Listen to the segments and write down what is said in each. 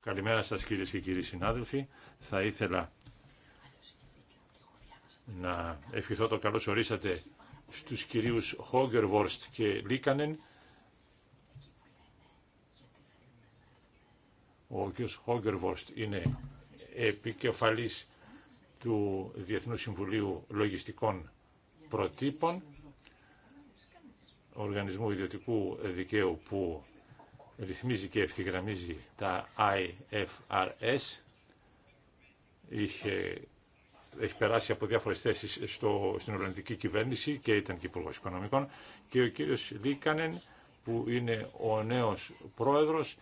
Καλημέρα σας κύριε και κύριοι συνάδελφοι. Θα ήθελα να ευχηθώ το καλώς ορίσατε στους κυρίους Χόγκερβορστ και Λίκανεν. Ο κύριος Χόγκερβορστ είναι επικεφαλής του Διεθνού Συμβουλίου Λογιστικών Προτύπων, οργανισμού ιδιωτικού δικαίου που ρυθμίζει και ευθυγραμμίζει τα IFRS. Είχε, έχει περάσει από διάφορες θέσεις στο, στην Ολλανδική κυβέρνηση και ήταν και υπουργό Οικονομικών. Και ο κύριος Λίκανεν, που είναι ο νέος πρόεδρος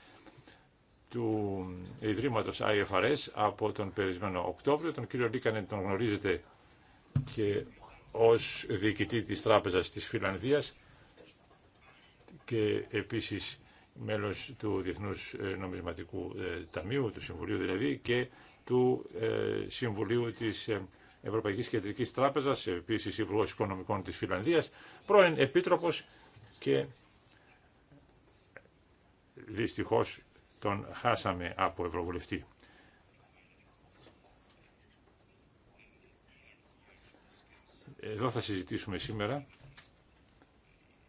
του Ιδρύματος IFRS από τον περισμένο Οκτώβριο. Τον κύριο Λίκανεν τον γνωρίζετε και ως διοικητή της Τράπεζας της Φιλανδίας και επίσης μέλος του Διεθνούς ε, Νομισματικού ε, Ταμείου, του Συμβουλίου δηλαδή, και του ε, Συμβουλίου της Ευρωπαϊκής Κεντρικής Τράπεζας, επίσης Υπουργός Οικονομικών της Φιλανδίας, πρώην Επίτροπος και δυστυχώς τον χάσαμε από Ευρωβουλευτή. Εδώ θα συζητήσουμε σήμερα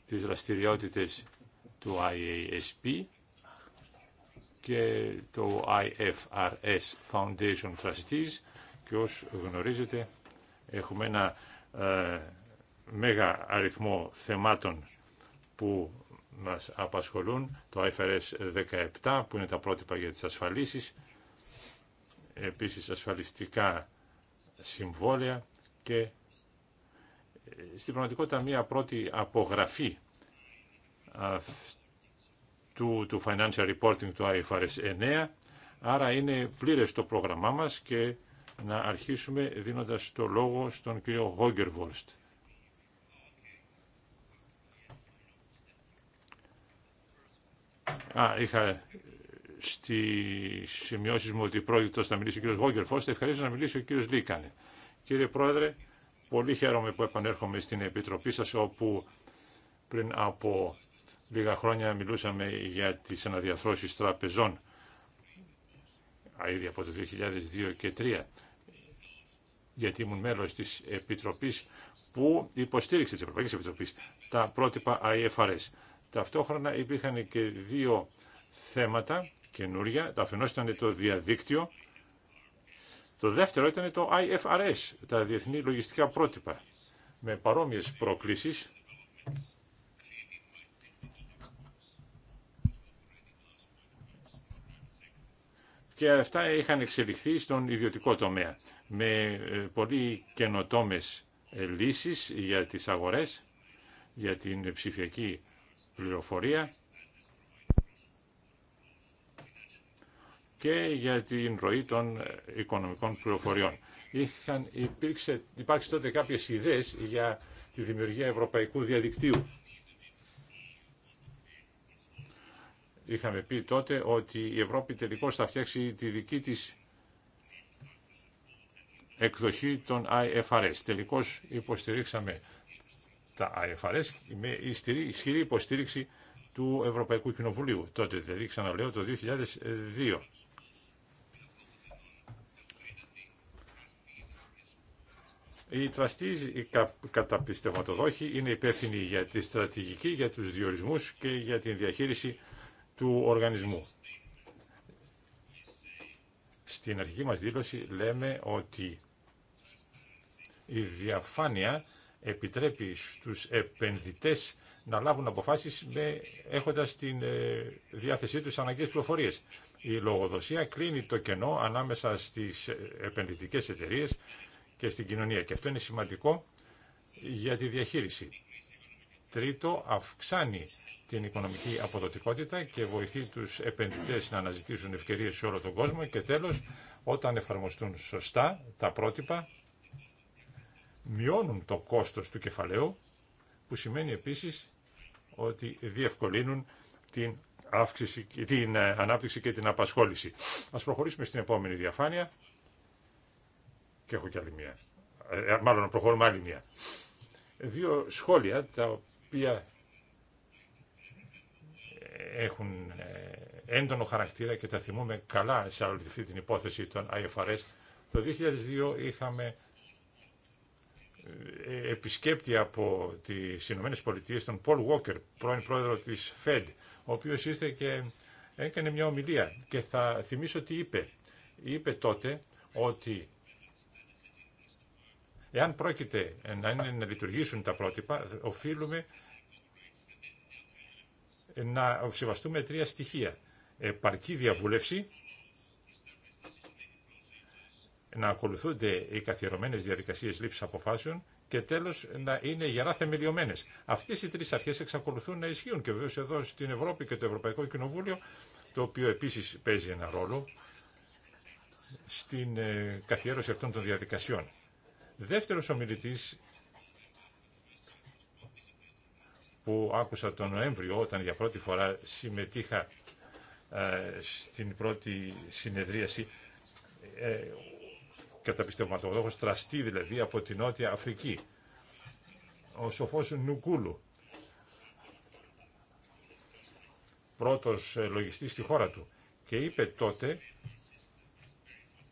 τις δραστηριότητες του IASP και το IFRS Foundation Trustees και ως γνωρίζετε έχουμε ένα ε, μέγα αριθμό θεμάτων που μας απασχολούν, το IFRS 17 που είναι τα πρότυπα για τις ασφαλίσεις, επίσης ασφαλιστικά συμβόλαια και ε, στην πραγματικότητα μια πρώτη απογραφή του Financial Reporting του IFRS 9. Άρα είναι πλήρες το πρόγραμμά μας και να αρχίσουμε δίνοντας το λόγο στον κύριο Γόγκερβολστ. Α, είχα στι σημειώσει μου ότι πρόκειται να μιλήσει ο κύριο Γόγκερ Φώστα. Ευχαρίστω να μιλήσει ο κύριο Λίκανε. Κύριε Πρόεδρε, πολύ χαίρομαι που επανέρχομαι στην Επιτροπή σα, όπου πριν από Λίγα χρόνια μιλούσαμε για τις αναδιαθρώσεις τραπεζών, ήδη από το 2002 και 2003, γιατί ήμουν μέλος της Επιτροπής που υποστήριξε, της Ευρωπαϊκής Επιτροπής, τα πρότυπα IFRS. Ταυτόχρονα υπήρχαν και δύο θέματα καινούρια. Τα αφενός ήταν το διαδίκτυο, το δεύτερο ήταν το IFRS, τα διεθνή λογιστικά πρότυπα, με παρόμοιες προκλήσεις και αυτά είχαν εξελιχθεί στον ιδιωτικό τομέα με ε, πολύ καινοτόμες ε, λύσεις για τις αγορές, για την ψηφιακή πληροφορία και για την ροή των ε, οικονομικών πληροφοριών. Είχαν υπήρξε, υπάρξει τότε κάποιες ιδέες για τη δημιουργία ευρωπαϊκού διαδικτύου. Είχαμε πει τότε ότι η Ευρώπη τελικώς θα φτιάξει τη δική της εκδοχή των IFRS. Τελικώς υποστηρίξαμε τα IFRS με ισχυρή υποστήριξη του Ευρωπαϊκού Κοινοβουλίου. Τότε δηλαδή ξαναλέω το 2002. Οι τραστείς, οι καταπιστευματοδόχοι είναι υπεύθυνοι για τη στρατηγική, για τους διορισμούς και για την διαχείριση του οργανισμού. Στην αρχική μας δήλωση λέμε ότι η διαφάνεια επιτρέπει στους επενδυτές να λάβουν αποφάσεις με, έχοντας την ε, διάθεσή τους αναγκαίες πληροφορίες. Η λογοδοσία κλείνει το κενό ανάμεσα στις ε, επενδυτικές εταιρείες και στην κοινωνία και αυτό είναι σημαντικό για τη διαχείριση. Τρίτο, αυξάνει την οικονομική αποδοτικότητα και βοηθεί τους επενδυτές να αναζητήσουν ευκαιρίες σε όλο τον κόσμο και τέλος όταν εφαρμοστούν σωστά τα πρότυπα μειώνουν το κόστος του κεφαλαίου που σημαίνει επίσης ότι διευκολύνουν την, αύξηση, την ε, ανάπτυξη και την απασχόληση. Ας προχωρήσουμε στην επόμενη διαφάνεια και έχω κι άλλη μία. Ε, ε, μάλλον προχωρούμε άλλη μία. Δύο σχόλια τα οποία έχουν ε, έντονο χαρακτήρα και τα θυμούμε καλά σε όλη αυτή την υπόθεση των IFRS. Το 2002 είχαμε ε, επισκέπτη από τις Ηνωμένε Πολιτείε τον Πολ Βόκερ, πρώην πρόεδρο της Fed, ο οποίος ήρθε και έκανε μια ομιλία και θα θυμίσω τι είπε. Είπε τότε ότι εάν πρόκειται να, να λειτουργήσουν τα πρότυπα, οφείλουμε να σεβαστούμε τρία στοιχεία. Επαρκή διαβούλευση, να ακολουθούνται οι καθιερωμένες διαδικασίε λήψη αποφάσεων και τέλο να είναι γερά θεμελιωμένε. Αυτέ οι τρει αρχέ εξακολουθούν να ισχύουν και βεβαίω εδώ στην Ευρώπη και το Ευρωπαϊκό Κοινοβούλιο, το οποίο επίση παίζει ένα ρόλο στην ε, καθιέρωση αυτών των διαδικασιών. Δεύτερο ομιλητή που άκουσα τον Νοέμβριο όταν για πρώτη φορά συμμετείχα ε, στην πρώτη συνεδρίαση ε, πιστευματοδόχος τραστή δηλαδή από την Νότια Αφρική ο σοφός Νουκούλου πρώτος ε, λογιστής στη χώρα του και είπε τότε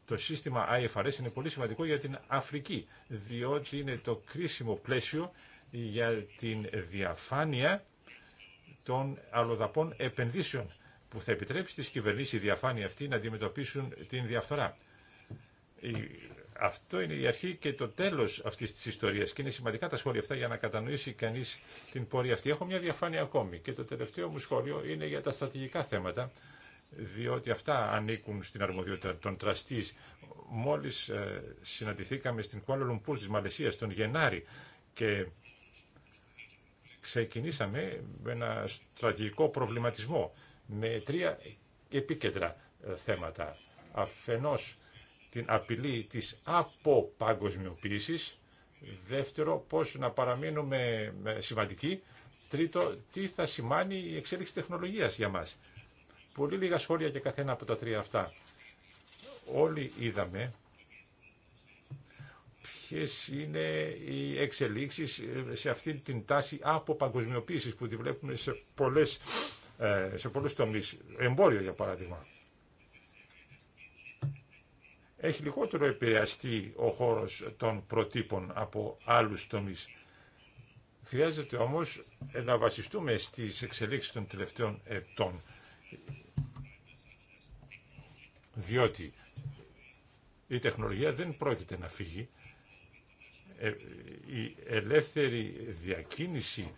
το σύστημα IFRS είναι πολύ σημαντικό για την Αφρική διότι είναι το κρίσιμο πλαίσιο για την διαφάνεια των αλλοδαπών επενδύσεων που θα επιτρέψει στις κυβερνήσεις η διαφάνεια αυτή να αντιμετωπίσουν την διαφθορά. Αυτό είναι η αρχή και το τέλος αυτής της ιστορίας και είναι σημαντικά τα σχόλια αυτά για να κατανοήσει κανείς την πορεία αυτή. Έχω μια διαφάνεια ακόμη και το τελευταίο μου σχόλιο είναι για τα στρατηγικά θέματα διότι αυτά ανήκουν στην αρμοδιότητα των τραστής. Μόλις ε, συναντηθήκαμε στην Κουάλα Λουμπούρ της Μαλαισίας τον Γενάρη και ξεκινήσαμε με ένα στρατηγικό προβληματισμό με τρία επίκεντρα ε, θέματα. Αφενός την απειλή της αποπαγκοσμιοποίησης, δεύτερο πώς να παραμείνουμε ε, σημαντικοί, τρίτο τι θα σημάνει η εξέλιξη τεχνολογίας για μας. Πολύ λίγα σχόλια για καθένα από τα τρία αυτά. Όλοι είδαμε ποιες είναι οι εξελίξεις ε, σε αυτή την τάση από παγκοσμιοποίησης που τη βλέπουμε σε, πολλές, ε, σε τομείς. Εμπόριο, για παράδειγμα. Έχει λιγότερο επηρεαστεί ο χώρος των προτύπων από άλλους τομείς. Χρειάζεται όμως να βασιστούμε στις εξελίξεις των τελευταίων ετών. Διότι η τεχνολογία δεν πρόκειται να φύγει, ε, η ελεύθερη διακίνηση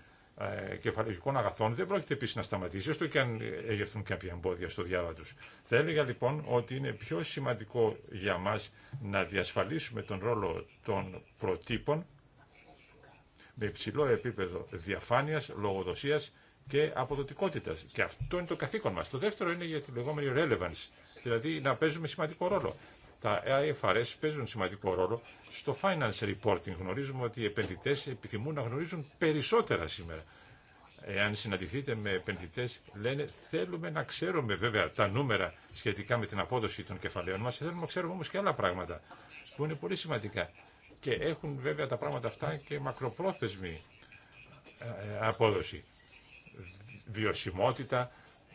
ε, κεφαλαϊκών αγαθών δεν πρόκειται επίση να σταματήσει, έστω και αν εγερθούν κάποια εμπόδια στο διάβα του. Θα έλεγα λοιπόν ότι είναι πιο σημαντικό για μα να διασφαλίσουμε τον ρόλο των προτύπων με υψηλό επίπεδο διαφάνεια, λογοδοσία και αποδοτικότητα. Και αυτό είναι το καθήκον μα. Το δεύτερο είναι για τη λεγόμενη relevance, δηλαδή να παίζουμε σημαντικό ρόλο. Τα IFRS παίζουν σημαντικό ρόλο στο finance reporting γνωρίζουμε ότι οι επενδυτές επιθυμούν να γνωρίζουν περισσότερα σήμερα. Εάν συναντηθείτε με επενδυτέ, λένε θέλουμε να ξέρουμε βέβαια τα νούμερα σχετικά με την απόδοση των κεφαλαίων μα, θέλουμε να ξέρουμε όμω και άλλα πράγματα που είναι πολύ σημαντικά. Και έχουν βέβαια τα πράγματα αυτά και μακροπρόθεσμη ε, ε, απόδοση. Βιωσιμότητα,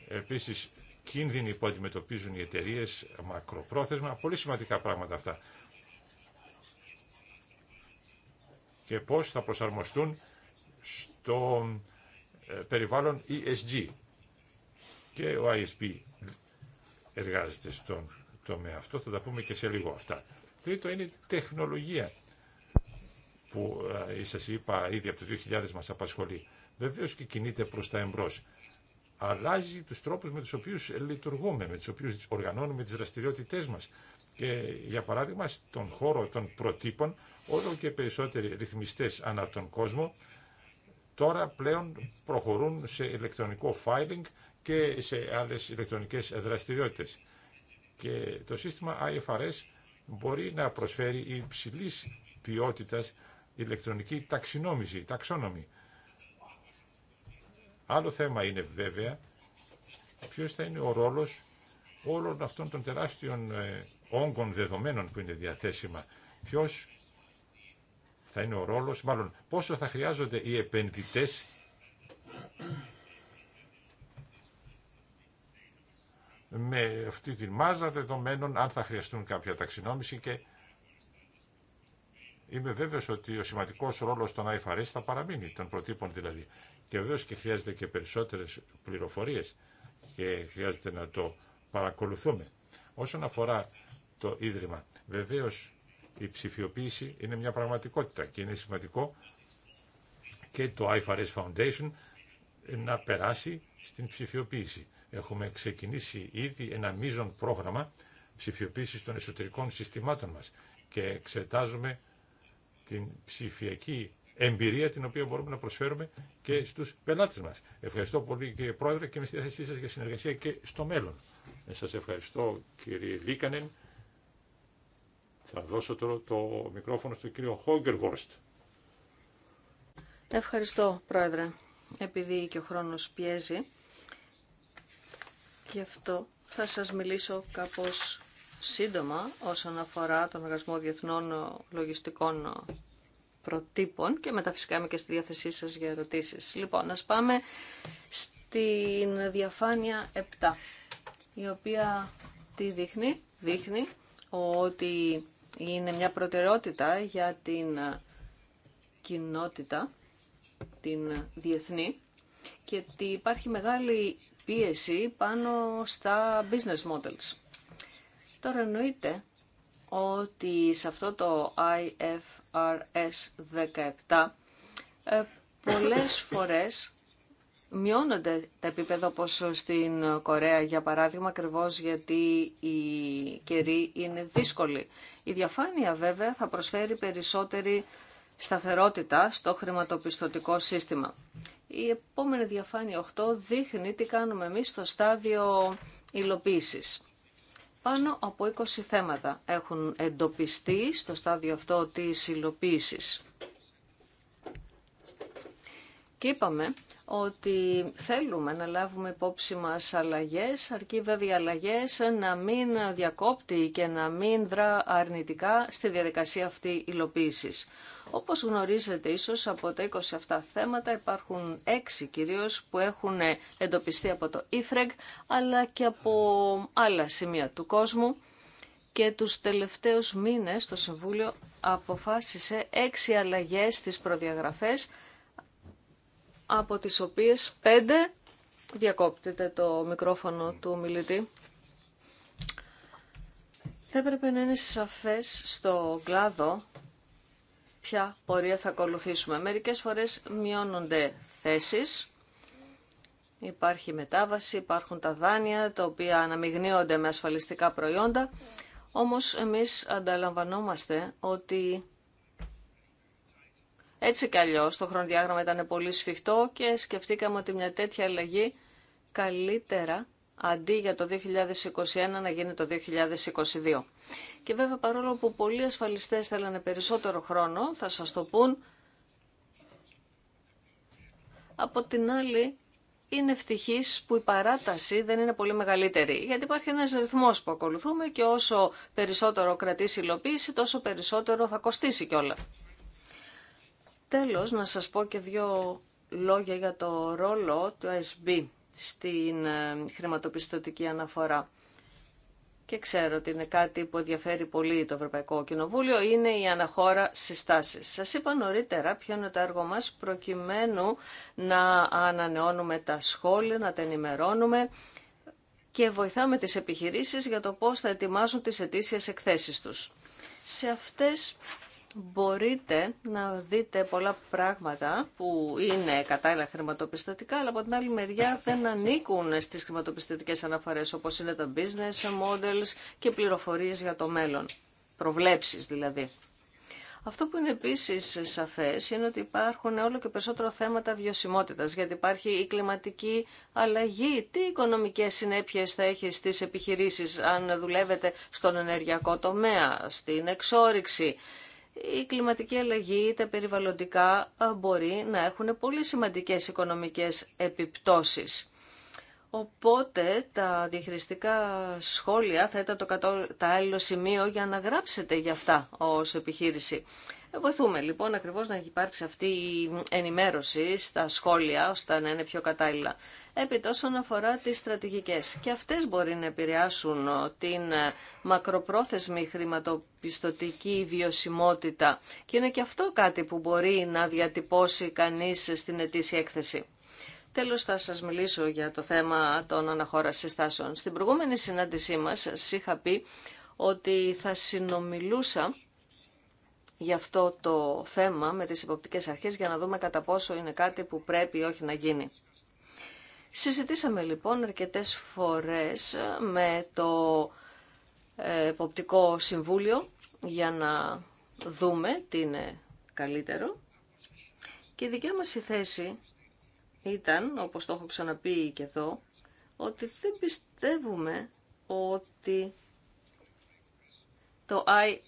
επίση κίνδυνοι που αντιμετωπίζουν οι εταιρείε, μακροπρόθεσμα, πολύ σημαντικά πράγματα αυτά. και πώς θα προσαρμοστούν στο ε, περιβάλλον ESG. Και ο ISP εργάζεται στον τομέα αυτό, θα τα πούμε και σε λίγο αυτά. Τρίτο είναι η τεχνολογία που ε, σας είπα ήδη από το 2000 μας απασχολεί. Βεβαίως και κινείται προς τα εμπρός. Αλλάζει τους τρόπους με τους οποίους λειτουργούμε, με τους οποίους οργανώνουμε τις δραστηριότητές μας. Και για παράδειγμα, στον χώρο των προτύπων, όλο και περισσότεροι ρυθμιστές ανά τον κόσμο τώρα πλέον προχωρούν σε ηλεκτρονικό filing και σε άλλες ηλεκτρονικές δραστηριότητες. Και το σύστημα IFRS μπορεί να προσφέρει υψηλή ποιότητα ηλεκτρονική ταξινόμηση, ταξόνομη. Άλλο θέμα είναι βέβαια ποιος θα είναι ο ρόλος όλων αυτών των τεράστιων ε, όγκων δεδομένων που είναι διαθέσιμα. Ποιο θα είναι ο ρόλο, μάλλον πόσο θα χρειάζονται οι επενδυτέ, με αυτή τη μάζα δεδομένων αν θα χρειαστούν κάποια ταξινόμηση και είμαι βέβαιος ότι ο σημαντικός ρόλος των IFRS θα παραμείνει, των προτύπων δηλαδή. Και βεβαίως και χρειάζεται και περισσότερες πληροφορίες και χρειάζεται να το παρακολουθούμε. Όσον αφορά το Ίδρυμα. Βεβαίως η ψηφιοποίηση είναι μια πραγματικότητα και είναι σημαντικό και το IFRS Foundation να περάσει στην ψηφιοποίηση. Έχουμε ξεκινήσει ήδη ένα μείζον πρόγραμμα ψηφιοποίησης των εσωτερικών συστημάτων μας και εξετάζουμε την ψηφιακή εμπειρία την οποία μπορούμε να προσφέρουμε και στους πελάτες μας. Ευχαριστώ πολύ κύριε Πρόεδρε και είμαι στη θέση σας για συνεργασία και στο μέλλον. Ε, σας ευχαριστώ κύριε Λίκανεν. Θα δώσω τώρα το μικρόφωνο στον κύριο Βόρστ. Ευχαριστώ, Πρόεδρε. Επειδή και ο χρόνος πιέζει, γι' αυτό θα σας μιλήσω κάπως σύντομα όσον αφορά τον Εργασμό Διεθνών Λογιστικών Προτύπων και μετά φυσικά είμαι και στη διάθεσή σας για ερωτήσεις. Λοιπόν, ας πάμε στην διαφάνεια 7, η οποία τι δείχνει, δείχνει ότι είναι μια προτεραιότητα για την ε, κοινότητα, την ε, διεθνή, και ότι υπάρχει μεγάλη πίεση πάνω στα business models. Τώρα εννοείται ότι σε αυτό το IFRS 17 ε, πολλές φορές μειώνονται τα επίπεδα όπως στην Κορέα για παράδειγμα ακριβώ γιατί οι καιροί είναι δύσκολοι η διαφάνεια βέβαια θα προσφέρει περισσότερη σταθερότητα στο χρηματοπιστωτικό σύστημα. Η επόμενη διαφάνεια 8 δείχνει τι κάνουμε εμείς στο στάδιο υλοποίηση. Πάνω από 20 θέματα έχουν εντοπιστεί στο στάδιο αυτό της υλοποίηση. Και είπαμε ότι θέλουμε να λάβουμε υπόψη μας αλλαγές, αρκεί βέβαια αλλαγές να μην διακόπτει και να μην δρά αρνητικά στη διαδικασία αυτή υλοποίησης. Όπως γνωρίζετε ίσως από τα 27 θέματα υπάρχουν 6 κυρίως που έχουν εντοπιστεί από το ΙΦΡΕΓ αλλά και από άλλα σημεία του κόσμου και τους τελευταίους μήνες το Συμβούλιο αποφάσισε 6 αλλαγές στις προδιαγραφές από τις οποίες πέντε διακόπτεται το μικρόφωνο του μιλητή. Θα έπρεπε να είναι σαφές στο κλάδο ποια πορεία θα ακολουθήσουμε. Μερικές φορές μειώνονται θέσεις, υπάρχει μετάβαση, υπάρχουν τα δάνεια τα οποία αναμειγνύονται με ασφαλιστικά προϊόντα, όμως εμείς ανταλαμβανόμαστε ότι έτσι κι αλλιώς το χρονοδιάγραμμα ήταν πολύ σφιχτό και σκεφτήκαμε ότι μια τέτοια αλλαγή καλύτερα αντί για το 2021 να γίνει το 2022. Και βέβαια παρόλο που πολλοί ασφαλιστές θέλανε περισσότερο χρόνο, θα σας το πούν, από την άλλη είναι ευτυχή που η παράταση δεν είναι πολύ μεγαλύτερη. Γιατί υπάρχει ένα ρυθμό που ακολουθούμε και όσο περισσότερο κρατήσει υλοποίηση, τόσο περισσότερο θα κοστίσει κιόλα. Τέλος, να σας πω και δύο λόγια για το ρόλο του SB στην ε, χρηματοπιστωτική αναφορά. Και ξέρω ότι είναι κάτι που ενδιαφέρει πολύ το Ευρωπαϊκό Κοινοβούλιο, είναι η αναχώρα συστάσεις. Σας είπα νωρίτερα ποιο είναι το έργο μας προκειμένου να ανανεώνουμε τα σχόλια, να τα ενημερώνουμε και βοηθάμε τις επιχειρήσεις για το πώς θα ετοιμάζουν τις ετήσιες εκθέσεις τους. Σε αυτές μπορείτε να δείτε πολλά πράγματα που είναι κατάλληλα χρηματοπιστωτικά, αλλά από την άλλη μεριά δεν ανήκουν στις χρηματοπιστωτικές αναφορές, όπως είναι τα business models και πληροφορίες για το μέλλον, προβλέψεις δηλαδή. Αυτό που είναι επίση σαφέ είναι ότι υπάρχουν όλο και περισσότερο θέματα βιωσιμότητα, γιατί υπάρχει η κλιματική αλλαγή. Τι οικονομικέ συνέπειε θα έχει στι επιχειρήσει αν δουλεύετε στον ενεργειακό τομέα, στην εξόριξη, η κλιματική αλλαγή, τα περιβαλλοντικά μπορεί να έχουν πολύ σημαντικές οικονομικές επιπτώσεις. Οπότε τα διαχειριστικά σχόλια θα ήταν το κατάλληλο σημείο για να γράψετε για αυτά ως επιχείρηση. Βοηθούμε λοιπόν ακριβώς να υπάρξει αυτή η ενημέρωση στα σχόλια ώστε να είναι πιο κατάλληλα επί τόσον αφορά τις στρατηγικές. Και αυτές μπορεί να επηρεάσουν ε, την ε, μακροπρόθεσμη χρηματοπιστωτική βιωσιμότητα και είναι και αυτό κάτι που μπορεί να διατυπώσει κανείς στην ετήσια έκθεση. Τέλος θα σας μιλήσω για το θέμα των αναχώρας συστάσεων. Στην προηγούμενη συνάντησή μας σας είχα πει ότι θα συνομιλούσα για αυτό το θέμα με τις υποπτικές αρχές για να δούμε κατά πόσο είναι κάτι που πρέπει όχι να γίνει. Συζητήσαμε λοιπόν αρκετές φορές με το ε, Εποπτικό Συμβούλιο για να δούμε τι είναι καλύτερο και η δικιά μας η θέση ήταν, όπως το έχω ξαναπεί και εδώ, ότι δεν πιστεύουμε ότι το IFRS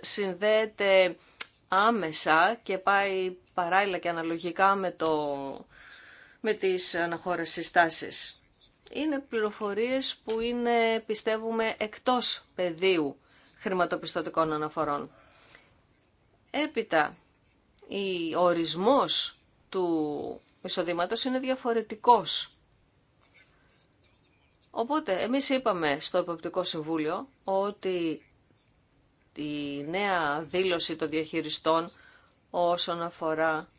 συνδέεται άμεσα και πάει παράλληλα και αναλογικά με το με τις αναχώρες συστάσεις. Είναι πληροφορίες που είναι, πιστεύουμε, εκτός πεδίου χρηματοπιστωτικών αναφορών. Έπειτα, ο ορισμός του εισοδήματος είναι διαφορετικός. Οπότε, εμείς είπαμε στο Εποπτικό Συμβούλιο ότι η νέα δήλωση των διαχειριστών όσον αφορά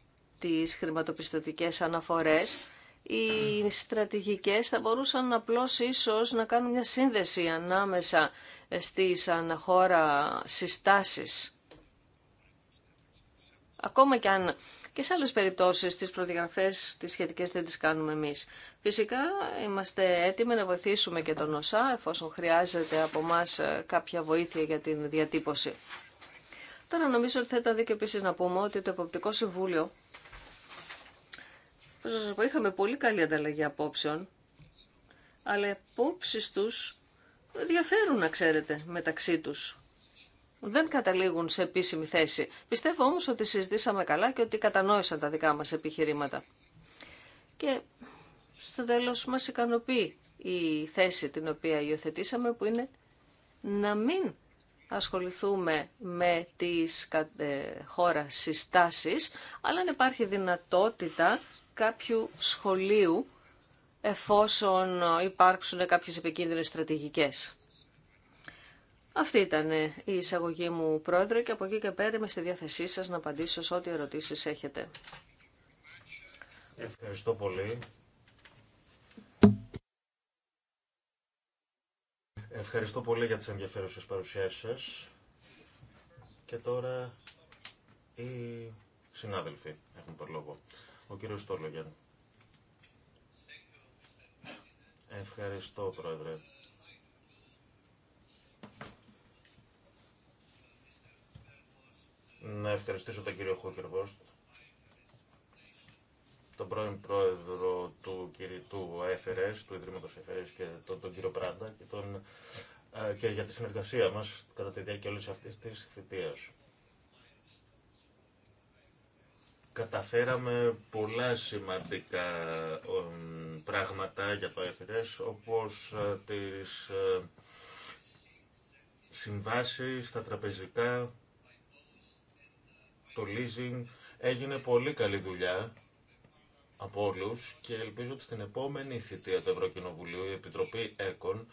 τις χρηματοπιστωτικές αναφορές, οι στρατηγικές θα μπορούσαν απλώς ίσως να κάνουν μια σύνδεση ανάμεσα στις αναχώρα συστάσεις. Ακόμα και αν και σε άλλες περιπτώσεις τις προδιαγραφές τις σχετικές δεν τις κάνουμε εμείς. Φυσικά είμαστε έτοιμοι να βοηθήσουμε και τον ΩΣΑ εφόσον χρειάζεται από εμά κάποια βοήθεια για την διατύπωση. Τώρα νομίζω ότι θα ήταν δίκιο επίσης να πούμε ότι το Εποπτικό Συμβούλιο να σας πω, είχαμε πολύ καλή ανταλλαγή απόψεων, αλλά οι απόψεις τους διαφέρουν, να ξέρετε, μεταξύ τους. Δεν καταλήγουν σε επίσημη θέση. Πιστεύω όμως ότι συζητήσαμε καλά και ότι κατανόησαν τα δικά μας επιχειρήματα. Και στο τέλος μας ικανοποιεί η θέση την οποία υιοθετήσαμε που είναι να μην ασχοληθούμε με τις ε, χώρα συστάσεις, αλλά αν υπάρχει δυνατότητα κάποιου σχολείου εφόσον υπάρξουν κάποιες επικίνδυνες στρατηγικές. Αυτή ήταν η εισαγωγή μου, Πρόεδρε, και από εκεί και πέρα είμαι στη διάθεσή σας να απαντήσω σε ό,τι ερωτήσεις έχετε. Ευχαριστώ πολύ. Ευχαριστώ πολύ για τις ενδιαφέρουσες παρουσιάσεις σας. Και τώρα οι συνάδελφοι έχουν τον κύριος Στόλογεν. Ευχαριστώ, Πρόεδρε. Να ευχαριστήσω τον κύριο Χούκερβόστ, τον πρώην πρόεδρο του του του Ιδρύματος ΕΦΕΡΕΣ και τον, τον κύριο Πράντα και, τον, ε, και για τη συνεργασία μας κατά τη διάρκεια όλης αυτής της θητείας. καταφέραμε πολλά σημαντικά πράγματα για το ΕΦΡΕΣ, όπως ε, τις ε, συμβάσεις, τα τραπεζικά, το leasing. Έγινε πολύ καλή δουλειά από όλους και ελπίζω ότι στην επόμενη θητεία του Ευρωκοινοβουλίου η Επιτροπή ΕΚΟΝ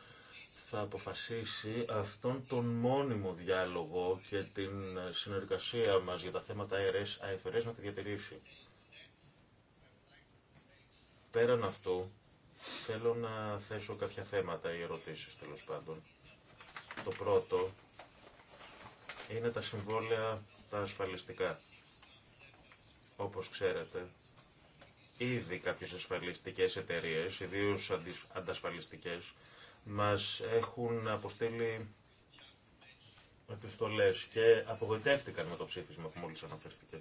θα αποφασίσει αυτόν τον μόνιμο διάλογο και την συνεργασία μας για τα θέματα ARS, αεφερές να τη διατηρήσει. Πέραν αυτού, θέλω να θέσω κάποια θέματα ή ερωτήσεις τέλο πάντων. Το πρώτο είναι τα συμβόλαια τα ασφαλιστικά. Όπως ξέρετε, ήδη κάποιες ασφαλιστικές εταιρείες, ιδίως αντασφαλιστικές, μας έχουν αποστείλει επιστολές και απογοητεύτηκαν με το ψήφισμα που μόλις αναφέρθηκε.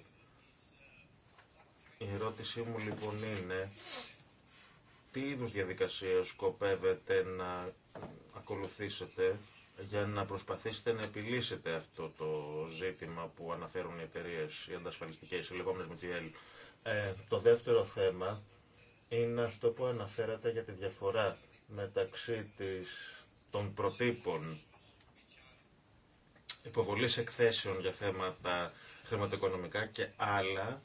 Η ερώτησή μου λοιπόν είναι τι είδους διαδικασία σκοπεύετε να ακολουθήσετε για να προσπαθήσετε να επιλύσετε αυτό το ζήτημα που αναφέρουν οι εταιρείε, οι αντασφαλιστικέ, οι λεγόμενε MTL. Ε, το δεύτερο θέμα είναι αυτό που αναφέρατε για τη διαφορά μεταξύ της, των προτύπων υποβολής εκθέσεων για θέματα χρηματοοικονομικά και άλλα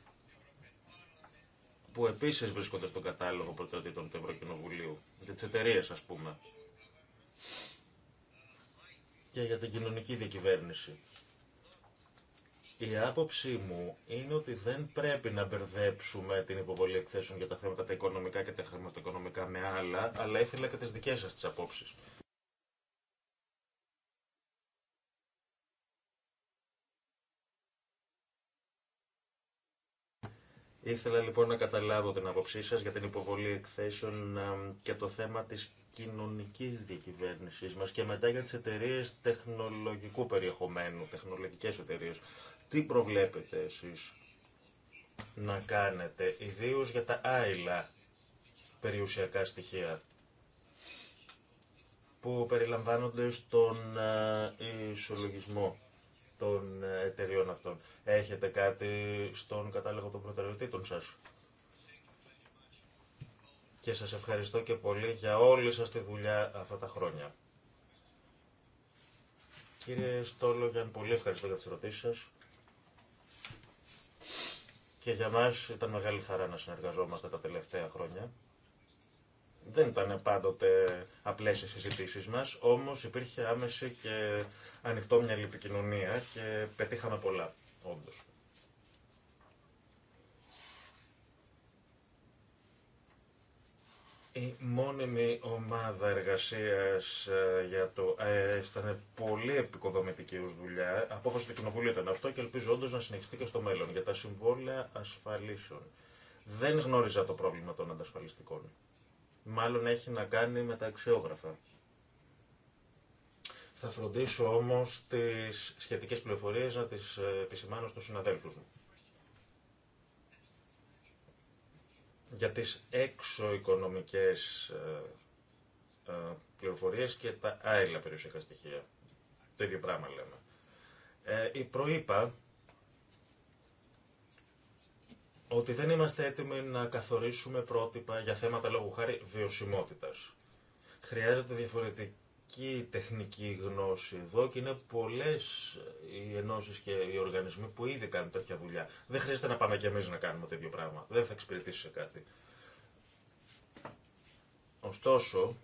που επίσης βρίσκονται στον κατάλογο προτεραιότητων του Ευρωκοινοβουλίου, για τις εταιρείε ας πούμε, και για την κοινωνική διακυβέρνηση. Η άποψή μου είναι ότι δεν πρέπει να μπερδέψουμε την υποβολή εκθέσεων για τα θέματα τα οικονομικά και τα χρηματοοικονομικά με άλλα, αλλά ήθελα και τις δικές σας τις απόψεις. Ήθελα λοιπόν να καταλάβω την άποψή σας για την υποβολή εκθέσεων και το θέμα της κοινωνικής διακυβέρνησης μας και μετά για τις εταιρείε τεχνολογικού περιεχομένου, τεχνολογικές εταιρείε τι προβλέπετε εσείς να κάνετε, ιδίως για τα άειλα περιουσιακά στοιχεία που περιλαμβάνονται στον ε, ισολογισμό των ε, εταιριών αυτών. Έχετε κάτι στον κατάλογο των προτεραιοτήτων σας. Και σας ευχαριστώ και πολύ για όλη σας τη δουλειά αυτά τα χρόνια. Κύριε Στόλογιαν, πολύ ευχαριστώ για τις ερωτήσεις σας. Και για μα ήταν μεγάλη χαρά να συνεργαζόμαστε τα τελευταία χρόνια. Δεν ήταν πάντοτε απλέ οι συζητήσει μας, όμως υπήρχε άμεση και ανοιχτό μια επικοινωνία και πετύχαμε πολλά, όντω. Η μόνιμη ομάδα εργασίας ε, για το ΑΕΣ ήταν πολύ επικοδομητική ως δουλειά. Απόφαση του Κοινοβουλίου ήταν αυτό και ελπίζω όντως να συνεχιστεί και στο μέλλον για τα συμβόλαια ασφαλίσεων. Δεν γνώριζα το πρόβλημα των αντασφαλιστικών. Μάλλον έχει να κάνει με τα αξιόγραφα. Θα φροντίσω όμως τις σχετικές πληροφορίες να τις ε, επισημάνω στους συναδέλφους μου. για τις εξωοικονομικές ε, ε, πληροφορίες και τα άλλα περιουσιακά στοιχεία. Το ίδιο πράγμα λέμε. Ε, η προείπα ότι δεν είμαστε έτοιμοι να καθορίσουμε πρότυπα για θέματα λόγου χάρη βιωσιμότητας. Χρειάζεται διαφορετική και τεχνική γνώση εδώ και είναι πολλές οι ενώσεις και οι οργανισμοί που ήδη κάνουν τέτοια δουλειά. Δεν χρειάζεται να πάμε κι εμείς να κάνουμε τέτοιο πράγμα. Δεν θα εξυπηρετήσει σε κάτι. Ωστόσο,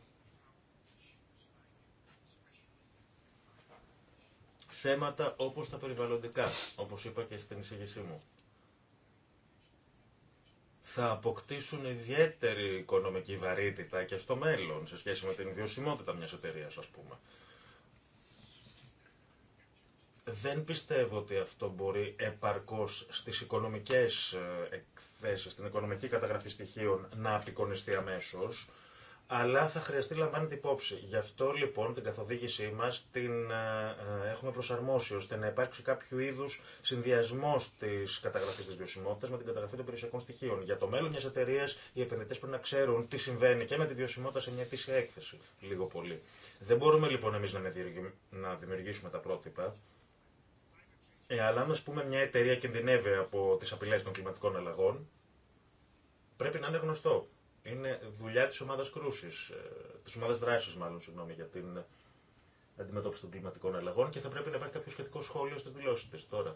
θέματα όπως τα περιβαλλοντικά, όπως είπα και στην εισήγησή μου, θα αποκτήσουν ιδιαίτερη οικονομική βαρύτητα και στο μέλλον σε σχέση με την βιωσιμότητα μιας εταιρεία, ας πούμε. Δεν πιστεύω ότι αυτό μπορεί επαρκώς στις οικονομικές ε, εκθέσεις, στην οικονομική καταγραφή στοιχείων να απεικονιστεί αμέσως αλλά θα χρειαστεί λαμβάνεται υπόψη. Γι' αυτό λοιπόν την καθοδήγησή μα την ε, ε, έχουμε προσαρμόσει ώστε να υπάρξει κάποιο είδου συνδυασμό τη καταγραφή τη βιωσιμότητα με την καταγραφή των περιουσιακών στοιχείων. Για το μέλλον μια εταιρεία οι επενδυτέ πρέπει να ξέρουν τι συμβαίνει και με τη βιωσιμότητα σε μια τύση έκθεση, λίγο πολύ. Δεν μπορούμε λοιπόν εμεί να δημιουργήσουμε τα πρότυπα. Ε, αλλά αν, α πούμε, μια εταιρεία κινδυνεύει από τι απειλέ των κλιματικών αλλαγών, πρέπει να είναι γνωστό είναι δουλειά τη ομάδα κρούση, ε, τη ομάδα δράση, μάλλον, συγγνώμη, για την αντιμετώπιση των κλιματικών αλλαγών και θα πρέπει να υπάρχει κάποιο σχετικό σχόλιο στι δηλώσει της τώρα.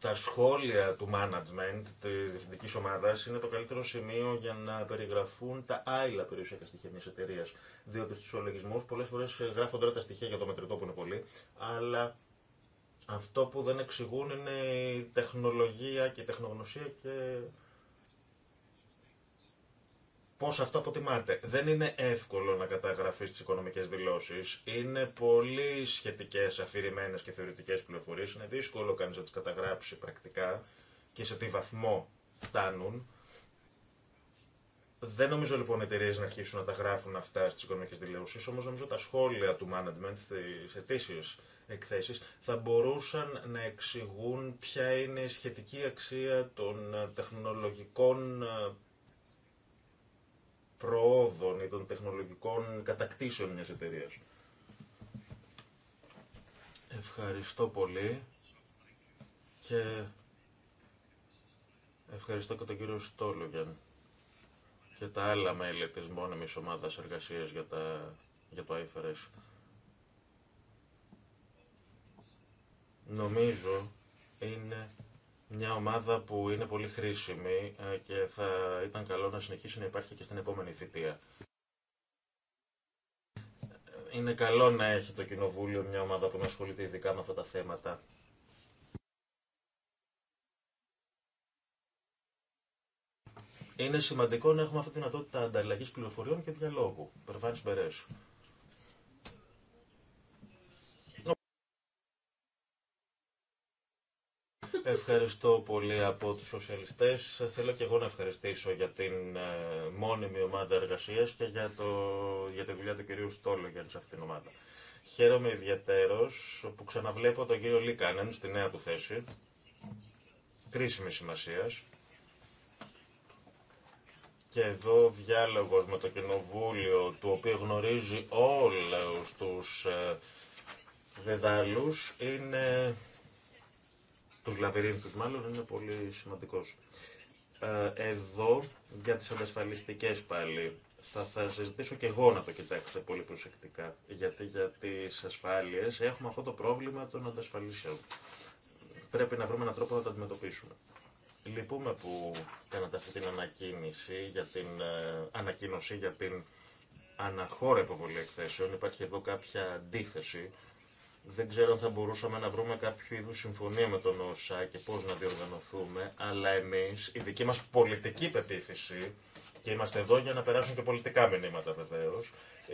Τα σχόλια του management τη διευθυντική ομάδα είναι το καλύτερο σημείο για να περιγραφούν τα άλλα περιουσιακά στοιχεία μια εταιρεία. Διότι στου ολογισμού Πολλέ φορέ γράφονται όλα τα στοιχεία για το μετρητό που είναι πολύ, αλλά αυτό που δεν εξηγούν είναι η τεχνολογία και η τεχνογνωσία και πώς αυτό αποτιμάται. Δεν είναι εύκολο να καταγραφεί τις οικονομικές δηλώσεις. Είναι πολύ σχετικές, αφηρημένες και θεωρητικές πληροφορίες. Είναι δύσκολο κανείς να τις καταγράψει πρακτικά και σε τι βαθμό φτάνουν. Δεν νομίζω λοιπόν οι εταιρείε να αρχίσουν να τα γράφουν αυτά στι οικονομικέ δηλώσει, όμω νομίζω τα σχόλια του management στι αιτήσει εκθέσεις θα μπορούσαν να εξηγούν ποια είναι η σχετική αξία των ε, τεχνολογικών ε, προόδων ή των τεχνολογικών κατακτήσεων μιας εταιρείας. Ευχαριστώ πολύ και ευχαριστώ και τον κύριο Στόλογεν και τα άλλα μέλη της μόνιμης ομάδας εργασίας για, τα, για το IFRS. νομίζω είναι μια ομάδα που είναι πολύ χρήσιμη ε, και θα ήταν καλό να συνεχίσει να υπάρχει και στην επόμενη θητεία. Είναι καλό να έχει το Κοινοβούλιο μια ομάδα που να ασχολείται ειδικά με αυτά τα θέματα. Είναι σημαντικό να έχουμε αυτή τη δυνατότητα ανταλλαγή πληροφοριών και διαλόγου. Περβάνη μπερές. Ευχαριστώ πολύ από τους σοσιαλιστές. Θέλω και εγώ να ευχαριστήσω για την ε, μόνιμη ομάδα εργασίας και για, το, για τη δουλειά του κυρίου Στόλογεν σε αυτήν την ομάδα. Χαίρομαι ιδιαίτερος που ξαναβλέπω τον κύριο Λίκανεν στη νέα του θέση, κρίσιμη σημασία. Και εδώ διάλογος με το κοινοβούλιο, του οποίο γνωρίζει όλους τους ε, δεδάλους, είναι τους λαβυρίνθους μάλλον, είναι πολύ σημαντικός. Ε, εδώ, για τις αντασφαλιστικές πάλι, θα, θα ζητήσω και εγώ να το κοιτάξετε πολύ προσεκτικά, γιατί για τις ασφάλειες έχουμε αυτό το πρόβλημα των αντασφαλίσεων. Πρέπει να βρούμε έναν τρόπο να τα αντιμετωπίσουμε. Λυπούμε που κάνατε αυτή την για την, ε, ανακοίνωση για την αναχώρα υποβολή εκθέσεων. Υπάρχει εδώ κάποια αντίθεση δεν ξέρω αν θα μπορούσαμε να βρούμε κάποιο είδου συμφωνία με τον ΩΣΑ και πώ να διοργανωθούμε, αλλά εμεί, η δική μα πολιτική πεποίθηση, και είμαστε εδώ για να περάσουν και πολιτικά μηνύματα βεβαίω,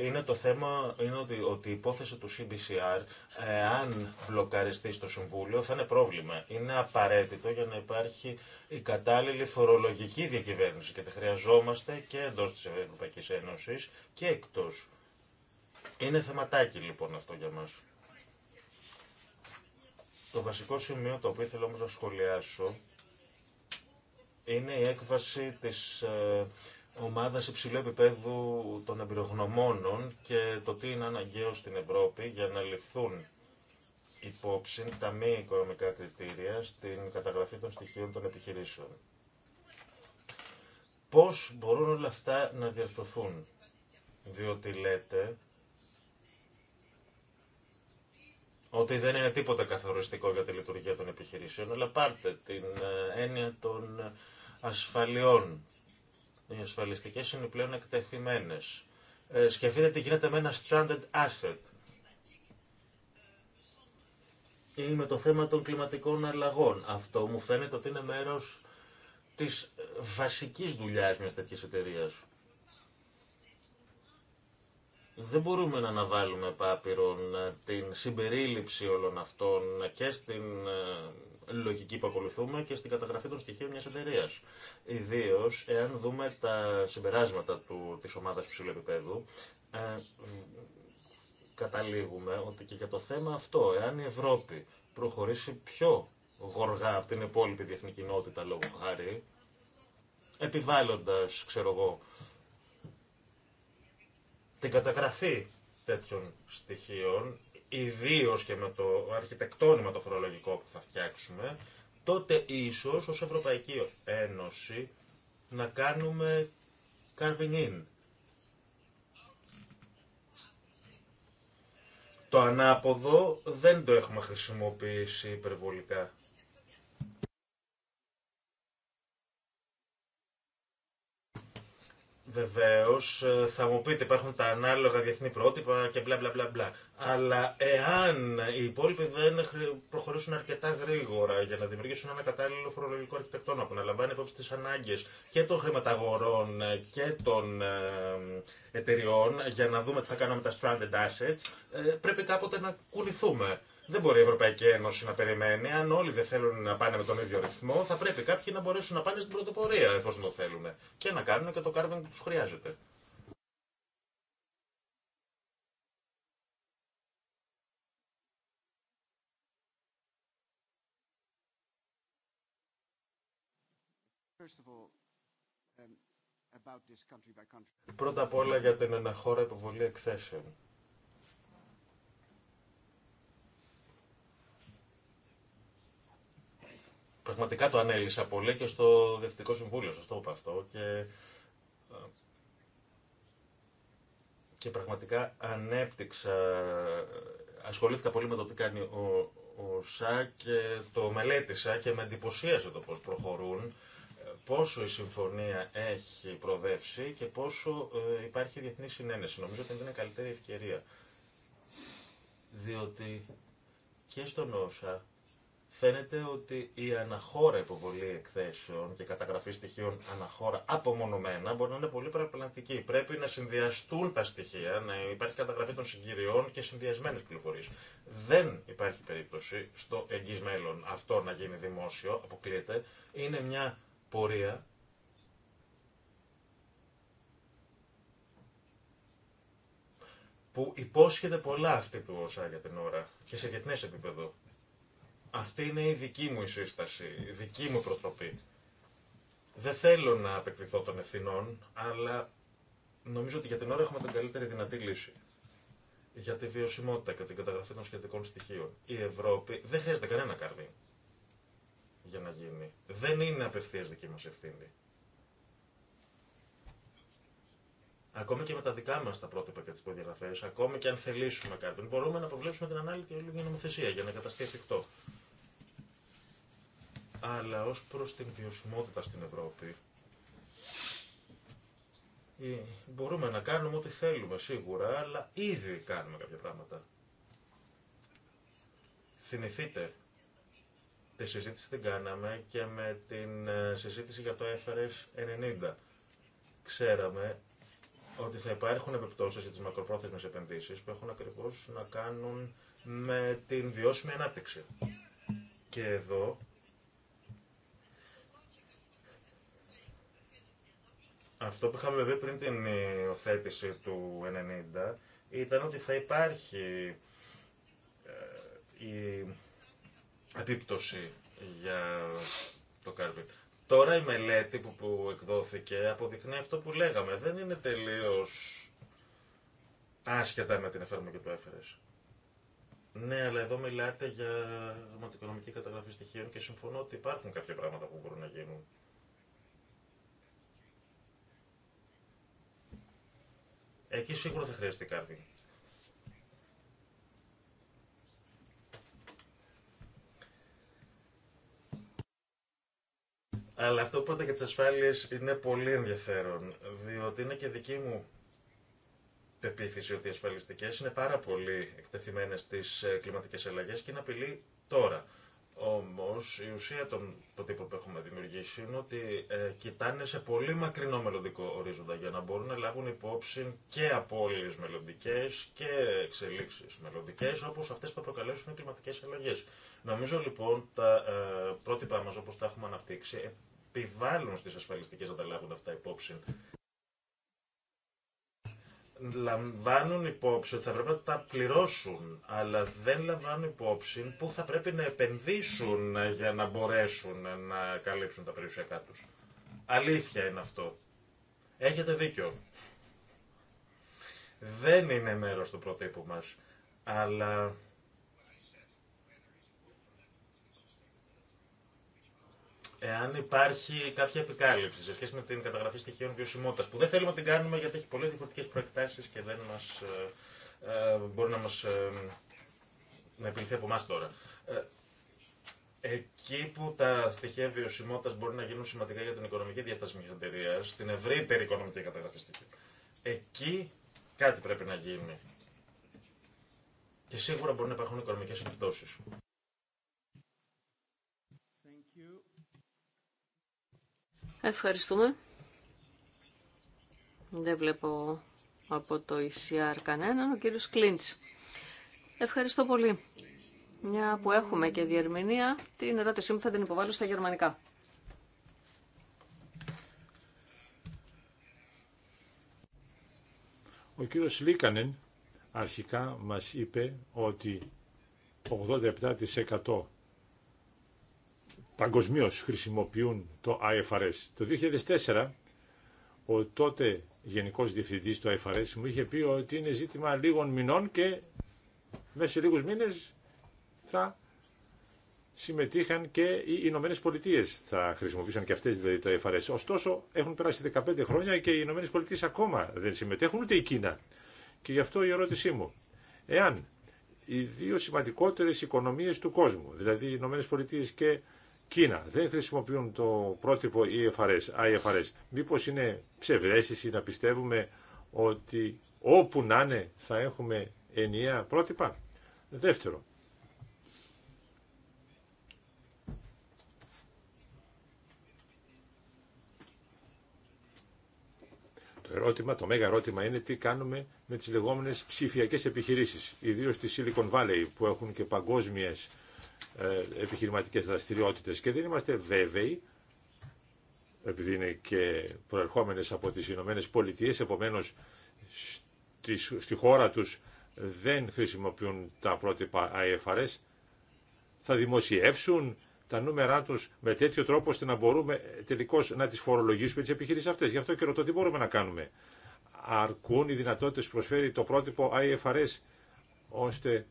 είναι το θέμα είναι ότι, η υπόθεση του CBCR, ε, αν μπλοκαριστεί στο Συμβούλιο, θα είναι πρόβλημα. Είναι απαραίτητο για να υπάρχει η κατάλληλη φορολογική διακυβέρνηση και τη χρειαζόμαστε και εντό τη Ευρωπαϊκή Ένωση και εκτό. Είναι θεματάκι λοιπόν αυτό για μας. Το βασικό σημείο το οποίο θέλω όμως να σχολιάσω είναι η έκβαση της ε, ομάδας υψηλού επίπεδου των εμπειρογνωμόνων και το τι είναι αναγκαίο στην Ευρώπη για να ληφθούν υπόψη τα μη οικονομικά κριτήρια στην καταγραφή των στοιχείων των επιχειρήσεων. Πώς μπορούν όλα αυτά να διαρθωθούν διότι λέτε ότι δεν είναι τίποτα καθοριστικό για τη λειτουργία των επιχειρήσεων, αλλά πάρτε την ε, έννοια των ασφαλιών. Οι ασφαλιστικές είναι πλέον εκτεθειμένες. Ε, σκεφτείτε τι γίνεται με ένα stranded asset ή με το θέμα των κλιματικών αλλαγών. Αυτό μου φαίνεται ότι είναι μέρος της βασικής δουλειάς μιας τέτοιας εταιρείας δεν μπορούμε να αναβάλουμε πάπυρον ε, την συμπερίληψη όλων αυτών και στην ε, λογική που ακολουθούμε και στην καταγραφή των στοιχείων μιας εταιρεία. Ιδίω εάν δούμε τα συμπεράσματα του, της ομάδας ψηλού ε, καταλήγουμε ότι και για το θέμα αυτό, εάν η Ευρώπη προχωρήσει πιο γοργά από την υπόλοιπη διεθνή κοινότητα λόγω χάρη, επιβάλλοντας, ξέρω εγώ, την καταγραφή τέτοιων στοιχείων, ιδίω και με το αρχιτεκτόνιμα το φορολογικό που θα φτιάξουμε, τότε ίσως ως Ευρωπαϊκή Ένωση να κάνουμε καρβινίν. Το ανάποδο δεν το έχουμε χρησιμοποιήσει υπερβολικά. Βεβαίω, ε, θα μου πείτε υπάρχουν τα ανάλογα διεθνή πρότυπα και μπλα μπλα μπλα μπλα. Αλλά εάν οι υπόλοιποι δεν προχωρήσουν αρκετά γρήγορα για να δημιουργήσουν ένα κατάλληλο φορολογικό αρχιτεκτόνα που να λαμβάνει υπόψη τι ανάγκε και των χρηματαγορών και των ε, εταιριών για να δούμε τι θα κάνουμε τα stranded assets, ε, πρέπει κάποτε να κουνηθούμε. Δεν μπορεί η Ευρωπαϊκή Ένωση να περιμένει. Αν όλοι δεν θέλουν να πάνε με τον ίδιο ρυθμό, θα πρέπει κάποιοι να μπορέσουν να πάνε στην πρωτοπορία εφόσον το θέλουν. Και να κάνουν και το κάρβινγκ που του χρειάζεται. Um, Πρώτα απ' όλα για την αναχώρα υποβολή εκθέσεων. πραγματικά το ανέλησα πολύ και στο Διευθυντικό Συμβούλιο, σας το είπα αυτό. Και, ε, και πραγματικά ανέπτυξα, ασχολήθηκα πολύ με το τι κάνει ο, ο και το μελέτησα και με εντυπωσίασε το πώς προχωρούν, ε, πόσο η συμφωνία έχει προδεύσει και πόσο ε, υπάρχει διεθνή συνένεση. Νομίζω ότι είναι καλύτερη ευκαιρία. Διότι και στον ΩΣΑ Φαίνεται ότι η αναχώρα υποβολή εκθέσεων και καταγραφή στοιχείων αναχώρα απομονωμένα μπορεί να είναι πολύ παραπλανητική. Πρέπει να συνδυαστούν τα στοιχεία, να υπάρχει καταγραφή των συγκυριών και συνδυασμένε πληροφορίε. Δεν υπάρχει περίπτωση στο εγγύ μέλλον αυτό να γίνει δημόσιο, αποκλείεται. Είναι μια πορεία που υπόσχεται πολλά αυτή του ΩΣΑ για την ώρα και σε διεθνές επίπεδο. Αυτή είναι η δική μου η σύσταση, η δική μου προτροπή. Δεν θέλω να απεκδηθώ των ευθυνών, αλλά νομίζω ότι για την ώρα έχουμε την καλύτερη δυνατή λύση. Για τη βιωσιμότητα και την καταγραφή των σχετικών στοιχείων. Η Ευρώπη δεν χρειάζεται κανένα καρδί για να γίνει. Δεν είναι απευθεία δική μα ευθύνη. Ακόμη και με τα δικά μα τα πρότυπα και τι προδιαγραφέ, ακόμη και αν θελήσουμε κάτι, μπορούμε να προβλέψουμε την ανάλυτη όλη νομοθεσία για να καταστεί εφικτό αλλά ως προς την βιωσιμότητα στην Ευρώπη ε, μπορούμε να κάνουμε ό,τι θέλουμε σίγουρα, αλλά ήδη κάνουμε κάποια πράγματα. Θυμηθείτε, τη συζήτηση την κάναμε και με την ε, συζήτηση για το FRS 90. Ξέραμε ότι θα υπάρχουν επιπτώσεις για τις μακροπρόθεσμες επενδύσεις που έχουν ακριβώς να κάνουν με την βιώσιμη ανάπτυξη. Και εδώ Αυτό που είχαμε δει πριν την υιοθέτηση του 90 ήταν ότι θα υπάρχει ε, η επίπτωση για το κάρβιν. Τώρα η μελέτη που, εκδόθηκε αποδεικνύει αυτό που λέγαμε. Δεν είναι τελείως άσχετα με την εφαρμογή του έφερε. Ναι, αλλά εδώ μιλάτε για δημοτικονομική καταγραφή στοιχείων και συμφωνώ ότι υπάρχουν κάποια πράγματα που μπορούν να γίνουν. Εκεί σίγουρα θα χρειαστεί κάτι. Αλλά αυτό που είπατε για τι ασφάλειε είναι πολύ ενδιαφέρον, διότι είναι και δική μου πεποίθηση ότι οι ασφαλιστικέ είναι πάρα πολύ εκτεθειμένε στι ε, κλιματικέ αλλαγέ και είναι απειλή τώρα. Όμως η ουσία των τύπων που έχουμε δημιουργήσει είναι ότι ε, κοιτάνε σε πολύ μακρινό μελλοντικό ορίζοντα για να μπορούν να λάβουν υπόψη και απώλειες μελλοντικέ και εξελίξεις μελλοντικέ, όπως αυτές που θα προκαλέσουν οι κλιματικές αλλαγές. Νομίζω λοιπόν τα ε, πρότυπα μας όπως τα έχουμε αναπτύξει επιβάλλουν στις ασφαλιστικές να τα λάβουν αυτά υπόψη λαμβάνουν υπόψη ότι θα πρέπει να τα πληρώσουν, αλλά δεν λαμβάνουν υπόψη που θα πρέπει να επενδύσουν για να μπορέσουν να καλύψουν τα περιουσιακά τους. Αλήθεια είναι αυτό. Έχετε δίκιο. Δεν είναι μέρος του προτύπου μας, αλλά εάν υπάρχει κάποια επικάλυψη σε σχέση με την καταγραφή στοιχείων βιωσιμότητα, που δεν θέλουμε να την κάνουμε γιατί έχει πολλέ διαφορετικέ προεκτάσει και δεν μας, ε, ε μπορεί να μα ε, επιληθεί από εμά τώρα. Ε, εκεί που τα στοιχεία βιωσιμότητα μπορεί να γίνουν σημαντικά για την οικονομική διάσταση μια εταιρεία, την ευρύτερη οικονομική καταγραφή στοιχείων, εκεί κάτι πρέπει να γίνει. Και σίγουρα μπορεί να υπάρχουν οικονομικέ επιπτώσει. Ευχαριστούμε. Δεν βλέπω από το ECR κανέναν, ο κύριος Κλίντς. Ευχαριστώ πολύ. Μια που έχουμε και διερμηνία, την ερώτησή μου θα την υποβάλω στα γερμανικά. Ο κύριος Λίκανεν αρχικά μας είπε ότι 87% παγκοσμίω χρησιμοποιούν το IFRS. Το 2004 ο τότε γενικό διευθυντή του IFRS μου είχε πει ότι είναι ζήτημα λίγων μηνών και μέσα σε λίγου μήνε θα συμμετείχαν και οι Ηνωμένε Πολιτείε. Θα χρησιμοποιήσουν και αυτέ δηλαδή το IFRS. Ωστόσο, έχουν περάσει 15 χρόνια και οι Ηνωμένε Πολιτείε ακόμα δεν συμμετέχουν, ούτε η Κίνα. Και γι' αυτό η ερώτησή μου. Εάν οι δύο σημαντικότερε οικονομίε του κόσμου, δηλαδή οι Ηνωμένε Πολιτείε και Κίνα. Δεν χρησιμοποιούν το πρότυπο IFRS. E IFRS. Μήπως είναι ψευδέστηση να πιστεύουμε ότι όπου να είναι θα έχουμε ενιαία πρότυπα. Δεύτερο. Το ερώτημα, το μέγα ερώτημα είναι τι κάνουμε με τις λεγόμενες ψηφιακές επιχειρήσεις, ιδίως στη Silicon Valley που έχουν και παγκόσμιες ε, επιχειρηματικές δραστηριότητες και δεν είμαστε βέβαιοι επειδή είναι και προερχόμενες από τις Ηνωμένε Πολιτείε, επομένως στη χώρα τους δεν χρησιμοποιούν τα πρότυπα IFRS, θα δημοσιεύσουν τα νούμερά τους με τέτοιο τρόπο ώστε να μπορούμε τελικώς να τις φορολογήσουμε τις επιχειρήσεις αυτές. Γι' αυτό και ρωτώ τι μπορούμε να κάνουμε. Αρκούν οι δυνατότητες που προσφέρει το πρότυπο IFRS ώστε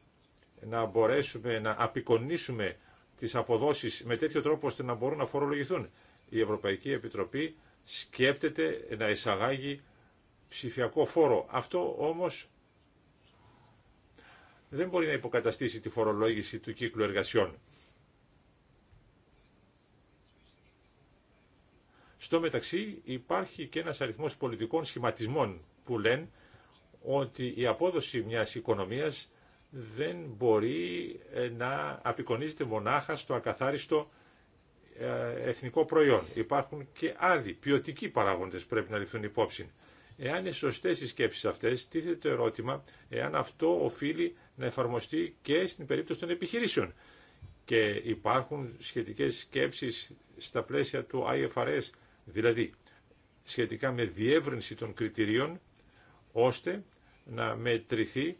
να μπορέσουμε να απεικονίσουμε τις αποδόσεις με τέτοιο τρόπο ώστε να μπορούν να φορολογηθούν. Η Ευρωπαϊκή Επιτροπή σκέπτεται να εισαγάγει ψηφιακό φόρο. Αυτό όμως δεν μπορεί να υποκαταστήσει τη φορολόγηση του κύκλου εργασιών. Στο μεταξύ υπάρχει και ένας αριθμός πολιτικών σχηματισμών που λένε ότι η απόδοση μιας οικονομίας δεν μπορεί ε, να απεικονίζεται μονάχα στο ακαθάριστο ε, εθνικό προϊόν. Υπάρχουν και άλλοι ποιοτικοί παράγοντες πρέπει να ληφθούν υπόψη. Εάν είναι σωστέ οι σκέψει αυτέ, τίθεται το ερώτημα εάν αυτό οφείλει να εφαρμοστεί και στην περίπτωση των επιχειρήσεων. Και υπάρχουν σχετικέ σκέψει στα πλαίσια του IFRS, δηλαδή σχετικά με διεύρυνση των κριτηρίων, ώστε να μετρηθεί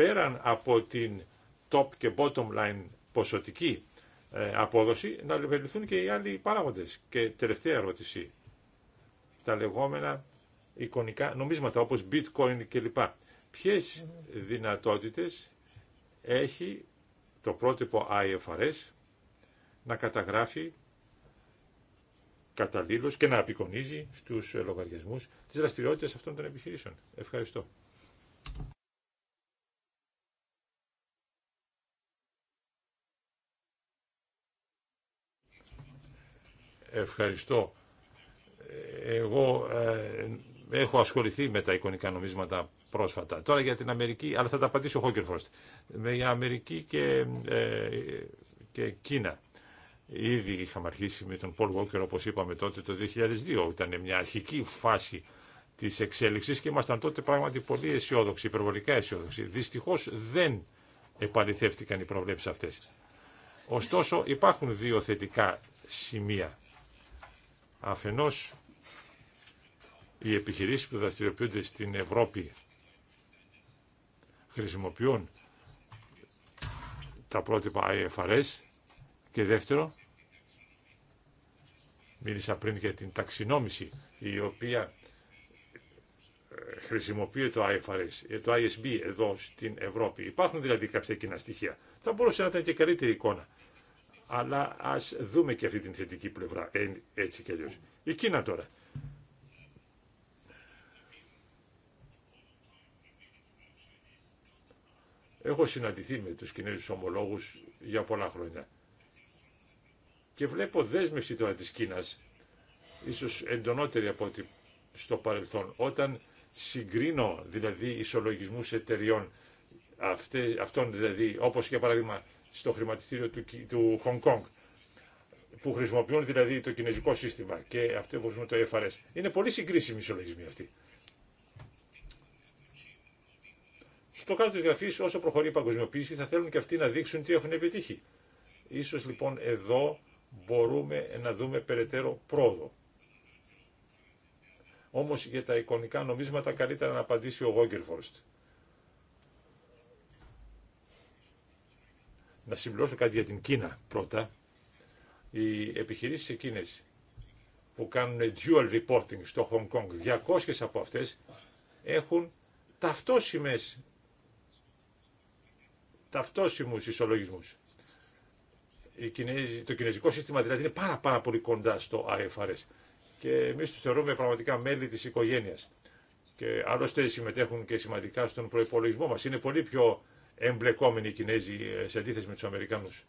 πέραν από την top και bottom line ποσοτική ε, απόδοση, να λεβεληθούν και οι άλλοι παράγοντες. Και τελευταία ερώτηση, τα λεγόμενα εικονικά νομίσματα όπως bitcoin κλπ. Ποιες δυνατότητες έχει το πρότυπο IFRS να καταγράφει καταλήλως και να απεικονίζει στους λογαριασμούς τις δραστηριότητες αυτών των επιχειρήσεων. Ευχαριστώ. Ευχαριστώ. Εγώ ε, έχω ασχοληθεί με τα εικονικά νομίσματα πρόσφατα. Τώρα για την Αμερική, αλλά θα τα απαντήσω ο Χόκερφορστ. Με Αμερική και, ε, και Κίνα. Ήδη είχαμε αρχίσει με τον Πολ Γόκερ, όπως είπαμε τότε, το 2002. Ήταν μια αρχική φάση της εξέλιξης και ήμασταν τότε πράγματι πολύ αισιόδοξοι, υπερβολικά αισιόδοξοι. Δυστυχώς δεν επαληθεύτηκαν οι προβλέψεις αυτές. Ωστόσο υπάρχουν δύο θετικά σημεία Αφενός, οι επιχειρήσεις που δραστηριοποιούνται στην Ευρώπη χρησιμοποιούν τα πρότυπα IFRS και δεύτερο, μίλησα πριν για την ταξινόμηση η οποία ε, χρησιμοποιεί το IFRS, ε, το ISB εδώ στην Ευρώπη. Υπάρχουν δηλαδή κάποια κοινά στοιχεία. Θα μπορούσε να ήταν και καλύτερη εικόνα αλλά α δούμε και αυτή την θετική πλευρά, έτσι κι αλλιώ. Η Κίνα τώρα. Έχω συναντηθεί με τους Κινέζους ομολόγους για πολλά χρόνια. Και βλέπω δέσμευση τώρα της Κίνας, ίσως εντονότερη από ό,τι στο παρελθόν. Όταν συγκρίνω δηλαδή ισολογισμούς εταιριών, αυτών δηλαδή, όπως για παράδειγμα στο χρηματιστήριο του, του Hong Kong που χρησιμοποιούν δηλαδή το κινέζικο σύστημα και αυτό που χρησιμοποιούν το FRS. Είναι πολύ συγκρίσιμη η ισολογισμή αυτή. Στο κάτω τη γραφής, όσο προχωρεί η παγκοσμιοποίηση, θα θέλουν και αυτοί να δείξουν τι έχουν επιτύχει. Ίσως λοιπόν εδώ μπορούμε να δούμε περαιτέρω πρόοδο. Όμως για τα εικονικά νομίσματα καλύτερα να απαντήσει ο Γόγκερφορστ να συμπληρώσω κάτι για την Κίνα πρώτα. Οι επιχειρήσεις εκείνες που κάνουν dual reporting στο Hong Kong, 200 από αυτέ έχουν ταυτόσιμες ταυτόσιμους ισολογισμούς. το κινέζικο σύστημα δηλαδή είναι πάρα πάρα πολύ κοντά στο IFRS και εμείς τους θεωρούμε πραγματικά μέλη της οικογένειας και άλλωστε συμμετέχουν και σημαντικά στον προπολογισμό μα Είναι πολύ πιο εμπλεκόμενοι οι Κινέζοι ε, σε αντίθεση με τους Αμερικανούς.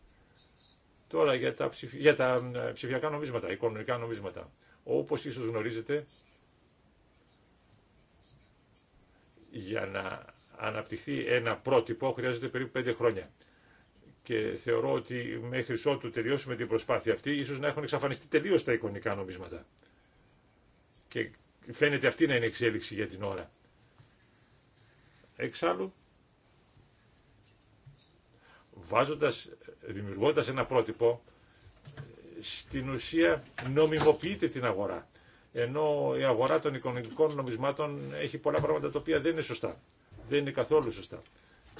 Τώρα για τα, ψηφι... για τα ε, ψηφιακά νομίσματα, οικονομικά νομίσματα. Όπως ίσως γνωρίζετε, για να αναπτυχθεί ένα πρότυπο χρειάζεται περίπου 5 χρόνια. Και θεωρώ ότι μέχρι ότου τελειώσουμε την προσπάθεια αυτή, ίσως να έχουν εξαφανιστεί τελείω τα εικονικά νομίσματα. Και φαίνεται αυτή να είναι εξέλιξη για την ώρα. Εξάλλου, βάζοντας, δημιουργώντας ένα πρότυπο, στην ουσία νομιμοποιείται την αγορά. Ενώ η αγορά των οικονομικών νομισμάτων έχει πολλά πράγματα τα οποία δεν είναι σωστά. Δεν είναι καθόλου σωστά.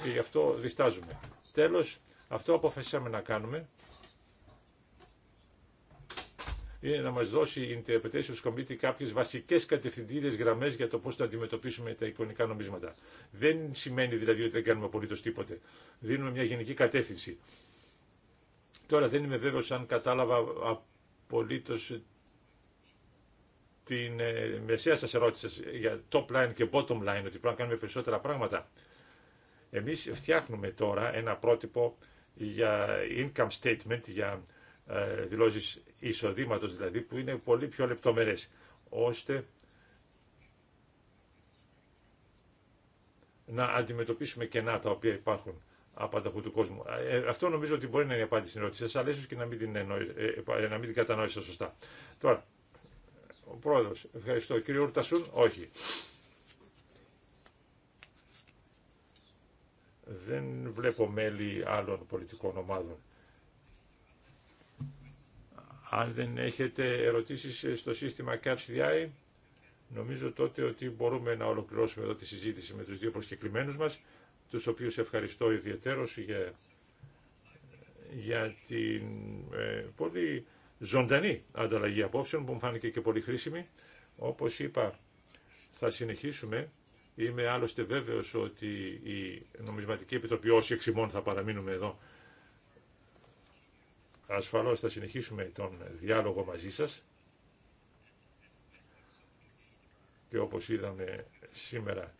Και γι' αυτό διστάζουμε. Τέλος, αυτό αποφασίσαμε να κάνουμε είναι να μας δώσει η Interpretation Committee κάποιες βασικές κατευθυντήριες γραμμές για το πώς θα αντιμετωπίσουμε τα εικονικά νομίσματα. Δεν σημαίνει δηλαδή ότι δεν κάνουμε απολύτως τίποτε. Δίνουμε μια γενική κατεύθυνση. Τώρα δεν είμαι βέβαιος αν κατάλαβα απολύτως την ε, μεσαία σας ερώτηση για top line και bottom line, ότι πρέπει να κάνουμε περισσότερα πράγματα. Εμείς φτιάχνουμε τώρα ένα πρότυπο για income statement, για ε, δηλώσεις εισοδήματος δηλαδή που είναι πολύ πιο λεπτομερές ώστε να αντιμετωπίσουμε κενά τα οποία υπάρχουν από ανταχού του κόσμου. Ε, ε, αυτό νομίζω ότι μπορεί να είναι η απάντηση στην ερώτησή αλλά ίσω και να μην, την εννοεί, να μην την κατανόησα σωστά. Τώρα, ο πρόεδρο, ευχαριστώ. Κύριε Ουρτασούν, όχι. Δεν βλέπω μέλη άλλων πολιτικών ομάδων. Αν δεν έχετε ερωτήσεις στο σύστημα Catch νομίζω τότε ότι μπορούμε να ολοκληρώσουμε εδώ τη συζήτηση με τους δύο προσκεκλημένους μας, τους οποίους ευχαριστώ ιδιαίτερως για, για την ε, πολύ ζωντανή ανταλλαγή απόψεων που μου φάνηκε και πολύ χρήσιμη. Όπως είπα, θα συνεχίσουμε. Είμαι άλλωστε βέβαιος ότι η Νομισματική Επιτροπή, όσοι εξημών θα παραμείνουμε εδώ, Ασφαλώς θα συνεχίσουμε τον διάλογο μαζί σας και όπως είδαμε σήμερα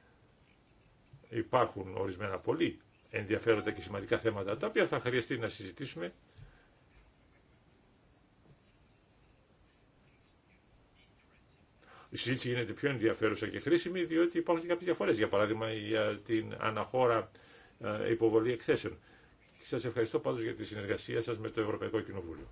υπάρχουν ορισμένα πολύ ενδιαφέροντα και σημαντικά θέματα τα οποία θα χρειαστεί να συζητήσουμε Η συζήτηση γίνεται πιο ενδιαφέρουσα και χρήσιμη διότι υπάρχουν και κάποιες διαφορές, για παράδειγμα για την αναχώρα ε, υποβολή εκθέσεων. Σας ευχαριστώ πάντως για τη συνεργασία σας με το Ευρωπαϊκό Κοινοβούλιο.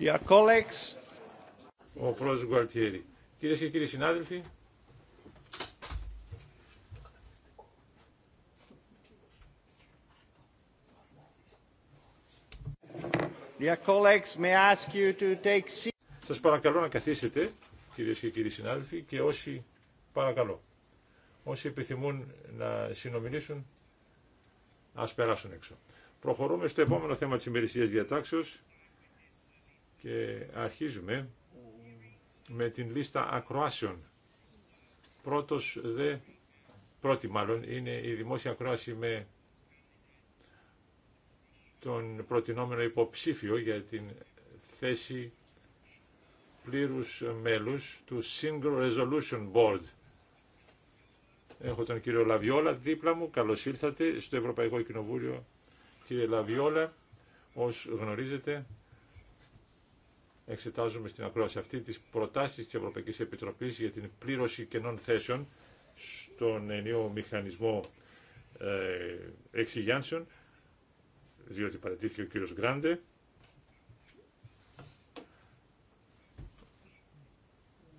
Dear colleagues. Ο πρόεδρος Γκουαλτιέρη. Κυρίες και κύριοι συνάδελφοι, Dear colleagues, may I ask you to take seat. Σας παρακαλώ να καθίσετε, κυρίες και κύριοι συνάδελφοι, και όσοι παρακαλώ, όσοι επιθυμούν να συνομιλήσουν, ας περάσουν έξω. Προχωρούμε στο επόμενο θέμα της ημερησίας διατάξεως. Και αρχίζουμε με την λίστα ακροάσεων. Πρώτος δε, πρώτη μάλλον, είναι η δημόσια ακρόαση με τον προτινόμενο υποψήφιο για την θέση πλήρους μέλους του Single Resolution Board. Έχω τον κύριο Λαβιόλα δίπλα μου. Καλώς ήρθατε στο Ευρωπαϊκό Κοινοβούλιο. Κύριε Λαβιόλα, ως γνωρίζετε, εξετάζουμε στην ακρόαση αυτή τις προτάσεις της Ευρωπαϊκής Επιτροπής για την πλήρωση κενών θέσεων στον ενίο μηχανισμό εξηγιάνσεων, διότι παρατήθηκε ο κύριος Γκράντε.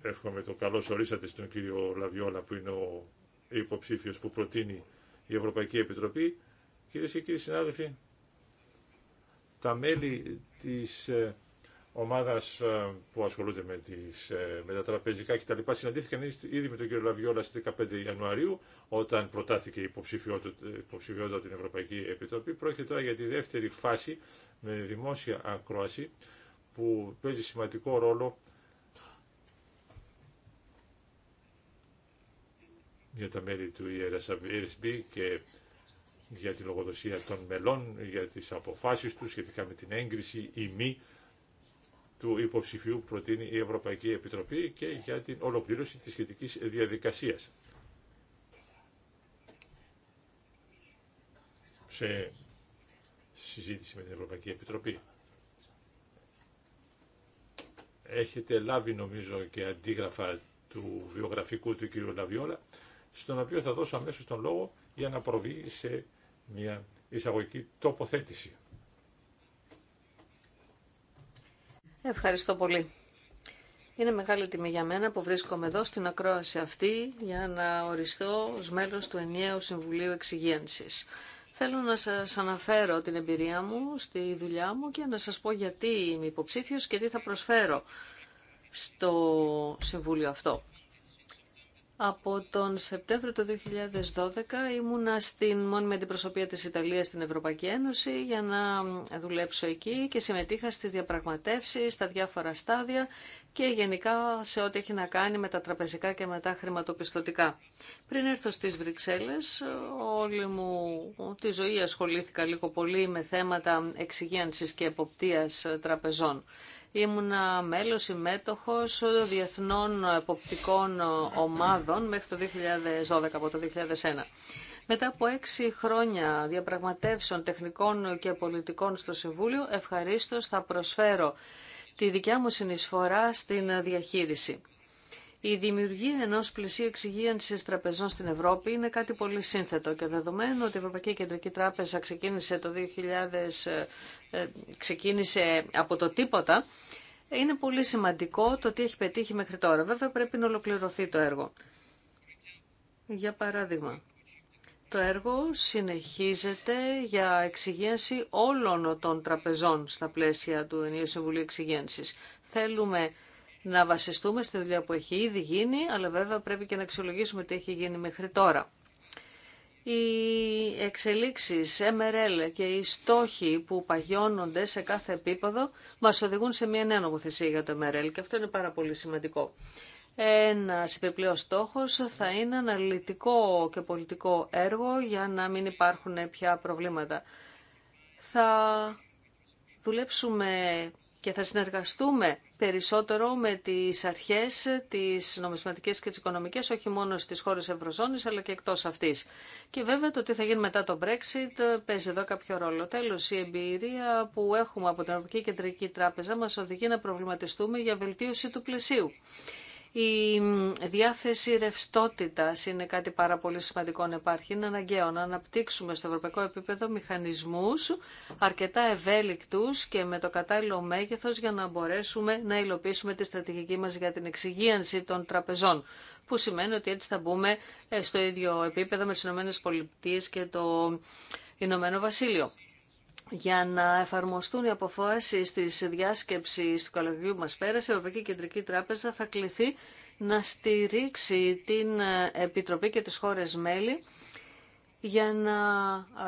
Εύχομαι το καλό ορίσατε στον κύριο Λαβιόλα που είναι ο υποψήφιος που προτείνει η Ευρωπαϊκή Επιτροπή. Κυρίε και κύριοι συνάδελφοι, τα μέλη της ε, Ομάδα ε, που ασχολούνται με, τις, ε, με τα τραπεζικά κτλ. Συναντήθηκαν ήδη με τον κύριο Λαβιόλα στι 15 Ιανουαρίου, όταν προτάθηκε η υποψηφιότητα την Ευρωπαϊκή Επιτροπή. Πρόκειται τώρα για τη δεύτερη φάση με δημόσια ακρόαση, που παίζει σημαντικό ρόλο για τα μέλη του ERSB και για τη λογοδοσία των μελών, για τις αποφάσεις τους σχετικά με την έγκριση ή μη του υποψηφίου που προτείνει η Ευρωπαϊκή Επιτροπή και για την ολοκλήρωση της σχετικής διαδικασίας. Σε συζήτηση με την Ευρωπαϊκή Επιτροπή. Έχετε λάβει νομίζω και αντίγραφα του βιογραφικού του κ. Λαβιόλα, στον οποίο θα δώσω αμέσως τον λόγο για να προβεί σε μια εισαγωγική τοποθέτηση. Ευχαριστώ πολύ. Είναι μεγάλη τιμή για μένα που βρίσκομαι εδώ στην ακρόαση αυτή για να οριστώ ως μέλος του ενιαίου Συμβουλίου Εξυγένσης. Θέλω να σας αναφέρω την εμπειρία μου στη δουλειά μου και να σας πω γιατί είμαι υποψήφιος και τι θα προσφέρω στο Συμβούλιο αυτό. Από τον Σεπτέμβριο του 2012 ήμουνα στην μόνιμη αντιπροσωπεία της Ιταλίας στην Ευρωπαϊκή Ένωση για να δουλέψω εκεί και συμμετείχα στις διαπραγματεύσεις, στα διάφορα στάδια και γενικά σε ό,τι έχει να κάνει με τα τραπεζικά και με τα χρηματοπιστωτικά. Πριν έρθω στις Βρυξέλλες, όλη μου τη ζωή ασχολήθηκα λίγο πολύ με θέματα εξυγίανσης και εποπτείας τραπεζών. Ήμουνα μέλος συμμέτοχος διεθνών εποπτικών ομάδων μέχρι το 2012 από το 2001. Μετά από έξι χρόνια διαπραγματεύσεων τεχνικών και πολιτικών στο Συμβούλιο, ευχαρίστως θα προσφέρω τη δικιά μου συνεισφορά στην διαχείριση. Η δημιουργία ενό πλησίου εξυγίανση τραπεζών στην Ευρώπη είναι κάτι πολύ σύνθετο και δεδομένου ότι η Ευρωπαϊκή Κεντρική Τράπεζα ξεκίνησε, το 2000, ε, ξεκίνησε από το τίποτα, είναι πολύ σημαντικό το τι έχει πετύχει μέχρι τώρα. Βέβαια πρέπει να ολοκληρωθεί το έργο. Για παράδειγμα, το έργο συνεχίζεται για εξυγένση όλων των τραπεζών στα πλαίσια του Ενίου Συμβουλίου Θέλουμε να βασιστούμε στη δουλειά που έχει ήδη γίνει, αλλά βέβαια πρέπει και να αξιολογήσουμε τι έχει γίνει μέχρι τώρα. Οι εξελίξεις MRL και οι στόχοι που παγιώνονται σε κάθε επίπεδο μας οδηγούν σε μια νέα νομοθεσία για το MRL και αυτό είναι πάρα πολύ σημαντικό. Ένα επιπλέον στόχος θα είναι αναλυτικό και πολιτικό έργο για να μην υπάρχουν πια προβλήματα. Θα δουλέψουμε και θα συνεργαστούμε περισσότερο με τις αρχές, τις νομισματικές και τις οικονομικές, όχι μόνο στις χώρες Ευρωζώνης, αλλά και εκτός αυτής. Και βέβαια το τι θα γίνει μετά το Brexit παίζει εδώ κάποιο ρόλο. Τέλος, η εμπειρία που έχουμε από την Ευρωπαϊκή Κεντρική Τράπεζα μας οδηγεί να προβληματιστούμε για βελτίωση του πλαισίου. Η διάθεση ρευστότητα είναι κάτι πάρα πολύ σημαντικό να υπάρχει. Είναι αναγκαίο να αναπτύξουμε στο ευρωπαϊκό επίπεδο μηχανισμού αρκετά ευέλικτου και με το κατάλληλο μέγεθο για να μπορέσουμε να υλοποιήσουμε τη στρατηγική μα για την εξυγίανση των τραπεζών. Που σημαίνει ότι έτσι θα μπούμε ε, στο ίδιο επίπεδο με τι ΗΠΑ και το Ηνωμένο Βασίλειο για να εφαρμοστούν οι αποφάσεις της διάσκεψης του καλοκαιριού μας πέρασε, η Ευρωπαϊκή Κεντρική Τράπεζα θα κληθεί να στηρίξει την Επιτροπή και τις χώρες μέλη για να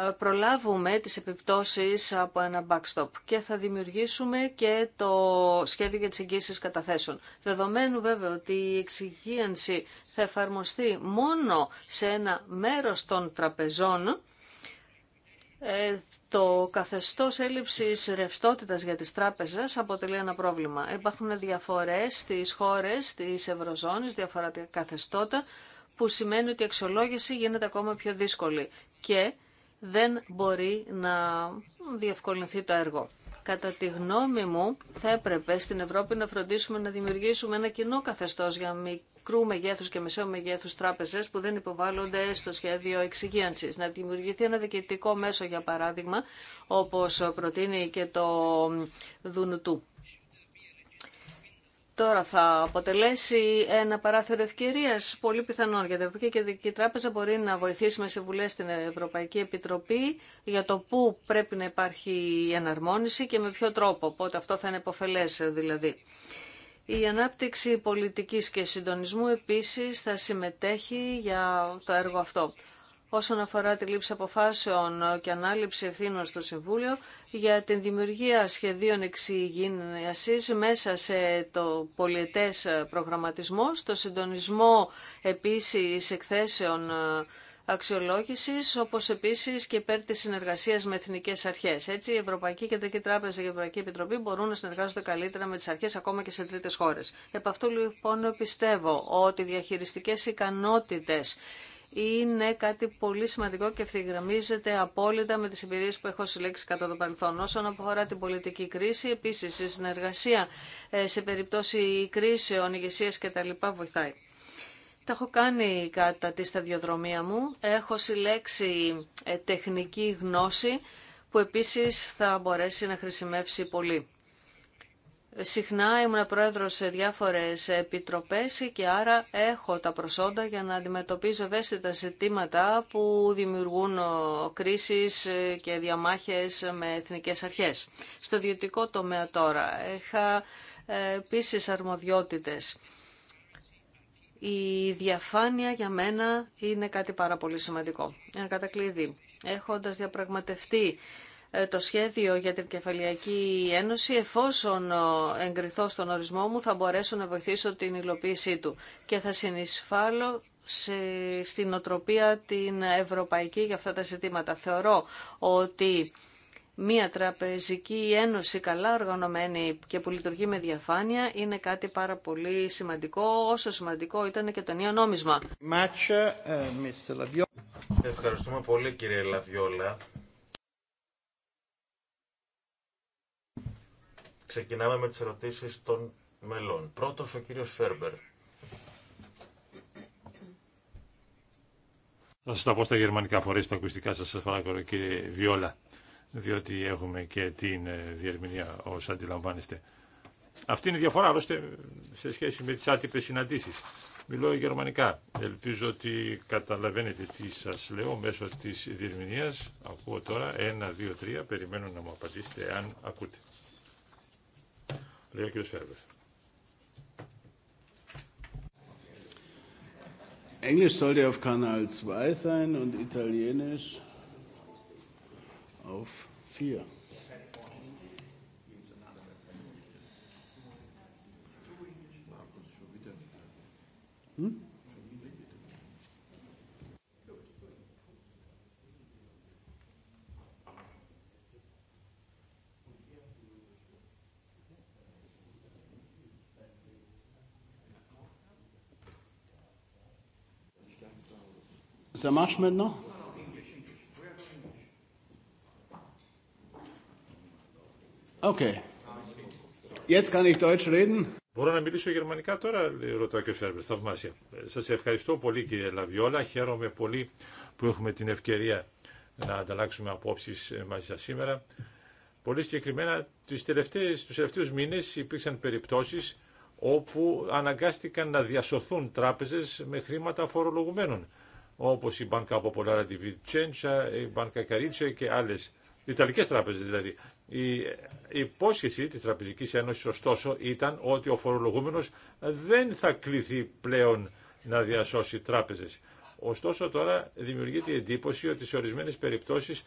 ε, προλάβουμε τις επιπτώσεις από ένα backstop και θα δημιουργήσουμε και το σχέδιο για τις εγγύσεις καταθέσεων. Δεδομένου βέβαια ότι η εξυγίανση θα εφαρμοστεί μόνο σε ένα μέρος των τραπεζών, ε, το καθεστώς έλλειψης ρευστότητας για τις τράπεζες αποτελεί ένα πρόβλημα. Υπάρχουν διαφορές στις χώρες της Ευρωζώνης, διαφορετικά καθεστώτα, που σημαίνει ότι η αξιολόγηση γίνεται ακόμα πιο δύσκολη και δεν μπορεί να διευκολυνθεί το έργο. Κατά τη γνώμη μου, θα έπρεπε στην Ευρώπη να φροντίσουμε να δημιουργήσουμε ένα κοινό καθεστώ για μικρού μεγέθου και μεσαίου μεγέθου τράπεζε που δεν υποβάλλονται στο σχέδιο εξυγίανση. Να δημιουργηθεί ένα διοικητικό μέσο, για παράδειγμα, όπω προτείνει και το Δουνουτού. Τώρα θα αποτελέσει ένα παράθυρο ευκαιρία πολύ πιθανόν γιατί η Ευρωπαϊκή Κεντρική Τράπεζα μπορεί να βοηθήσει με συμβουλέ στην Ευρωπαϊκή Επιτροπή για το πού πρέπει να υπάρχει η εναρμόνιση και με ποιο τρόπο. Οπότε αυτό θα είναι υποφελέ δηλαδή. Η ανάπτυξη πολιτικής και συντονισμού επίσης θα συμμετέχει για το έργο αυτό όσον αφορά τη λήψη αποφάσεων και ανάληψη ευθύνων στο Συμβούλιο για την δημιουργία σχεδίων εξυγίνησης μέσα σε το πολιετές προγραμματισμό, στο συντονισμό επίσης εκθέσεων αξιολόγησης, όπως επίσης και υπέρ της συνεργασίας με εθνικές αρχές. Έτσι, η Ευρωπαϊκή Κεντρική Τράπεζα και η Ευρωπαϊκή Επιτροπή μπορούν να συνεργάζονται καλύτερα με τις αρχές ακόμα και σε τρίτες χώρες. Επ' αυτού λοιπόν πιστεύω ότι διαχειριστικές ικανότητες είναι κάτι πολύ σημαντικό και ευθυγραμμίζεται απόλυτα με τις εμπειρίες που έχω συλλέξει κατά το παρελθόν. Όσον αφορά την πολιτική κρίση, επίσης η συνεργασία ε, σε περίπτωση κρίσεων, ηγεσία κτλ. βοηθάει. Τα έχω κάνει κατά τη σταδιοδρομία μου. Έχω συλλέξει ε, τεχνική γνώση που επίσης θα μπορέσει να χρησιμεύσει πολύ. Συχνά ήμουν πρόεδρος σε διάφορες επιτροπές και άρα έχω τα προσόντα για να αντιμετωπίζω ευαίσθητα ζητήματα που δημιουργούν κρίσεις και διαμάχες με εθνικές αρχές. Στο ιδιωτικό τομέα τώρα είχα ε, επίση αρμοδιότητες. Η διαφάνεια για μένα είναι κάτι πάρα πολύ σημαντικό. Ένα κατακλείδι. Έχοντας διαπραγματευτεί ε, το σχέδιο για την Κεφαλιακή Ένωση, εφόσον ε, εγκριθώ στον ορισμό μου, θα μπορέσω να βοηθήσω την υλοποίησή του και θα συνεισφάλω στην οτροπία την ευρωπαϊκή για αυτά τα ζητήματα. Θεωρώ ότι μια τραπεζική ένωση καλά οργανωμένη και που λειτουργεί με διαφάνεια είναι κάτι πάρα πολύ σημαντικό, όσο σημαντικό ήταν και το νέο νόμισμα. Ε, Ευχαριστούμε πολύ κύριε Λαβιόλα. Ξεκινάμε με τις ερωτήσεις των μελών. Πρώτος ο κύριος Φέρμπερ. Θα σας τα πω στα γερμανικά φορές τα ακουστικά σας, σας παρακαλώ κύριε Βιόλα, διότι έχουμε και την ε, διερμηνία όσο αντιλαμβάνεστε. Αυτή είναι η διαφορά άλλωστε σε σχέση με τις άτυπες συναντήσεις. Μιλώ γερμανικά. Ελπίζω ότι καταλαβαίνετε τι σας λέω μέσω της διερμηνίας. Ακούω τώρα. Ένα, δύο, τρία. Περιμένω να μου απαντήσετε αν ακούτε λέει ο κύριος Φέρβερ. Englisch sollte auf Kanal 2 sein und Italienisch auf 4. Hm? Ça Μπορώ να μιλήσω γερμανικά τώρα, ρωτάω και ο Φέρμπερ. Θαυμάσια. Σα ευχαριστώ πολύ, κύριε Λαβιόλα. Χαίρομαι πολύ που έχουμε την ευκαιρία να ανταλλάξουμε απόψει μαζί σα σήμερα. Πολύ συγκεκριμένα, του τελευταίου μήνε υπήρξαν περιπτώσει όπου αναγκάστηκαν να διασωθούν τράπεζε με χρήματα φορολογουμένων. Όπω η Banca Popolare di Vicenza, η Banca Carice και άλλε Ιταλικέ τράπεζε, δηλαδή. Η υπόσχεση τη τραπεζική Ένωση, ωστόσο ήταν ότι ο φορολογούμενος δεν θα κληθεί πλέον να διασώσει τράπεζε. Ωστόσο τώρα δημιουργείται η εντύπωση ότι σε ορισμένε περιπτώσει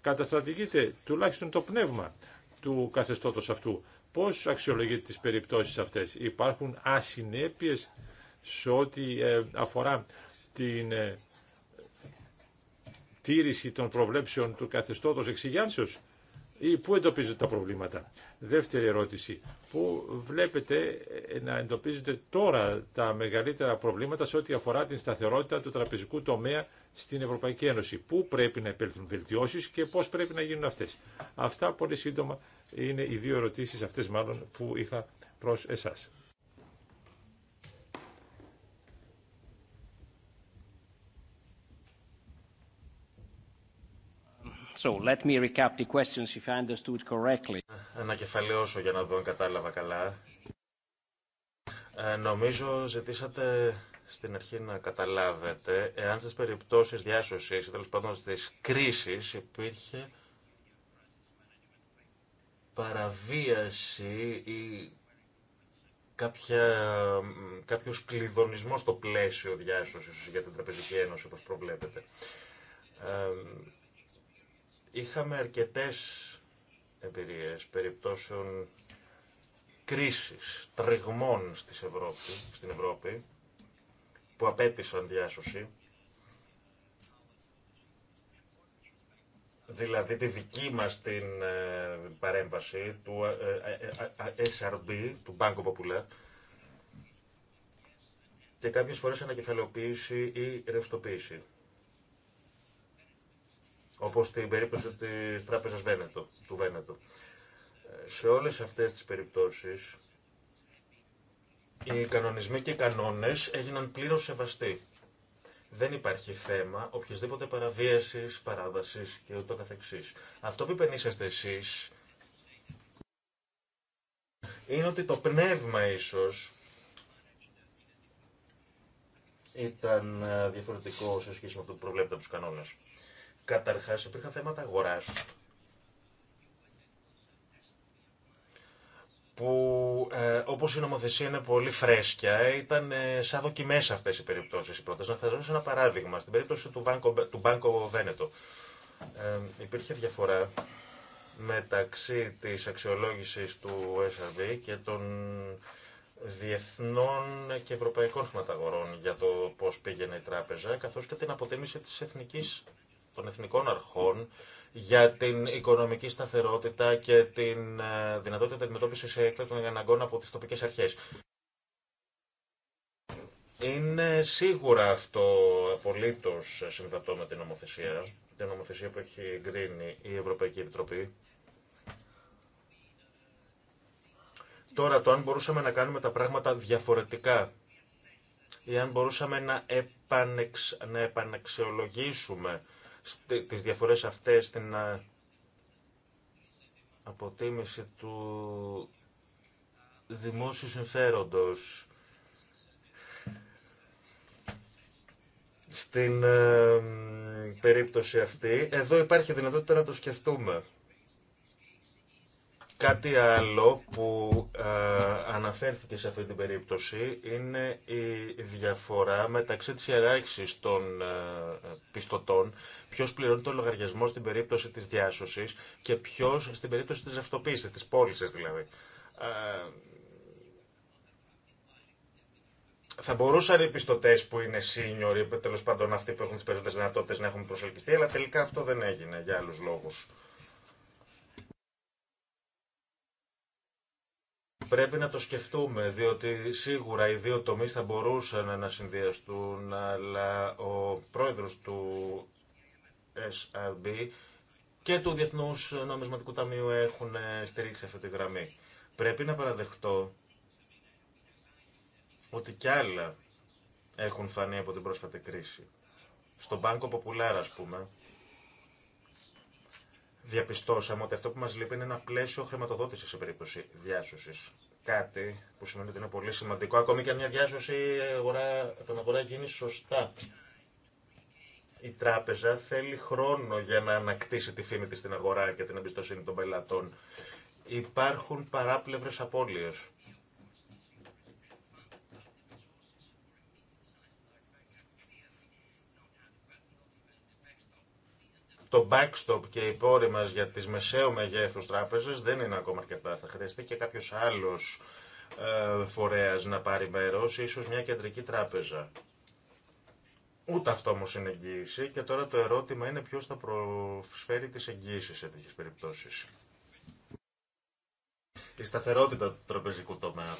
καταστρατηγείται τουλάχιστον το πνεύμα του καθεστώτος αυτού. Πώ αξιολογείται τι περιπτώσει αυτέ, Υπάρχουν ασυνέπειε σε ό,τι ε, αφορά την ε, τήρηση των προβλέψεων του καθεστώτος εξηγιάνσεως ή πού εντοπίζονται τα προβλήματα. Δεύτερη ερώτηση. Πού βλέπετε να εντοπίζονται τώρα τα μεγαλύτερα προβλήματα σε ό,τι αφορά την σταθερότητα του τραπεζικού τομέα στην Ευρωπαϊκή Ένωση. Πού πρέπει να επέλθουν βελτιώσεις και πώς πρέπει να γίνουν αυτές. Αυτά πολύ σύντομα είναι οι δύο ερωτήσεις αυτές μάλλον που εντοπιζονται τα προβληματα δευτερη ερωτηση που βλεπετε να εντοπιζονται τωρα τα μεγαλυτερα προβληματα σε οτι αφορα την σταθεροτητα του τραπεζικου τομεα στην ευρωπαικη ενωση που πρεπει να επελθουν βελτιωσει και πως πρεπει να γινουν αυτες αυτα πολυ συντομα ειναι οι δυο ερωτησει αυτε μαλλον που ειχα προ εσά. So, let me recap the questions if I understood correctly. Ανακεφαλαιώσω ε, για να δω αν κατάλαβα καλά. Ε, νομίζω ζητήσατε στην αρχή να καταλάβετε εάν στις περιπτώσεις διάσωσης ή τέλος πάντων στις κρίσεις υπήρχε παραβίαση ή κάποια, κάποιος κλειδονισμός στο πλαίσιο διάσωσης για την Τραπεζική Ένωση όπως προβλέπετε. Ε, Είχαμε αρκετές εμπειρίες περιπτώσεων κρίσης, τριγμών Ευρώπη, στην Ευρώπη που απέτησαν διάσωση. Δηλαδή τη δική μας την ε, παρέμβαση του SRB, ε, ε, του Banco Popular, και κάποιες φορές ανακεφαλαιοποίηση ή ρευστοποίηση. Όπω στην περίπτωση τη Τράπεζα Βένετο, του Βένετο. Ε, σε όλε αυτέ τι περιπτώσει, οι κανονισμοί και οι κανόνε έγιναν πλήρω σεβαστοί. Δεν υπάρχει θέμα οποιασδήποτε παραβίαση, παράβαση και ούτω καθεξής. Αυτό που υπενήσαστε εσεί είναι ότι το πνεύμα ίσως ήταν ε, διαφορετικό σε σχέση με αυτό που προβλέπετε από τους κανόνες. Καταρχάς υπήρχαν θέματα αγορά. που ε, όπως η νομοθεσία είναι πολύ φρέσκια, ήταν ε, σαν δοκιμές αυτές οι περιπτώσεις οι πρώτες. Να θα δώσω ένα παράδειγμα, στην περίπτωση του Banco, του Banco Veneto. Ε, υπήρχε διαφορά μεταξύ της αξιολόγησης του SRB και των διεθνών και ευρωπαϊκών χρηματαγορών για το πώς πήγαινε η τράπεζα, καθώς και την αποτίμηση της εθνικής των εθνικών αρχών για την οικονομική σταθερότητα και την ε, δυνατότητα αντιμετώπιση έκτακτων αναγκών από τι τοπικέ αρχέ. Είναι σίγουρα αυτό απολύτω συμβατό με την νομοθεσία, την νομοθεσία που έχει εγκρίνει η Ευρωπαϊκή Επιτροπή. Τώρα το αν μπορούσαμε να κάνουμε τα πράγματα διαφορετικά ή αν μπορούσαμε να, επανεξ, να επαναξιολογήσουμε τις διαφορές αυτές στην ε, αποτίμηση του δημόσιου συμφέροντος στην ε, περίπτωση αυτή. Εδώ υπάρχει δυνατότητα να το σκεφτούμε. Κάτι άλλο που ε, αναφέρθηκε σε αυτή την περίπτωση είναι η διαφορά μεταξύ της ιεράρχησης των ε, πιστωτών, ποιος πληρώνει το λογαριασμό στην περίπτωση της διάσωσης και ποιος στην περίπτωση της ρευτοποίησης, της πώλησης δηλαδή. Ε, θα μπορούσαν οι πιστωτέ που είναι senior, τέλο πάντων αυτοί που έχουν τι περισσότερε δυνατότητε να έχουν προσελκυστεί, αλλά τελικά αυτό δεν έγινε για άλλου λόγου. Πρέπει να το σκεφτούμε, διότι σίγουρα οι δύο τομείς θα μπορούσαν να συνδυαστούν, αλλά ο πρόεδρος του SRB και του Διεθνούς Νομισματικού Ταμείου έχουν στηρίξει αυτή τη γραμμή. Πρέπει να παραδεχτώ ότι κι άλλα έχουν φανεί από την πρόσφατη κρίση. Στον Banco Popular, ας πούμε, διαπιστώσαμε ότι αυτό που μας λείπει είναι ένα πλαίσιο χρηματοδότησης σε περίπτωση διάσωσης. Κάτι που σημαίνει ότι είναι πολύ σημαντικό, ακόμη και αν μια διάσωση αγορά, αγορά γίνει σωστά. Η τράπεζα θέλει χρόνο για να ανακτήσει τη φήμη της στην αγορά και την εμπιστοσύνη των πελατών. Υπάρχουν παράπλευρες απώλειες το backstop και οι πόροι μας για τις μεσαίου μεγέθους τράπεζες δεν είναι ακόμα αρκετά. Θα χρειαστεί και κάποιος άλλος ε, φορέας να πάρει μέρος, ίσως μια κεντρική τράπεζα. Ούτε αυτό όμως είναι εγγύηση και τώρα το ερώτημα είναι ποιος θα προσφέρει τις εγγύησεις σε τέτοιες περιπτώσεις. Η σταθερότητα του τραπεζικού τομέα.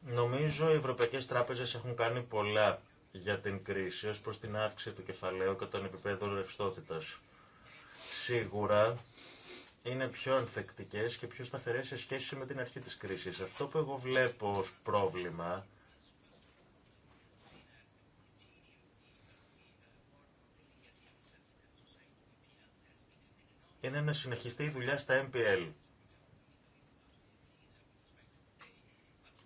Νομίζω οι ευρωπαϊκές τράπεζες έχουν κάνει πολλά για την κρίση ως προς την αύξηση του κεφαλαίου και των επιπέδων ρευστότητας. Σίγουρα είναι πιο ανθεκτικές και πιο σταθερές σε σχέση με την αρχή της κρίσης. Αυτό που εγώ βλέπω ως πρόβλημα είναι να συνεχιστεί η δουλειά στα MPL.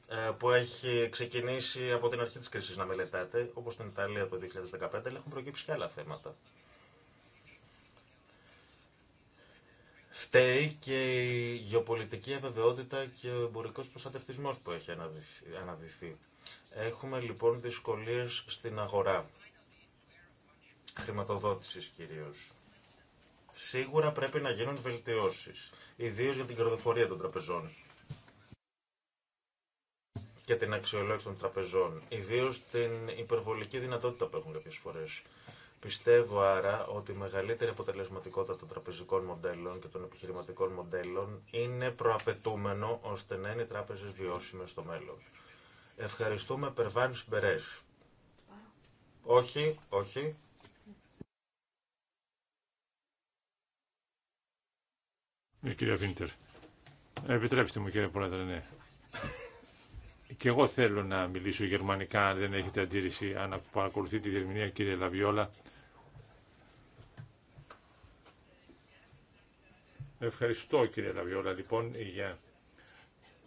Ε, που έχει ξεκινήσει από την αρχή της κρίσης να μελετάτε, όπως στην Ιταλία το 2015, αλλά έχουν προκύψει και άλλα θέματα. Φταίει και η γεωπολιτική αβεβαιότητα και ο εμπορικός προστατευτισμό που έχει αναδυθεί. Έχουμε λοιπόν δυσκολίες στην αγορά. Χρηματοδότησης κυρίως. Σίγουρα πρέπει να γίνουν βελτιώσεις, ιδίως για την κερδοφορία των τραπεζών και την αξιολόγηση των τραπεζών, ιδίω την υπερβολική δυνατότητα που έχουν κάποιε φορέ. Πιστεύω άρα ότι η μεγαλύτερη αποτελεσματικότητα των τραπεζικών μοντέλων και των επιχειρηματικών μοντέλων είναι προαπαιτούμενο ώστε να είναι οι τράπεζε βιώσιμε στο μέλλον. Ευχαριστούμε, Περβάνη Μπερέ. Όχι, όχι. Ε, κυρία Βίντερ. Επιτρέψτε μου κύριε Πρόεδρε, ναι. Και εγώ θέλω να μιλήσω γερμανικά, αν δεν έχετε αντίρρηση, αν παρακολουθεί τη διερμηνία, κύριε Λαβιόλα. Ευχαριστώ, κύριε Λαβιόλα, λοιπόν, για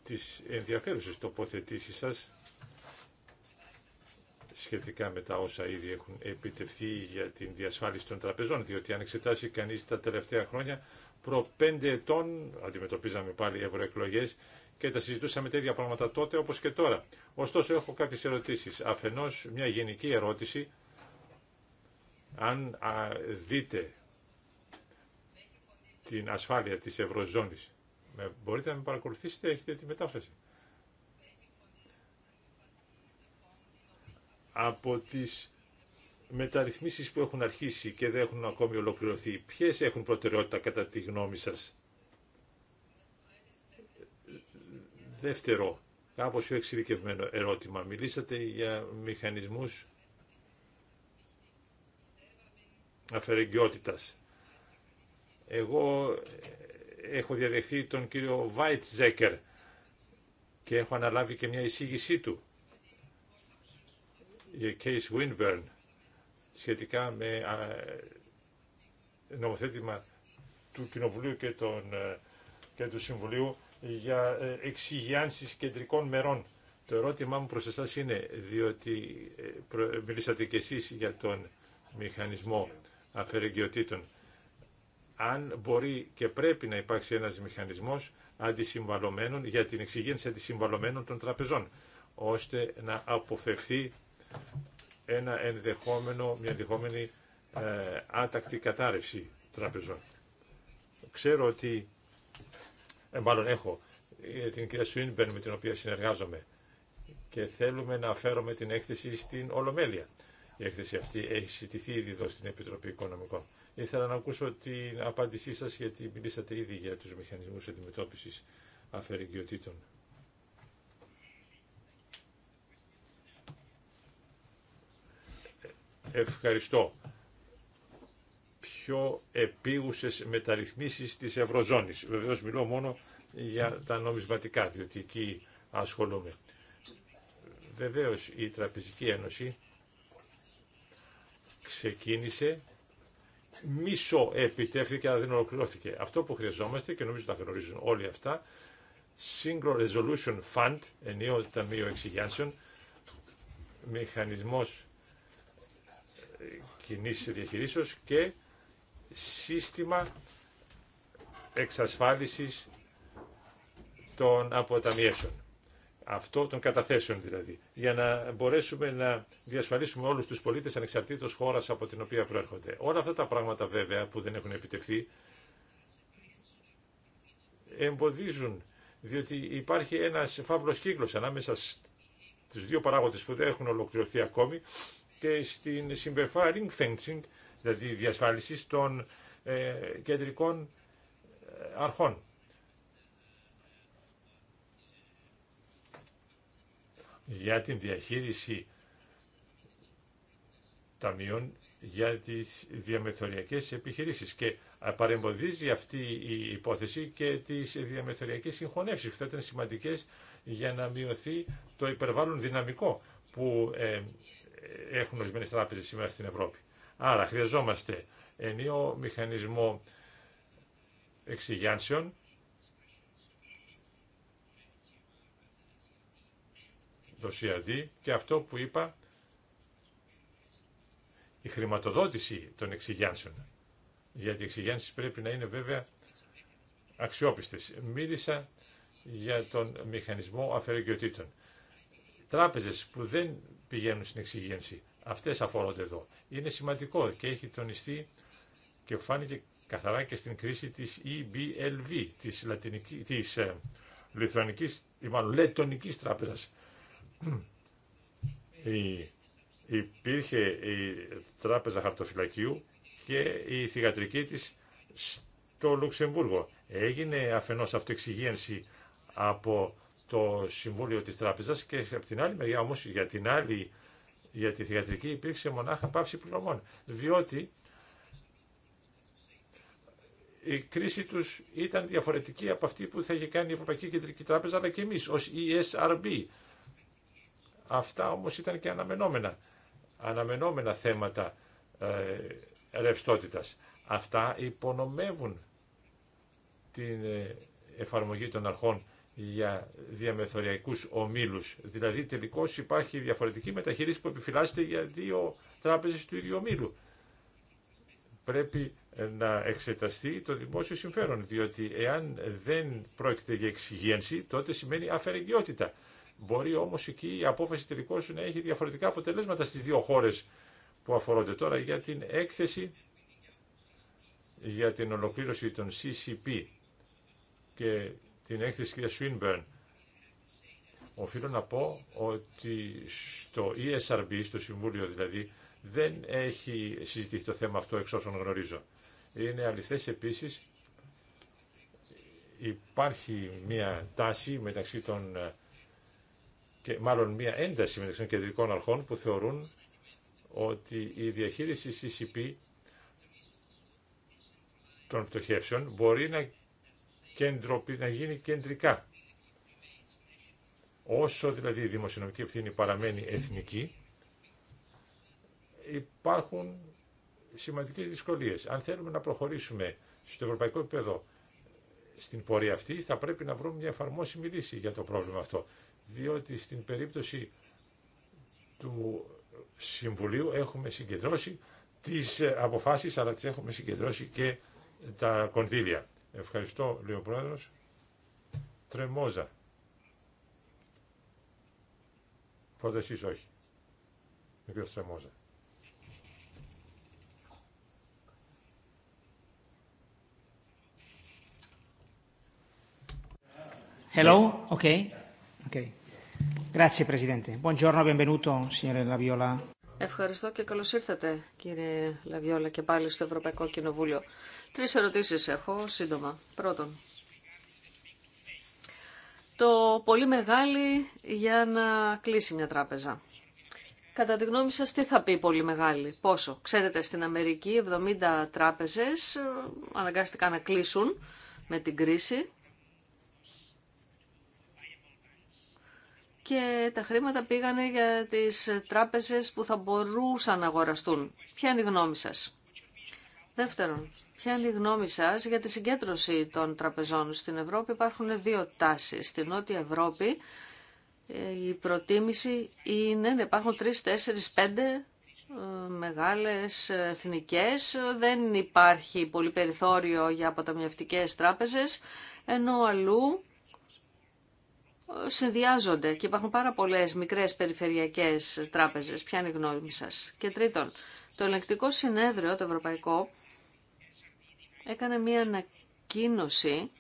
τις ενδιαφέρουσες τοποθετήσεις σας σχετικά με τα όσα ήδη έχουν επιτευχθεί για την διασφάλιση των τραπεζών, διότι αν εξετάσει κανείς τα τελευταία χρόνια, προ πέντε ετών αντιμετωπίζαμε πάλι ευρωεκλογές και τα συζητούσαμε τέτοια πράγματα τότε όπως και τώρα. Ωστόσο έχω κάποιες ερωτήσεις. Αφενός μια γενική ερώτηση, αν δείτε την ασφάλεια της Ευρωζώνης, με, μπορείτε να με παρακολουθήσετε, έχετε τη μετάφραση. Από τις μεταρρυθμίσεις που έχουν αρχίσει και δεν έχουν ακόμη ολοκληρωθεί, ποιες έχουν προτεραιότητα κατά τη γνώμη σας Δεύτερο, κάπως πιο εξειδικευμένο ερώτημα. Μιλήσατε για μηχανισμούς αφαιρεγγιότητας. Εγώ ε, έχω διαδεχθεί τον κύριο Βάιτζέκερ και έχω αναλάβει και μια εισήγησή του για Case Winburn σχετικά με νομοθέτημα του Κοινοβουλίου και, των, ε, και του Συμβουλίου για ε, εξυγιάνσεις κεντρικών μερών. Το ερώτημά μου προς εσάς είναι, διότι ε, μιλήσατε κι εσείς για τον μηχανισμό αφαιρεγγιοτήτων, αν μπορεί και πρέπει να υπάρξει ένας μηχανισμός αντισυμβαλωμένων για την εξυγίανση αντισυμβαλωμένων των τραπεζών, ώστε να αποφευθεί ένα ενδεχόμενο, μια ενδεχόμενη ε, άτακτη κατάρρευση τραπεζών. Ξέρω ότι ε, μάλλον έχω ε, την κυρία Σουίνμπερν με την οποία συνεργάζομαι και θέλουμε να φέρουμε την έκθεση στην Ολομέλεια. Η έκθεση αυτή έχει συζητηθεί ήδη εδώ στην Επιτροπή Οικονομικών. Ήθελα να ακούσω την απάντησή σας γιατί μιλήσατε ήδη για τους μηχανισμούς αντιμετώπισης αφαιρεγγιωτήτων. Ε, ευχαριστώ πιο επίγουσες μεταρρυθμίσεις της Ευρωζώνης. Βεβαίως μιλώ μόνο για τα νομισματικά, διότι εκεί ασχολούμαι. Βεβαίως η Τραπεζική Ένωση ξεκίνησε μισό επιτεύχθηκε αλλά δεν ολοκληρώθηκε. Αυτό που χρειαζόμαστε και νομίζω τα γνωρίζουν όλοι αυτά, Single Resolution Fund, ενίο ταμείο εξηγιάνσεων, μηχανισμός ε, κοινής διαχειρίσεως και σύστημα εξασφάλισης των αποταμιέσεων. Αυτό των καταθέσεων δηλαδή. Για να μπορέσουμε να διασφαλίσουμε όλους τους πολίτες ανεξαρτήτως χώρας από την οποία προέρχονται. Όλα αυτά τα πράγματα βέβαια που δεν έχουν επιτευχθεί εμποδίζουν διότι υπάρχει ένας φαύλος κύκλος ανάμεσα στους δύο παράγοντες που δεν έχουν ολοκληρωθεί ακόμη και στην συμπεριφορά ring fencing δηλαδή διασφάλισης των ε, κεντρικών ε, αρχών. για την διαχείριση ταμείων για τις διαμεθοριακές επιχειρήσεις και παρεμποδίζει αυτή η υπόθεση και τις διαμεθοριακές συγχωνεύσεις που θα ήταν σημαντικές για να μειωθεί το υπερβάλλον δυναμικό που ε, έχουν ορισμένε τράπεζε σήμερα στην Ευρώπη. Άρα χρειαζόμαστε ενίο μηχανισμό εξηγιάνσεων το και αυτό που είπα η χρηματοδότηση των εξηγιάνσεων. Γιατί οι εξηγιάνσεις πρέπει να είναι βέβαια αξιόπιστες. Μίλησα για τον μηχανισμό αφαιρεγγιοτήτων. Τράπεζες που δεν πηγαίνουν στην εξηγένση αυτές αφορούνται εδώ. Είναι σημαντικό και έχει τονιστεί και φάνηκε καθαρά και στην κρίση της EBLV, της, Λατινική, της ε, Η, υπήρχε η Τράπεζα Χαρτοφυλακίου και η θηγατρική της στο Λουξεμβούργο. Έγινε αφενός αυτοεξυγένση από το Συμβούλιο της Τράπεζας και από την άλλη μεριά όμως για την άλλη για τη θεατρική υπήρξε μονάχα πάψη πληρωμών, διότι η κρίση τους ήταν διαφορετική από αυτή που θα είχε κάνει η Ευρωπαϊκή Κεντρική Τράπεζα, αλλά και εμεί ω ESRB. Αυτά όμως ήταν και αναμενόμενα, αναμενόμενα θέματα ε, Αυτά υπονομεύουν την ε, εφαρμογή των αρχών για διαμεθοριακού ομίλου. Δηλαδή τελικώ υπάρχει διαφορετική μεταχείριση που επιφυλάσσεται για δύο τράπεζε του ίδιου ομίλου. Πρέπει ε, να εξεταστεί το δημόσιο συμφέρον, διότι εάν δεν πρόκειται για εξυγίανση, τότε σημαίνει αφαιρεγγιότητα. Μπορεί όμως εκεί η απόφαση τελικώ να έχει διαφορετικά αποτελέσματα στι δύο χώρε που αφορούνται τώρα για την έκθεση για την ολοκλήρωση των CCP και την έκθεση κυρία Σουίνμπερν. Οφείλω να πω ότι στο ESRB, στο Συμβούλιο δηλαδή, δεν έχει συζητηθεί το θέμα αυτό εξ όσων γνωρίζω. Είναι αληθές επίσης, υπάρχει μια τάση μεταξύ των, και μάλλον μια ένταση μεταξύ των κεντρικών αρχών που θεωρούν ότι η διαχείριση CCP των πτωχεύσεων μπορεί να κέντρο, να γίνει κεντρικά. Όσο δηλαδή η δημοσιονομική ευθύνη παραμένει εθνική, υπάρχουν σημαντικές δυσκολίες. Αν θέλουμε να προχωρήσουμε στο ευρωπαϊκό επίπεδο στην πορεία αυτή, θα πρέπει να βρούμε μια εφαρμόσιμη λύση για το πρόβλημα αυτό. Διότι στην περίπτωση του Συμβουλίου έχουμε συγκεντρώσει τις αποφάσεις, αλλά τις έχουμε συγκεντρώσει και τα κονδύλια. Ευχαριστώ, λέει ο πρόεδρο. Τρεμόζα. Πρώτα εσεί όχι. Με ποιο Τρεμόζα. Hello, ok. okay. Grazie Presidente. Buongiorno, benvenuto signore Laviola. Ευχαριστώ και καλώς ήρθατε κύριε Λαβιόλα και πάλι στο Ευρωπαϊκό Κοινοβούλιο. Τρεις ερωτήσεις έχω σύντομα. Πρώτον, το πολύ μεγάλη για να κλείσει μια τράπεζα. Κατά τη γνώμη σας τι θα πει πολύ μεγάλη, πόσο. Ξέρετε στην Αμερική 70 τράπεζες ε, αναγκάστηκαν να κλείσουν με την κρίση και τα χρήματα πήγανε για τις τράπεζες που θα μπορούσαν να αγοραστούν. Ποια είναι η γνώμη σας. Δεύτερον, ποια είναι η γνώμη σας για τη συγκέντρωση των τραπεζών. Στην Ευρώπη υπάρχουν δύο τάσεις. Στην Νότια Ευρώπη ε, η προτίμηση είναι να υπάρχουν τρεις, τέσσερις, πέντε ε, μεγάλες εθνικές. Δεν υπάρχει πολύ περιθώριο για αποταμιευτικές τράπεζες, ενώ αλλού συνδυάζονται και υπάρχουν πάρα πολλέ μικρές περιφερειακές τράπεζες. Ποια είναι η γνώμη σα. Και τρίτον, το ελεγκτικό συνέδριο, το ευρωπαϊκό, έκανε μία ανακοίνωση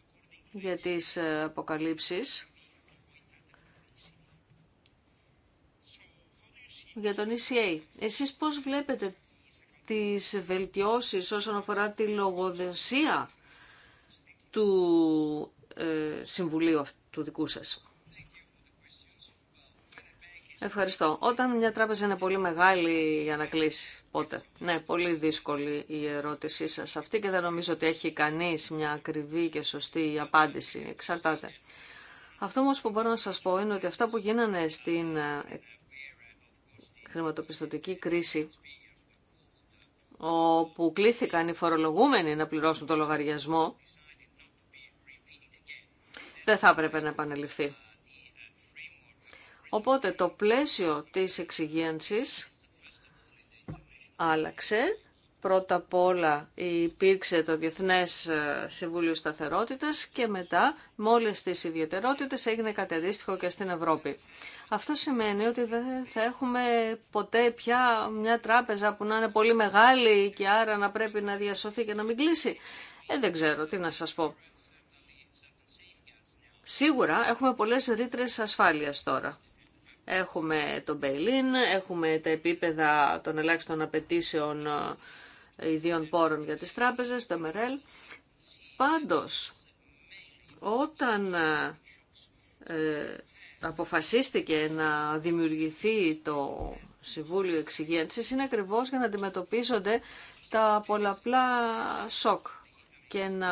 για τις ε, αποκαλύψεις για τον ECA. Εσείς πώς βλέπετε τις βελτιώσεις όσον αφορά τη λογοδοσία του ε, συμβουλίου του δικού σας. Ευχαριστώ. Όταν μια τράπεζα είναι πολύ μεγάλη για να κλείσει, πότε. Ναι, πολύ δύσκολη η ερώτησή σας αυτή και δεν νομίζω ότι έχει κανείς μια ακριβή και σωστή απάντηση. Εξαρτάται. Αυτό όμω που μπορώ να σας πω είναι ότι αυτά που γίνανε στην ε, χρηματοπιστωτική κρίση όπου κλήθηκαν οι φορολογούμενοι να πληρώσουν το λογαριασμό, δεν θα έπρεπε να επανεληφθεί. Οπότε το πλαίσιο της εξυγένσης άλλαξε. Πρώτα απ' όλα υπήρξε το Διεθνές ε, Συμβούλιο Σταθερότητας και μετά με όλες τις ιδιαιτερότητες έγινε κάτι και στην Ευρώπη. Αυτό σημαίνει ότι δεν θα έχουμε ποτέ πια μια τράπεζα που να είναι πολύ μεγάλη και άρα να πρέπει να διασωθεί και να μην κλείσει. Ε, δεν ξέρω τι να σας πω. Σίγουρα έχουμε πολλές ρήτρε ασφάλειας τώρα. Έχουμε τον Μπέιλιν, έχουμε τα επίπεδα των ελάχιστων απαιτήσεων ε, ιδίων πόρων για τις τράπεζες, το ΜΡΕΛ. Πάντως, όταν ε, ε, αποφασίστηκε να δημιουργηθεί το Συμβούλιο Εξυγένσης, είναι ακριβώς για να αντιμετωπίζονται τα πολλαπλά σοκ και να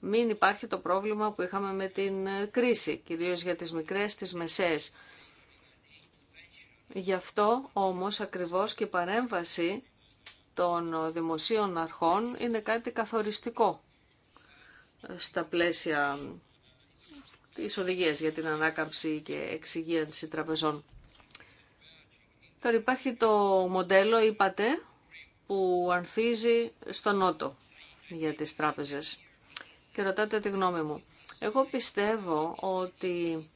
μην υπάρχει το πρόβλημα που είχαμε με την κρίση, κυρίως για τις μικρές, τις μεσαίες Γι' αυτό όμως ακριβώς και η παρέμβαση των δημοσίων αρχών είναι κάτι καθοριστικό στα πλαίσια της οδηγίας για την ανάκαμψη και εξυγίανση τραπεζών. Τώρα υπάρχει το μοντέλο, είπατε, που ανθίζει στο νότο για τις τράπεζες. Και ρωτάτε τη γνώμη μου. Εγώ πιστεύω ότι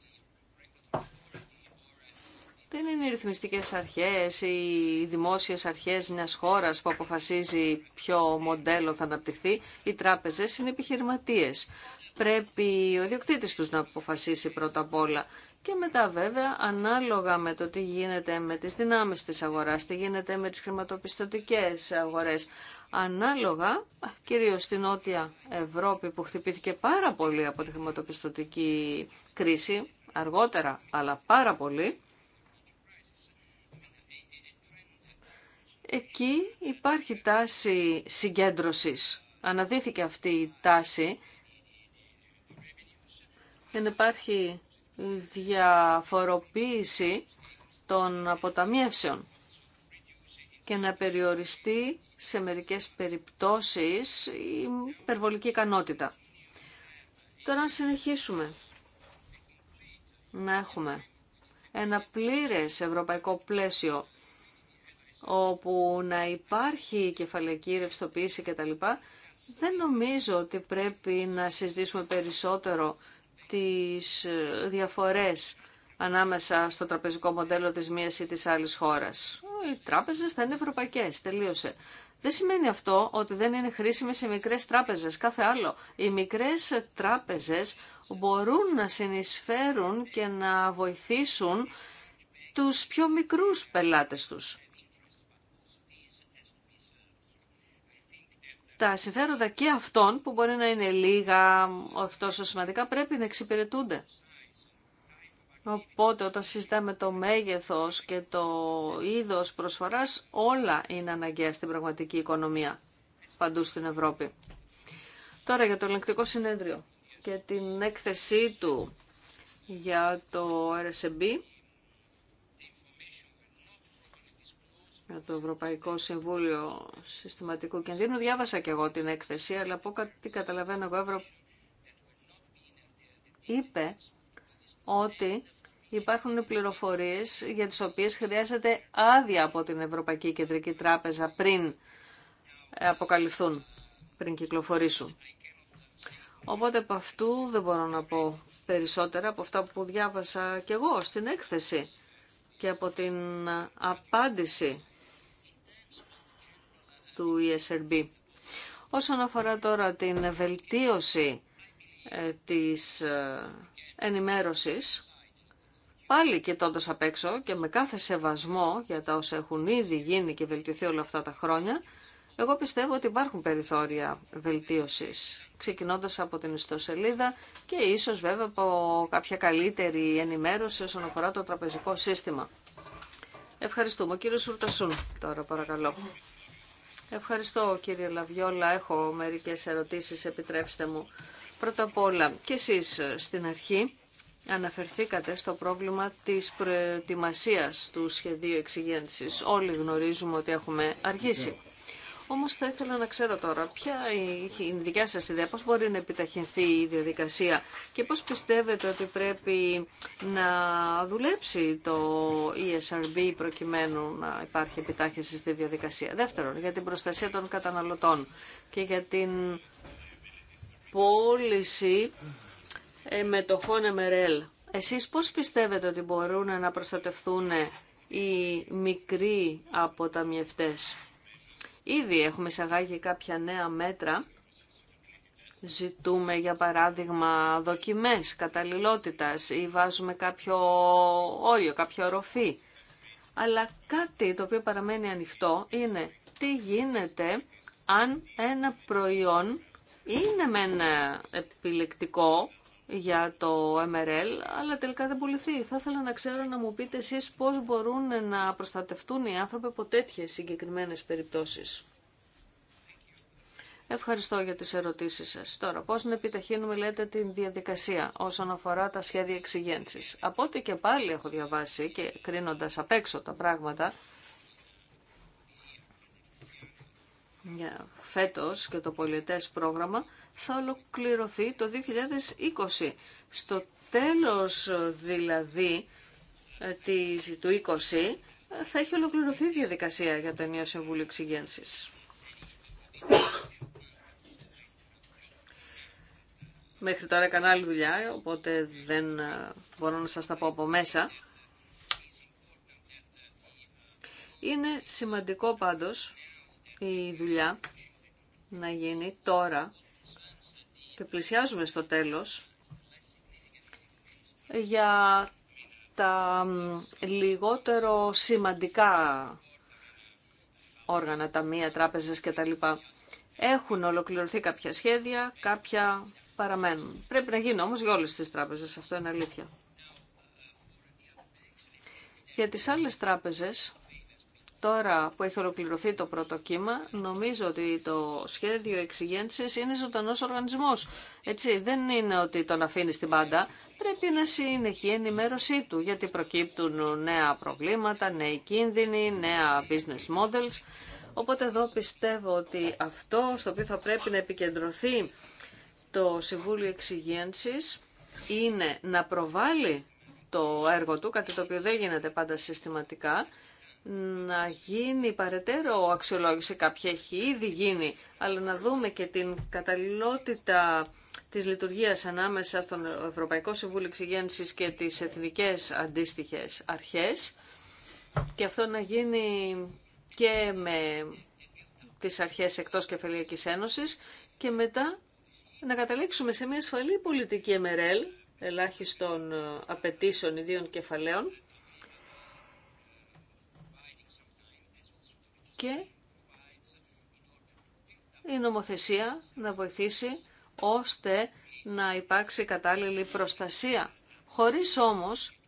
δεν είναι οι ρυθμιστικές αρχές, οι δημόσιες αρχές μιας χώρας που αποφασίζει ποιο μοντέλο θα αναπτυχθεί. Οι τράπεζες είναι επιχειρηματίες. Πρέπει ο ιδιοκτήτης τους να αποφασίσει πρώτα απ' όλα. Και μετά βέβαια ανάλογα με το τι γίνεται με τις δυνάμεις της αγοράς, τι γίνεται με τις χρηματοπιστωτικές αγορές, ανάλογα κυρίως στην Νότια Ευρώπη που χτυπήθηκε πάρα πολύ από τη χρηματοπιστωτική κρίση, αργότερα αλλά πάρα πολύ, εκεί υπάρχει τάση συγκέντρωσης. Αναδύθηκε αυτή η τάση. Δεν υπάρχει διαφοροποίηση των αποταμιεύσεων και να περιοριστεί σε μερικές περιπτώσεις η υπερβολική ικανότητα. Τώρα να συνεχίσουμε να έχουμε ένα πλήρες ευρωπαϊκό πλαίσιο όπου να υπάρχει κεφαλαϊκή ρευστοποίηση κτλ. Δεν νομίζω ότι πρέπει να συζητήσουμε περισσότερο τις ε, διαφορές ανάμεσα στο τραπεζικό μοντέλο της μίας ή της άλλης χώρας. Οι τράπεζες θα είναι ευρωπαϊκές, τελείωσε. Δεν σημαίνει αυτό ότι δεν είναι χρήσιμες οι μικρές τράπεζες, κάθε άλλο. Οι μικρές τράπεζες μπορούν να συνεισφέρουν και να βοηθήσουν τους πιο μικρούς πελάτες τους. τα συμφέροντα και αυτών που μπορεί να είναι λίγα, όχι τόσο σημαντικά, πρέπει να εξυπηρετούνται. Οπότε όταν συζητάμε το μέγεθος και το είδος προσφοράς, όλα είναι αναγκαία στην πραγματική οικονομία παντού στην Ευρώπη. Τώρα για το ελεγκτικό συνέδριο και την έκθεσή του για το RSB. το Ευρωπαϊκό Συμβούλιο Συστηματικού Κινδύνου. Διάβασα και εγώ την έκθεση, αλλά από κάτι καταλαβαίνω εγώ, Ευρω... είπε ότι υπάρχουν πληροφορίες για τις οποίες χρειάζεται άδεια από την Ευρωπαϊκή Κεντρική Τράπεζα πριν ε, αποκαλυφθούν, πριν κυκλοφορήσουν. Οπότε από αυτού δεν μπορώ να πω περισσότερα από αυτά που διάβασα κι εγώ στην έκθεση και από την απάντηση του ESRB. Όσον αφορά τώρα την βελτίωση ε, της ε, ενημέρωσης, πάλι κοιτώντα απ' έξω και με κάθε σεβασμό για τα όσα έχουν ήδη γίνει και βελτιωθεί όλα αυτά τα χρόνια, εγώ πιστεύω ότι υπάρχουν περιθώρια βελτίωσης, ξεκινώντας από την ιστοσελίδα και ίσως βέβαια από κάποια καλύτερη ενημέρωση όσον αφορά το τραπεζικό σύστημα. Ευχαριστούμε. Ο κύριος Ουρτασούν τώρα παρακαλώ. Ευχαριστώ κύριε Λαβιόλα. Έχω μερικές ερωτήσεις, επιτρέψτε μου. Πρώτα απ' όλα, και εσείς στην αρχή αναφερθήκατε στο πρόβλημα της προετοιμασίας του σχεδίου εξυγένσης. Όλοι γνωρίζουμε ότι έχουμε αργήσει. Όμως θα ήθελα να ξέρω τώρα ποια είναι η δικιά σας ιδέα, πώς μπορεί να επιταχυνθεί η διαδικασία και πώς πιστεύετε ότι πρέπει να δουλέψει το ESRB προκειμένου να υπάρχει επιτάχυνση στη διαδικασία. Δεύτερον, για την προστασία των καταναλωτών και για την πώληση μετοχών MRL. Εσείς πώς πιστεύετε ότι μπορούν να προστατευτούν οι μικροί αποταμιευτές. Ήδη έχουμε εισαγάγει κάποια νέα μέτρα. Ζητούμε για παράδειγμα δοκιμές καταλληλότητας ή βάζουμε κάποιο όριο, κάποια οροφή. Αλλά κάτι το οποίο παραμένει ανοιχτό είναι τι γίνεται αν ένα προϊόν είναι μεν επιλεκτικό, για το MRL, αλλά τελικά δεν πουληθεί. Θα ήθελα να ξέρω να μου πείτε εσείς πώς μπορούν να προστατευτούν οι άνθρωποι από τέτοιες συγκεκριμένες περιπτώσεις. Ευχαριστώ για τις ερωτήσεις σας. Τώρα, πώς να επιταχύνουμε, λέτε, την διαδικασία όσον αφορά τα σχέδια εξηγένσης. Από ό,τι και πάλι έχω διαβάσει και κρίνοντας απ' έξω τα πράγματα, για φέτος και το πολιτές πρόγραμμα, θα ολοκληρωθεί το 2020. Στο τέλος δηλαδή ε, της, του 20 ε, θα έχει ολοκληρωθεί η διαδικασία για το ενίο Συμβούλιο Εξυγένσης. Μέχρι τώρα έκανα άλλη δουλειά, οπότε δεν ε, μπορώ να σας τα πω από μέσα. Είναι σημαντικό πάντως η δουλειά να γίνει τώρα και πλησιάζουμε στο τέλος για τα λιγότερο σημαντικά όργανα, μία τράπεζες κτλ. Έχουν ολοκληρωθεί κάποια σχέδια, κάποια παραμένουν. Πρέπει να γίνει όμως για όλες τις τράπεζες, αυτό είναι αλήθεια. Για τις άλλες τράπεζες Τώρα που έχει ολοκληρωθεί το πρώτο κύμα, νομίζω ότι το σχέδιο εξηγένση είναι ζωντανό οργανισμό. Έτσι, δεν είναι ότι τον αφήνει στην πάντα. Πρέπει να συνεχίσει η ενημέρωσή του, γιατί προκύπτουν νέα προβλήματα, νέοι κίνδυνοι, νέα business models. Οπότε εδώ πιστεύω ότι αυτό στο οποίο θα πρέπει να επικεντρωθεί το Συμβούλιο εξηγένση είναι να προβάλλει το έργο του, κάτι το οποίο δεν γίνεται πάντα συστηματικά, να γίνει παρετέρω αξιολόγηση, κάποια έχει ήδη γίνει, αλλά να δούμε και την καταλληλότητα της λειτουργίας ανάμεσα στον Ευρωπαϊκό Συμβούλιο Εξηγένσης και τις εθνικές αντίστοιχες αρχές και αυτό να γίνει και με τις αρχές εκτός Κεφαλιακής Ένωσης και μετά να καταλήξουμε σε μια ασφαλή πολιτική MRL, ελάχιστων απαιτήσεων ιδίων κεφαλαίων, και η νομοθεσία να βοηθήσει ώστε να υπάρξει κατάλληλη προστασία, χωρίς όμως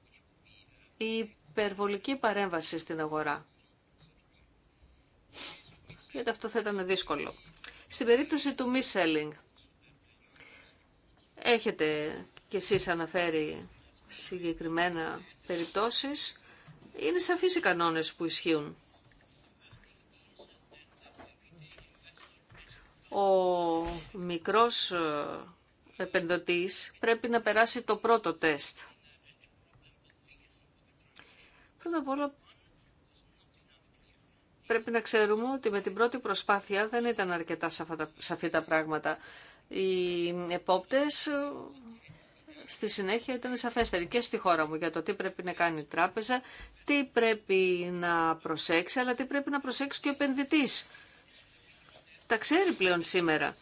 η υπερβολική παρέμβαση στην αγορά. Γιατί αυτό θα ήταν δύσκολο. Στην περίπτωση του mis-selling, έχετε κι εσείς αναφέρει συγκεκριμένα περιπτώσεις, είναι σαφείς οι κανόνες που ισχύουν. ο μικρός ε, επενδυτής πρέπει να περάσει το πρώτο τεστ. Πρώτα απ' όλα πρέπει να ξέρουμε ότι με την πρώτη προσπάθεια δεν ήταν αρκετά σαφή τα πράγματα. Οι επόπτες ε, στη συνέχεια ήταν σαφέστεροι και στη χώρα μου για το τι πρέπει να κάνει η τράπεζα, τι πρέπει να προσέξει, αλλά τι πρέπει να προσέξει και ο επενδυτής τα ξέρει πλέον σήμερα.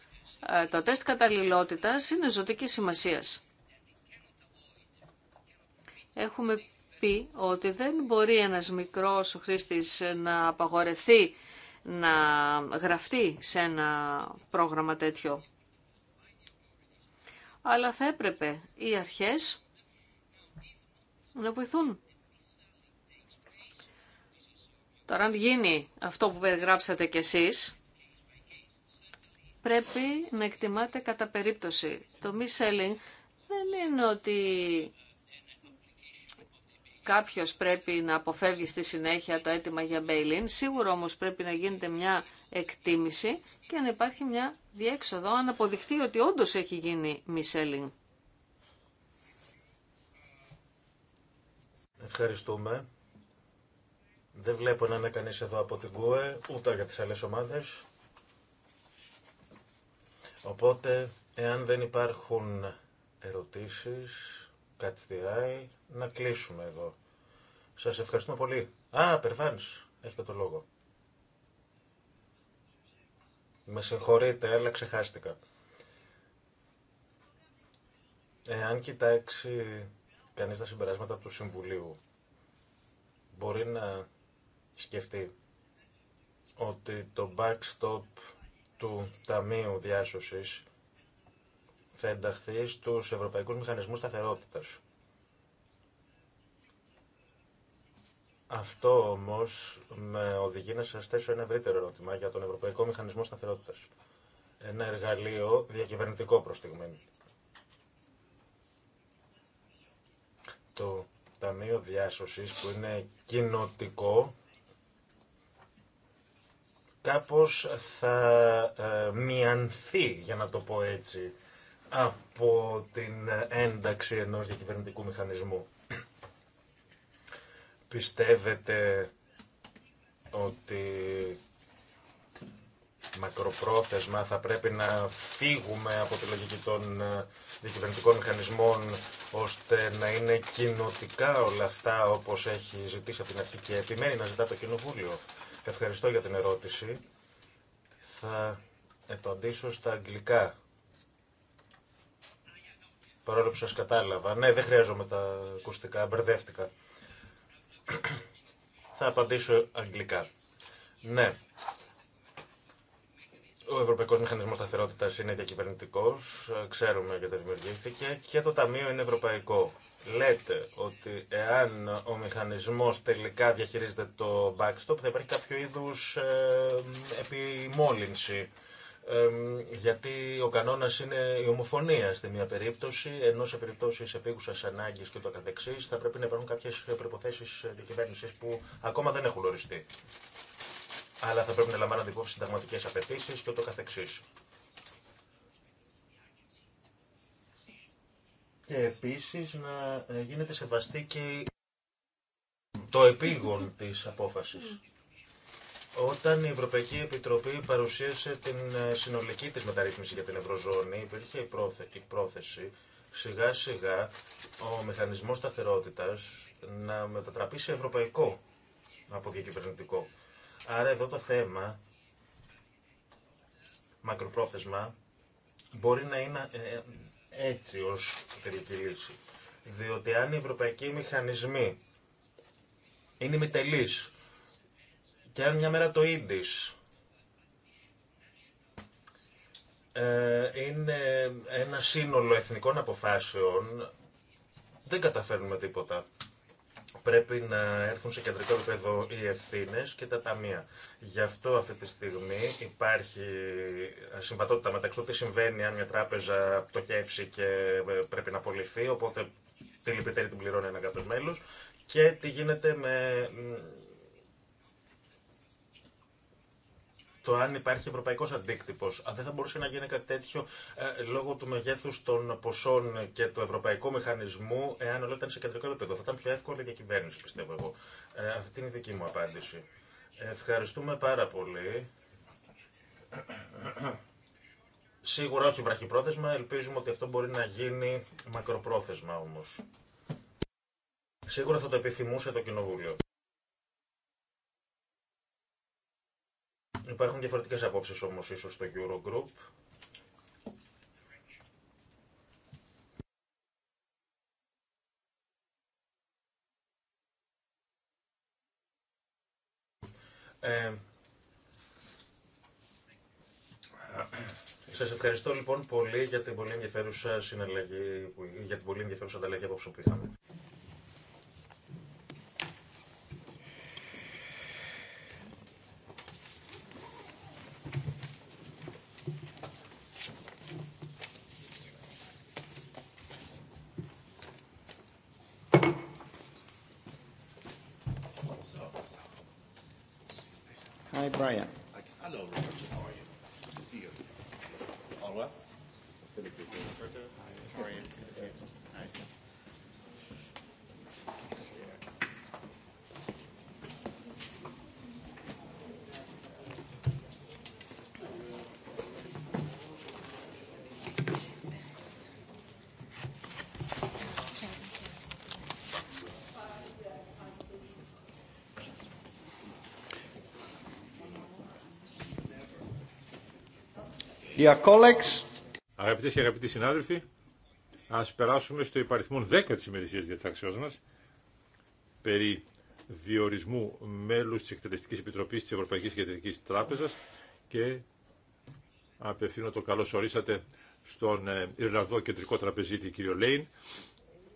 Ε, το τεστ καταλληλότητας είναι ζωτική σημασίας. Έχουμε πει ότι δεν μπορεί ένας μικρός χρήστης να απαγορευτεί να γραφτεί σε ένα πρόγραμμα τέτοιο. Αλλά θα έπρεπε οι αρχές να βοηθούν. Τώρα αν γίνει αυτό που περιγράψατε κι εσείς, πρέπει να εκτιμάται κατά περίπτωση. Το μη selling δεν είναι ότι κάποιος πρέπει να αποφεύγει στη συνέχεια το αίτημα για bail Σίγουρα όμως πρέπει να γίνεται μια εκτίμηση και να υπάρχει μια διέξοδο, αν αποδειχθεί ότι όντως έχει γίνει μη selling. Ευχαριστούμε. Δεν βλέπω να είναι κανείς εδώ από την ΚΟΕ, ούτε για τις άλλες ομάδες. Οπότε, εάν δεν υπάρχουν ερωτήσεις, κάτι να κλείσουμε εδώ. Σας ευχαριστούμε πολύ. Α, Περβάνης, έχετε το λόγο. Με συγχωρείτε, αλλά ξεχάστηκα. Εάν κοιτάξει κανείς τα συμπεράσματα του Συμβουλίου, μπορεί να σκεφτεί ότι το backstop του Ταμείου Διάσωσης θα ενταχθεί στους Ευρωπαϊκούς Μηχανισμούς Σταθερότητας. Αυτό όμως με οδηγεί να σας θέσω ένα ευρύτερο ερώτημα για τον Ευρωπαϊκό Μηχανισμό Σταθερότητας. Ένα εργαλείο διακυβερνητικό προς στιγμή. Το Ταμείο Διάσωσης που είναι κοινοτικό κάπως θα ε, για να το πω έτσι, από την ένταξη ενός διακυβερνητικού μηχανισμού. Πιστεύετε ότι μακροπρόθεσμα θα πρέπει να φύγουμε από τη λογική των ε, διακυβερνητικών μηχανισμών ώστε να είναι κοινοτικά όλα αυτά όπως έχει ζητήσει από την αρχική επιμένει να ζητά το Κοινοβούλιο Ευχαριστώ για την ερώτηση. Θα απαντήσω στα αγγλικά. Παρόλο που σας κατάλαβα. Ναι, δεν χρειάζομαι τα ακουστικά, μπερδεύτηκα. Θα απαντήσω αγγλικά. Ναι, ο Ευρωπαϊκό Μηχανισμό Σταθερότητα είναι διακυβερνητικό. Ξέρουμε γιατί δημιουργήθηκε και το Ταμείο είναι ευρωπαϊκό λέτε ότι εάν ο μηχανισμός τελικά διαχειρίζεται το backstop θα υπάρχει κάποιο είδους ε, επιμόλυνση γιατί ο κανόνας είναι η ομοφωνία στη μία περίπτωση, ενώ σε περιπτώσεις επίγουσας ανάγκης και το καθεξής θα πρέπει να υπάρχουν κάποιες προϋποθέσεις διακυβέρνησης που ακόμα δεν έχουν οριστεί. Αλλά θα πρέπει να λαμβάνονται υπόψη συνταγματικές απαιτήσει και το καθεξής. και επίσης να ε, γίνεται σεβαστή και το επίγον της απόφασης. Όταν η Ευρωπαϊκή Επιτροπή παρουσίασε την ε, συνολική της μεταρρύθμιση για την Ευρωζώνη, υπήρχε η πρόθεση σιγά σιγά ο μηχανισμός σταθερότητας να μετατραπεί σε ευρωπαϊκό από διακυβερνητικό. Άρα εδώ το θέμα, μακροπρόθεσμα, μπορεί να είναι ε, έτσι ως τελική λύση. Διότι αν οι ευρωπαϊκοί μηχανισμοί είναι μετελείς και αν μια μέρα το ε, είναι ένα σύνολο εθνικών αποφάσεων, δεν καταφέρνουμε τίποτα πρέπει να έρθουν σε κεντρικό επίπεδο οι ευθύνε και τα ταμεία. Γι' αυτό αυτή τη στιγμή υπάρχει ε, συμβατότητα μεταξύ του τι συμβαίνει αν μια τράπεζα πτωχεύσει και ε, πρέπει να απολυθεί, οπότε τη λυπητέρη την πληρώνει ένα κάποιο και τι γίνεται με το αν υπάρχει ευρωπαϊκό αντίκτυπο. Αν δεν θα μπορούσε να γίνει κάτι τέτοιο ε, λόγω του μεγέθου των ποσών και του ευρωπαϊκού μηχανισμού, εάν όλα ήταν σε κεντρικό επίπεδο. Θα ήταν πιο εύκολο για κυβέρνηση, πιστεύω εγώ. Ε, αυτή είναι η δική μου απάντηση. Ευχαριστούμε πάρα πολύ. Σίγουρα όχι βραχυπρόθεσμα, ελπίζουμε ότι αυτό μπορεί να γίνει μακροπρόθεσμα όμως. Σίγουρα θα το επιθυμούσε το Κοινοβούλιο. Υπάρχουν διαφορετικέ απόψεις όμω ίσω στο Eurogroup. Ε, σας ευχαριστώ λοιπόν πολύ για την πολύ ενδιαφέρουσα συναλλαγή, για την πολύ ενδιαφέρουσα ανταλλαγή απόψε που είχαμε. Dear colleagues. και αγαπητοί συνάδελφοι, ας περάσουμε στο υπαριθμό 10 της ημερησία διατάξεως μας περί διορισμού μέλους της Εκτελεστικής Επιτροπής της Ευρωπαϊκής Κεντρικής Τράπεζας και απευθύνω το καλώ ορίσατε στον ε, Ιρλανδό Κεντρικό Τραπεζίτη κύριο Λέιν.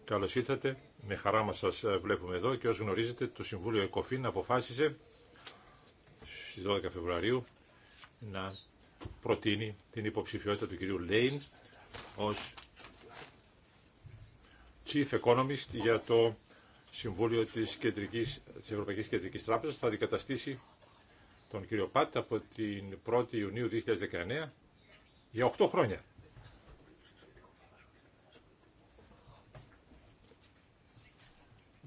Καλώς ήρθατε, με χαρά μας σας ε, βλέπουμε εδώ και ω γνωρίζετε το Συμβούλιο ΕΚΟΦΗΝ αποφάσισε στις 12 Φεβρουαρίου να προτείνει την υποψηφιότητα του κυρίου Λέιν ως Chief Economist για το Συμβούλιο της, Κεντρικής, της Ευρωπαϊκής Κεντρικής Τράπεζας. Θα αντικαταστήσει τον κύριο Πάτ από την 1η Ιουνίου 2019 για 8 χρόνια.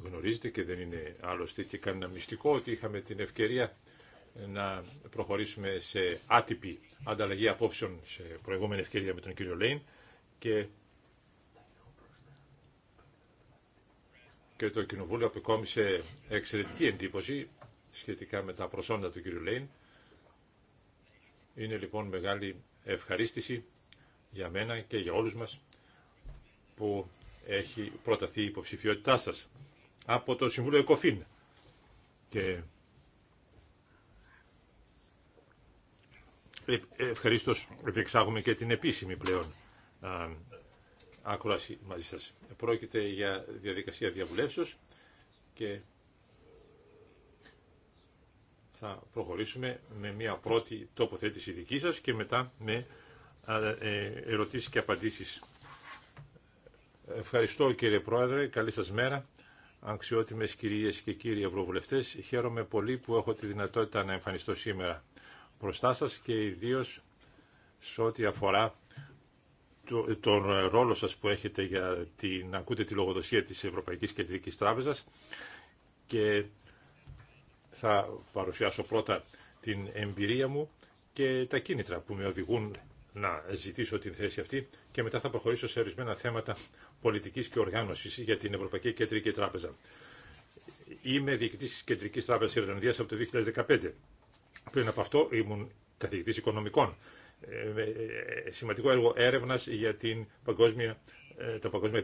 Γνωρίζετε και δεν είναι άλλωστε και κανένα μυστικό ότι είχαμε την ευκαιρία να προχωρήσουμε σε άτυπη ανταλλαγή απόψεων σε προηγούμενη ευκαιρία με τον κύριο Λέιν και, και το Κοινοβούλιο απεκόμισε εξαιρετική εντύπωση σχετικά με τα προσόντα του κύριου Λέιν. Είναι λοιπόν μεγάλη ευχαρίστηση για μένα και για όλους μας που έχει προταθεί η υποψηφιότητά σας από το Συμβούλιο ΕΚΟΦΗΝ. Και Ε, Ευχαριστώ. Διεξάγουμε και την επίσημη πλέον άκουραση μαζί σας. Πρόκειται για διαδικασία διαβουλεύσεως και θα προχωρήσουμε με μια πρώτη τοποθέτηση δική σας και μετά με ε, ερωτήσεις και απαντήσεις. Ευχαριστώ κύριε Πρόεδρε, καλή σας μέρα. Αξιότιμες κυρίες και κύριοι Ευρωβουλευτές, χαίρομαι πολύ που έχω τη δυνατότητα να εμφανιστώ σήμερα μπροστά και ιδίως σε ό,τι αφορά το, τον ρόλο σας που έχετε για την, να ακούτε τη λογοδοσία της Ευρωπαϊκής Κεντρικής Τράπεζας και θα παρουσιάσω πρώτα την εμπειρία μου και τα κίνητρα που με οδηγούν να ζητήσω την θέση αυτή και μετά θα προχωρήσω σε ορισμένα θέματα πολιτικής και οργάνωσης για την Ευρωπαϊκή Κεντρική Τράπεζα. Είμαι διοικητής της Κεντρικής Τράπεζας Ιρλανδίας από το 2015. Πριν από αυτό ήμουν καθηγητής οικονομικών. Ε, ε, ε, σημαντικό έργο έρευνας για την παγκόσμια, τα παγκόσμια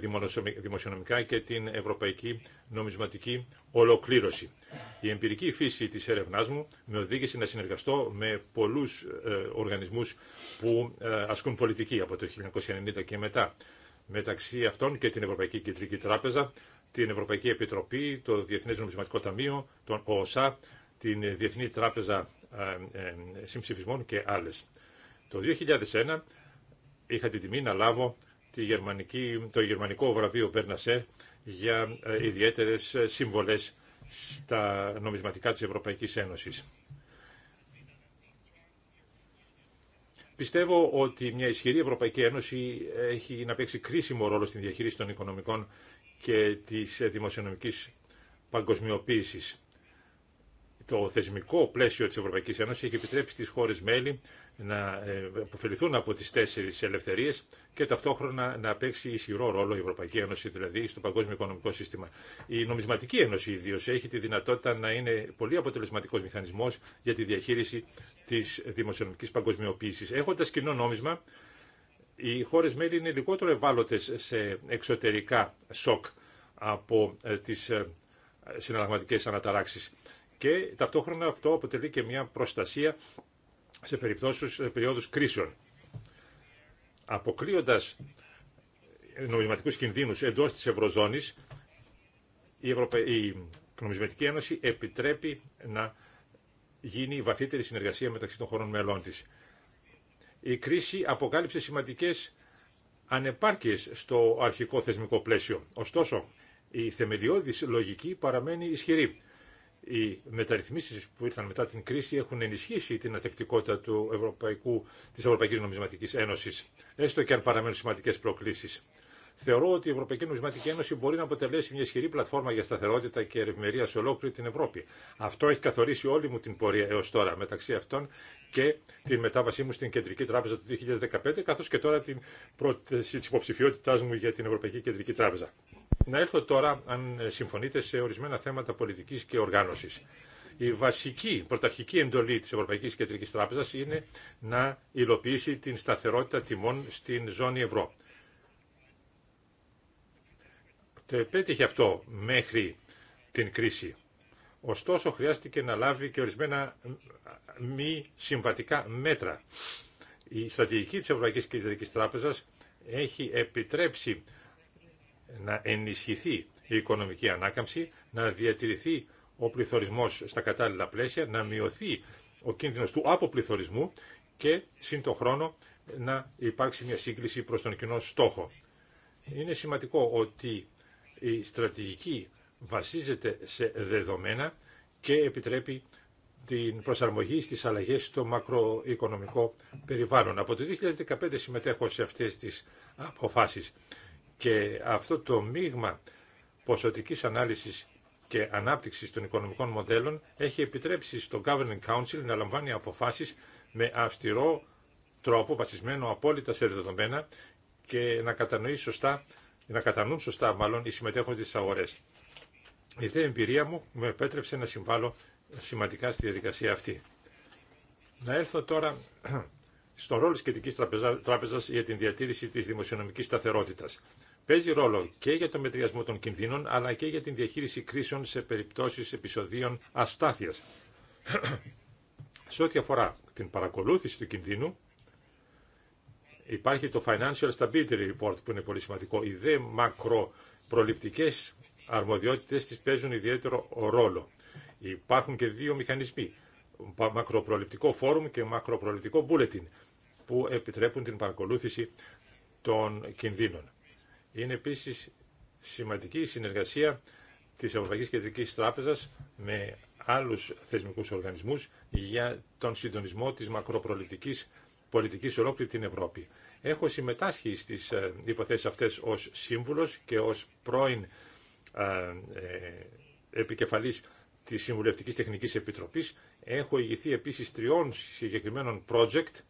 δημοσιονομικά και την ευρωπαϊκή νομισματική ολοκλήρωση. Η εμπειρική φύση της έρευνάς μου με οδήγησε να συνεργαστώ με πολλούς οργανισμούς που ασκούν πολιτική από το 1990 και μετά. Μεταξύ αυτών και την Ευρωπαϊκή Κεντρική Τράπεζα, την Ευρωπαϊκή Επιτροπή, το Διεθνές Νομισματικό Ταμείο, τον ΟΟΣΑ, την Διεθνή Τράπεζα ε, ε, συμψηφισμών και άλλες. Το 2001 είχα την τιμή να λάβω γερμανική, το γερμανικό βραβείο Μπέρνασέ για ε, ιδιαίτερες συμβολές στα νομισματικά της Ευρωπαϊκής Ένωσης. Πιστεύω ότι μια ισχυρή Ευρωπαϊκή Ένωση έχει να παίξει κρίσιμο ρόλο στην διαχείριση των οικονομικών και της δημοσιονομικής παγκοσμιοποίησης το θεσμικό πλαίσιο της Ευρωπαϊκής Ένωσης έχει επιτρέψει στις χώρες μέλη να ε, αποφεληθούν από τις τέσσερις ελευθερίες και ταυτόχρονα να παίξει ισχυρό ρόλο η Ευρωπαϊκή Ένωση, δηλαδή στο παγκόσμιο οικονομικό σύστημα. Η Νομισματική Ένωση ιδίω έχει τη δυνατότητα να είναι πολύ αποτελεσματικός μηχανισμός για τη διαχείριση της δημοσιονομικής παγκοσμιοποίησης. Έχοντας κοινό νόμισμα, οι χώρες μέλη είναι λιγότερο ευάλωτε σε εξωτερικά σοκ από ε, τις ε, συναλλαγματικές αναταράξεις και ταυτόχρονα αυτό αποτελεί και μια προστασία σε περιπτώσεις, σε περιόδους κρίσεων. Αποκλείοντας νομισματικούς κινδύνους εντός της Ευρωζώνης, η, Ευρωπα... η Ένωση επιτρέπει να γίνει βαθύτερη συνεργασία μεταξύ των χωρών μελών της. Η κρίση αποκάλυψε σημαντικές ανεπάρκειες στο αρχικό θεσμικό πλαίσιο. Ωστόσο, η θεμελιώδης λογική παραμένει ισχυρή οι μεταρρυθμίσεις που ήρθαν μετά την κρίση έχουν ενισχύσει την αθεκτικότητα του Ευρωπαϊκού, της Ευρωπαϊκής Νομισματικής Ένωσης, έστω και αν παραμένουν σημαντικές προκλήσεις. Θεωρώ ότι η Ευρωπαϊκή Νομισματική Ένωση μπορεί να αποτελέσει μια ισχυρή πλατφόρμα για σταθερότητα και ευημερία σε ολόκληρη την Ευρώπη. Αυτό έχει καθορίσει όλη μου την πορεία έω τώρα, μεταξύ αυτών και την μετάβασή μου στην Κεντρική Τράπεζα του 2015, καθώ και τώρα την πρόταση τη υποψηφιότητά μου για την Ευρωπαϊκή Κεντρική Τράπεζα. Να έρθω τώρα, αν ε, συμφωνείτε, σε ορισμένα θέματα πολιτική και οργάνωση. Η βασική πρωταρχική εντολή τη Ευρωπαϊκή Κεντρική Τράπεζα είναι να υλοποιήσει την σταθερότητα τιμών στην ζώνη ευρώ. Το επέτυχε αυτό μέχρι την κρίση. Ωστόσο, χρειάστηκε να λάβει και ορισμένα μη συμβατικά μέτρα. Η στρατηγική της Ευρωπαϊκής Κεντρικής Τράπεζας έχει επιτρέψει να ενισχυθεί η οικονομική ανάκαμψη, να διατηρηθεί ο πληθωρισμός στα κατάλληλα πλαίσια, να μειωθεί ο κίνδυνος του αποπληθωρισμού και σύν χρόνο να υπάρξει μια σύγκληση προς τον κοινό στόχο. Είναι σημαντικό ότι η στρατηγική βασίζεται σε δεδομένα και επιτρέπει την προσαρμογή στις αλλαγές στο μακροοικονομικό περιβάλλον. Από το 2015 συμμετέχω σε αυτές τις αποφάσεις και αυτό το μείγμα ποσοτικής ανάλυσης και ανάπτυξης των οικονομικών μοντέλων έχει επιτρέψει στο Governing Council να λαμβάνει αποφάσεις με αυστηρό τρόπο, βασισμένο απόλυτα σε δεδομένα και να κατανοεί σωστά, να κατανοούν σωστά μάλλον οι συμμετέχοντες στις αγορές. Η δε εμπειρία μου με επέτρεψε να συμβάλλω σημαντικά στη διαδικασία αυτή. Να έρθω τώρα στον ρόλο της Κεντρική τραπεζά, Τράπεζας για την διατήρηση της δημοσιονομικής σταθερότητας παίζει ρόλο και για το μετριασμό των κινδύνων, αλλά και για την διαχείριση κρίσεων σε περιπτώσεις επεισοδίων αστάθειας. σε ό,τι αφορά την παρακολούθηση του κινδύνου, υπάρχει το Financial Stability Report που είναι πολύ σημαντικό. Οι δε μακροπροληπτικές αρμοδιότητες τις παίζουν ιδιαίτερο ρόλο. Υπάρχουν και δύο μηχανισμοί, μακροπροληπτικό φόρουμ και μακροπροληπτικό bulletin, που επιτρέπουν την παρακολούθηση των κινδύνων. Είναι επίση σημαντική η συνεργασία της Ευρωπαϊκή Κεντρική Τράπεζα με άλλους θεσμικούς οργανισμούς για τον συντονισμό της μακροπρολητικής πολιτικής ολόκληρη την Ευρώπη. Έχω συμμετάσχει στις ε, υποθέσει αυτές ως σύμβουλος και ως πρώην ε, ε, επικεφαλής τη Συμβουλευτική Τεχνικής Επιτροπής. Έχω ηγηθεί επίση τριών συγκεκριμένων project,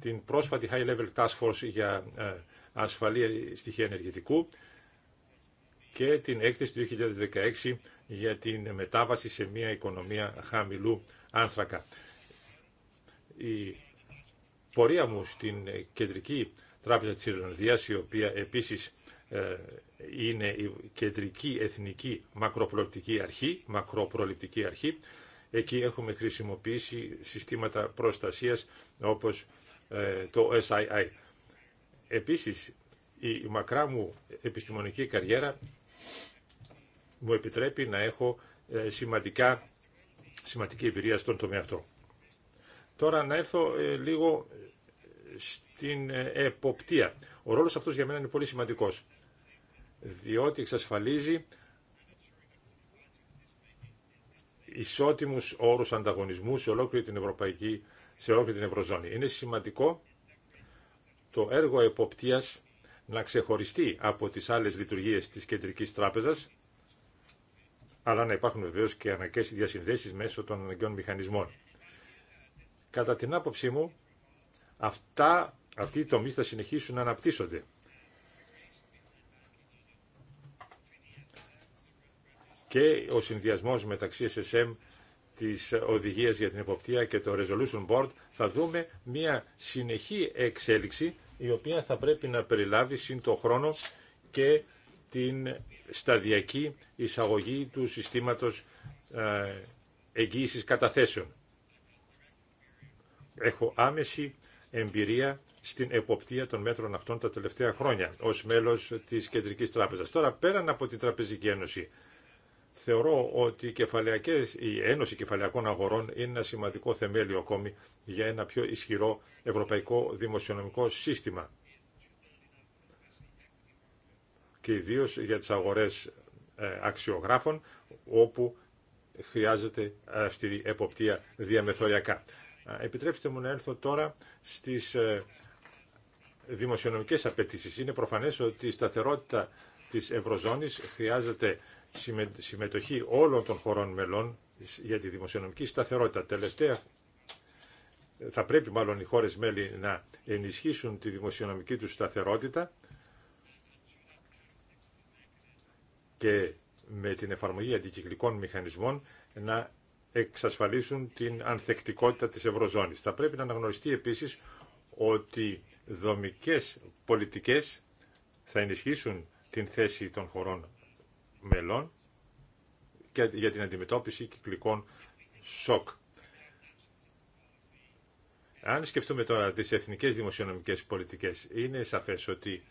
την πρόσφατη High Level Task Force για ασφαλή στοιχεία ενεργητικού και την έκθεση του 2016 για την μετάβαση σε μια οικονομία χαμηλού άνθρακα. Η πορεία μου στην Κεντρική Τράπεζα της Ιρλανδίας, η οποία επίσης ε, είναι η κεντρική εθνική μακροπροληπτική αρχή, μακροπροληπτική αρχή. Εκεί έχουμε χρησιμοποιήσει συστήματα προστασίας όπως ε, το SII. Επίσης, η μακρά μου επιστημονική καριέρα μου επιτρέπει να έχω ε, σημαντικά, σημαντική εμπειρία στον τομέα αυτό. Τώρα να έρθω ε, λίγο ε, στην εποπτεία. Ο ρόλος αυτός για μένα είναι πολύ σημαντικός, διότι εξασφαλίζει ισότιμους όρους ανταγωνισμού σε ολόκληρη την Ευρωπαϊκή, σε ολόκληρη την Ευρωζώνη. Είναι σημαντικό το έργο εποπτείας να ξεχωριστεί από τις άλλες λειτουργίες της Κεντρικής Τράπεζας, αλλά να υπάρχουν βεβαίως και αναγκαίες διασυνδέσεις μέσω των αναγκαίων μηχανισμών. Κατά την άποψή μου, αυτά, αυτοί οι τομείς θα συνεχίσουν να αναπτύσσονται. Και ο συνδυασμός μεταξύ SSM της Οδηγίας για την εποπτεία και το Resolution Board θα δούμε μια συνεχή εξέλιξη η οποία θα πρέπει να περιλάβει σύν το χρόνο και την σταδιακή εισαγωγή του συστήματος ε, εγγύησης καταθέσεων. Έχω άμεση εμπειρία στην εποπτεία των μέτρων αυτών τα τελευταία χρόνια ως μέλος της Κεντρικής Τράπεζας. Τώρα πέραν από την Τραπεζική Ένωση θεωρώ ότι κεφαλαιακές, η Ένωση Κεφαλαιακών Αγορών είναι ένα σημαντικό θεμέλιο ακόμη για ένα πιο ισχυρό ευρωπαϊκό δημοσιονομικό σύστημα. Και ιδίω για τις αγορές ε, αξιογράφων, όπου χρειάζεται αυτή η εποπτεία διαμεθοριακά. Επιτρέψτε μου να έρθω τώρα στις ε, δημοσιονομικές απαιτήσεις. Είναι προφανές ότι η σταθερότητα της Ευρωζώνης χρειάζεται συμμετοχή όλων των χωρών μελών για τη δημοσιονομική σταθερότητα. Τελευταία, θα πρέπει μάλλον οι χώρες μέλη να ενισχύσουν τη δημοσιονομική τους σταθερότητα και με την εφαρμογή αντικυκλικών μηχανισμών να εξασφαλίσουν την ανθεκτικότητα της Ευρωζώνης. Θα πρέπει να αναγνωριστεί επίσης ότι δομικές πολιτικές θα ενισχύσουν την θέση των χωρών μελών και για την αντιμετώπιση κυκλικών σοκ. Αν σκεφτούμε τώρα τις εθνικές δημοσιονομικές πολιτικές, είναι σαφές ότι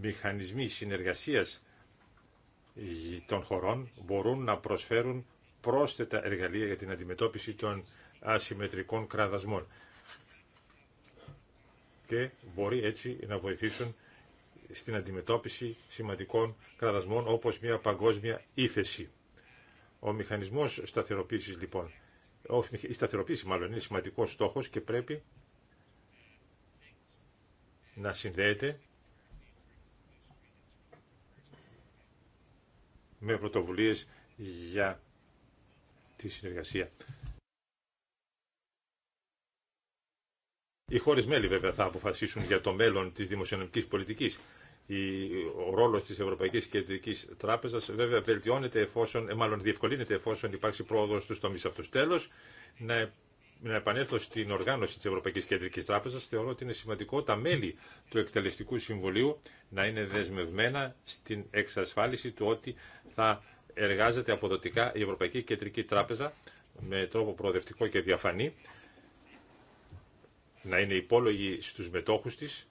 μηχανισμοί συνεργασίας των χωρών μπορούν να προσφέρουν πρόσθετα εργαλεία για την αντιμετώπιση των ασυμμετρικών κραδασμών και μπορεί έτσι να βοηθήσουν στην αντιμετώπιση σημαντικών κραδασμών όπως μια παγκόσμια ύφεση. Ο μηχανισμός σταθεροποίησης λοιπόν, η σταθεροποίηση μάλλον είναι σημαντικός στόχος και πρέπει να συνδέεται με πρωτοβουλίες για τη συνεργασία. Οι χώρες μέλη βέβαια θα αποφασίσουν για το μέλλον της δημοσιονομικής πολιτικής ο ρόλο τη Ευρωπαϊκή Κεντρική Τράπεζα βέβαια βελτιώνεται εφόσον, ε, μάλλον διευκολύνεται εφόσον υπάρξει πρόοδο στου τομεί αυτού. Τέλο, να, να επανέλθω στην οργάνωση τη Ευρωπαϊκή Κεντρική Τράπεζα. Θεωρώ ότι είναι σημαντικό τα μέλη του Εκτελεστικού Συμβουλίου να είναι δεσμευμένα στην εξασφάλιση του ότι θα εργάζεται αποδοτικά η Ευρωπαϊκή Κεντρική Τράπεζα με τρόπο προοδευτικό και διαφανή, να είναι υπόλογη στους μετόχους της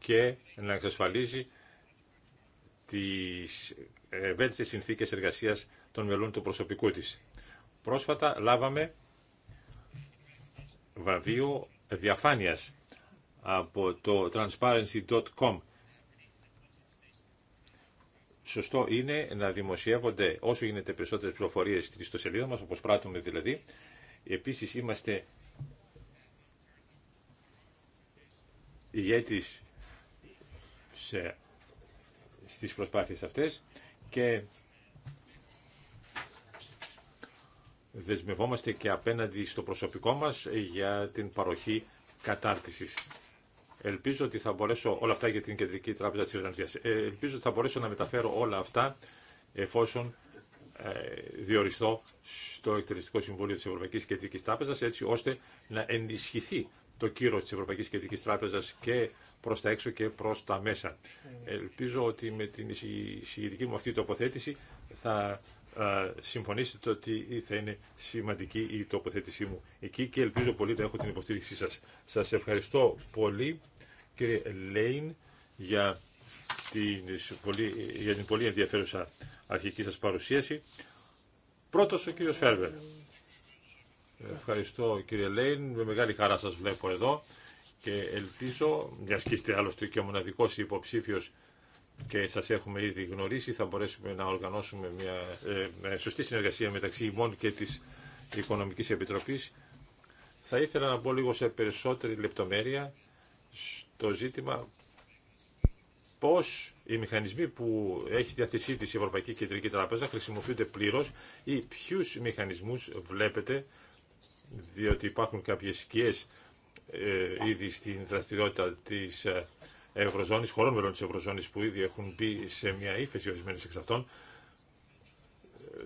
και να εξασφαλίζει τις ευέλτιστες συνθήκες εργασίας των μελών του προσωπικού της. Πρόσφατα λάβαμε βραβείο διαφάνειας από το transparency.com. Σωστό είναι να δημοσιεύονται όσο γίνεται περισσότερες πληροφορίες στην ιστοσελίδα μας, όπως πράττουμε δηλαδή. Επίσης είμαστε ηγέτης σε, στις προσπάθειες αυτές και δεσμευόμαστε και απέναντι στο προσωπικό μας για την παροχή κατάρτισης. Ελπίζω ότι θα μπορέσω όλα αυτά για την Κεντρική Τράπεζα της Ιρλανδίας. Ε, ελπίζω ότι θα μπορέσω να μεταφέρω όλα αυτά εφόσον ε, διοριστώ στο Εκτελεστικό Συμβούλιο της Ευρωπαϊκής Κεντρικής Τράπεζας έτσι ώστε να ενισχυθεί το κύρος της Ευρωπαϊκής Κεντρικής Τράπεζας και Προ τα έξω και προ τα μέσα. Ελπίζω ότι με την συγκεκριτική μου αυτή τοποθέτηση θα συμφωνήσετε ότι θα είναι σημαντική η τοποθέτησή μου εκεί και ελπίζω πολύ να έχω την υποστήριξή σας. Σας ευχαριστώ πολύ κύριε Λέιν για την πολύ, για την πολύ ενδιαφέρουσα αρχική σας παρουσίαση. Πρώτος ο κύριος Φέρβερ. Ευχαριστώ κύριε Λέιν, με μεγάλη χαρά σας βλέπω εδώ και ελπίζω, μια και είστε άλλωστε και ο μοναδικό υποψήφιο και σα έχουμε ήδη γνωρίσει, θα μπορέσουμε να οργανώσουμε μια ε, σωστή συνεργασία μεταξύ ημών και τη οικονομική επιτροπή. Θα ήθελα να μπω λίγο σε περισσότερη λεπτομέρεια στο ζήτημα πώ οι μηχανισμοί που έχει στη διάθεσή τη η Ευρωπαϊκή Κεντρική Τράπεζα χρησιμοποιούνται πλήρω ή ποιου μηχανισμού βλέπετε, διότι υπάρχουν κάποιες σκιές ε, ήδη στην δραστηριότητα της ε, Ευρωζώνης, χωρών μελών τη Ευρωζώνης που ήδη έχουν μπει σε μια ύφεση ορισμένε εξ αυτών.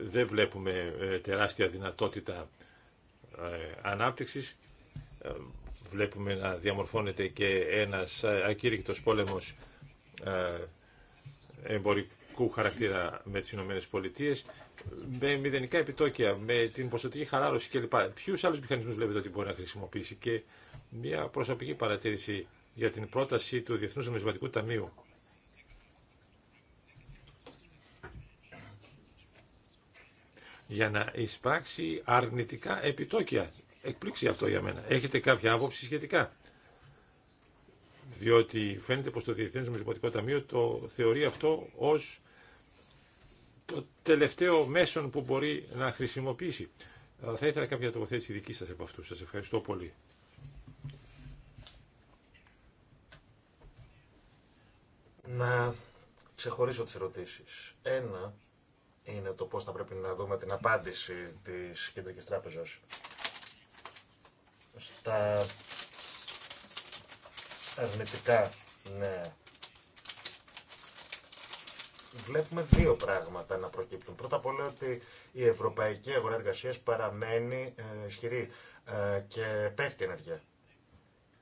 Δεν βλέπουμε ε, τεράστια δυνατότητα ανάπτυξης. Βλέπουμε να διαμορφώνεται και ένας ακήρυκτος πόλεμος εμπορικού χαρακτήρα με τις Ηνωμένες Πολιτείες, με μηδενικά επιτόκια, με την ποσοτική χαλάρωση κλπ. Ποιους άλλους μηχανισμούς βλέπετε ότι μπορεί να χρησιμοποιήσει και Μία προσωπική παρατήρηση για την πρόταση του Διεθνούς Νομισματικού Ταμείου. Για να εισπράξει αρνητικά επιτόκια. Εκπλήξει αυτό για μένα. Έχετε κάποια άποψη σχετικά. Διότι φαίνεται πως το Διεθνές Νομισματικό Ταμείο το θεωρεί αυτό ως το τελευταίο μέσον που μπορεί να χρησιμοποιήσει. Θα ήθελα κάποια τοποθέτηση δική σας από αυτού. Σας ευχαριστώ πολύ. να ξεχωρίσω τις ερωτήσεις. Ένα είναι το πώς θα πρέπει να δούμε την απάντηση της Κεντρικής Τράπεζας στα αρνητικά νέα Βλέπουμε δύο πράγματα να προκύπτουν. Πρώτα απ' όλα ότι η ευρωπαϊκή αγορά εργασίας παραμένει ε, ισχυρή ε, και πέφτει ενεργεία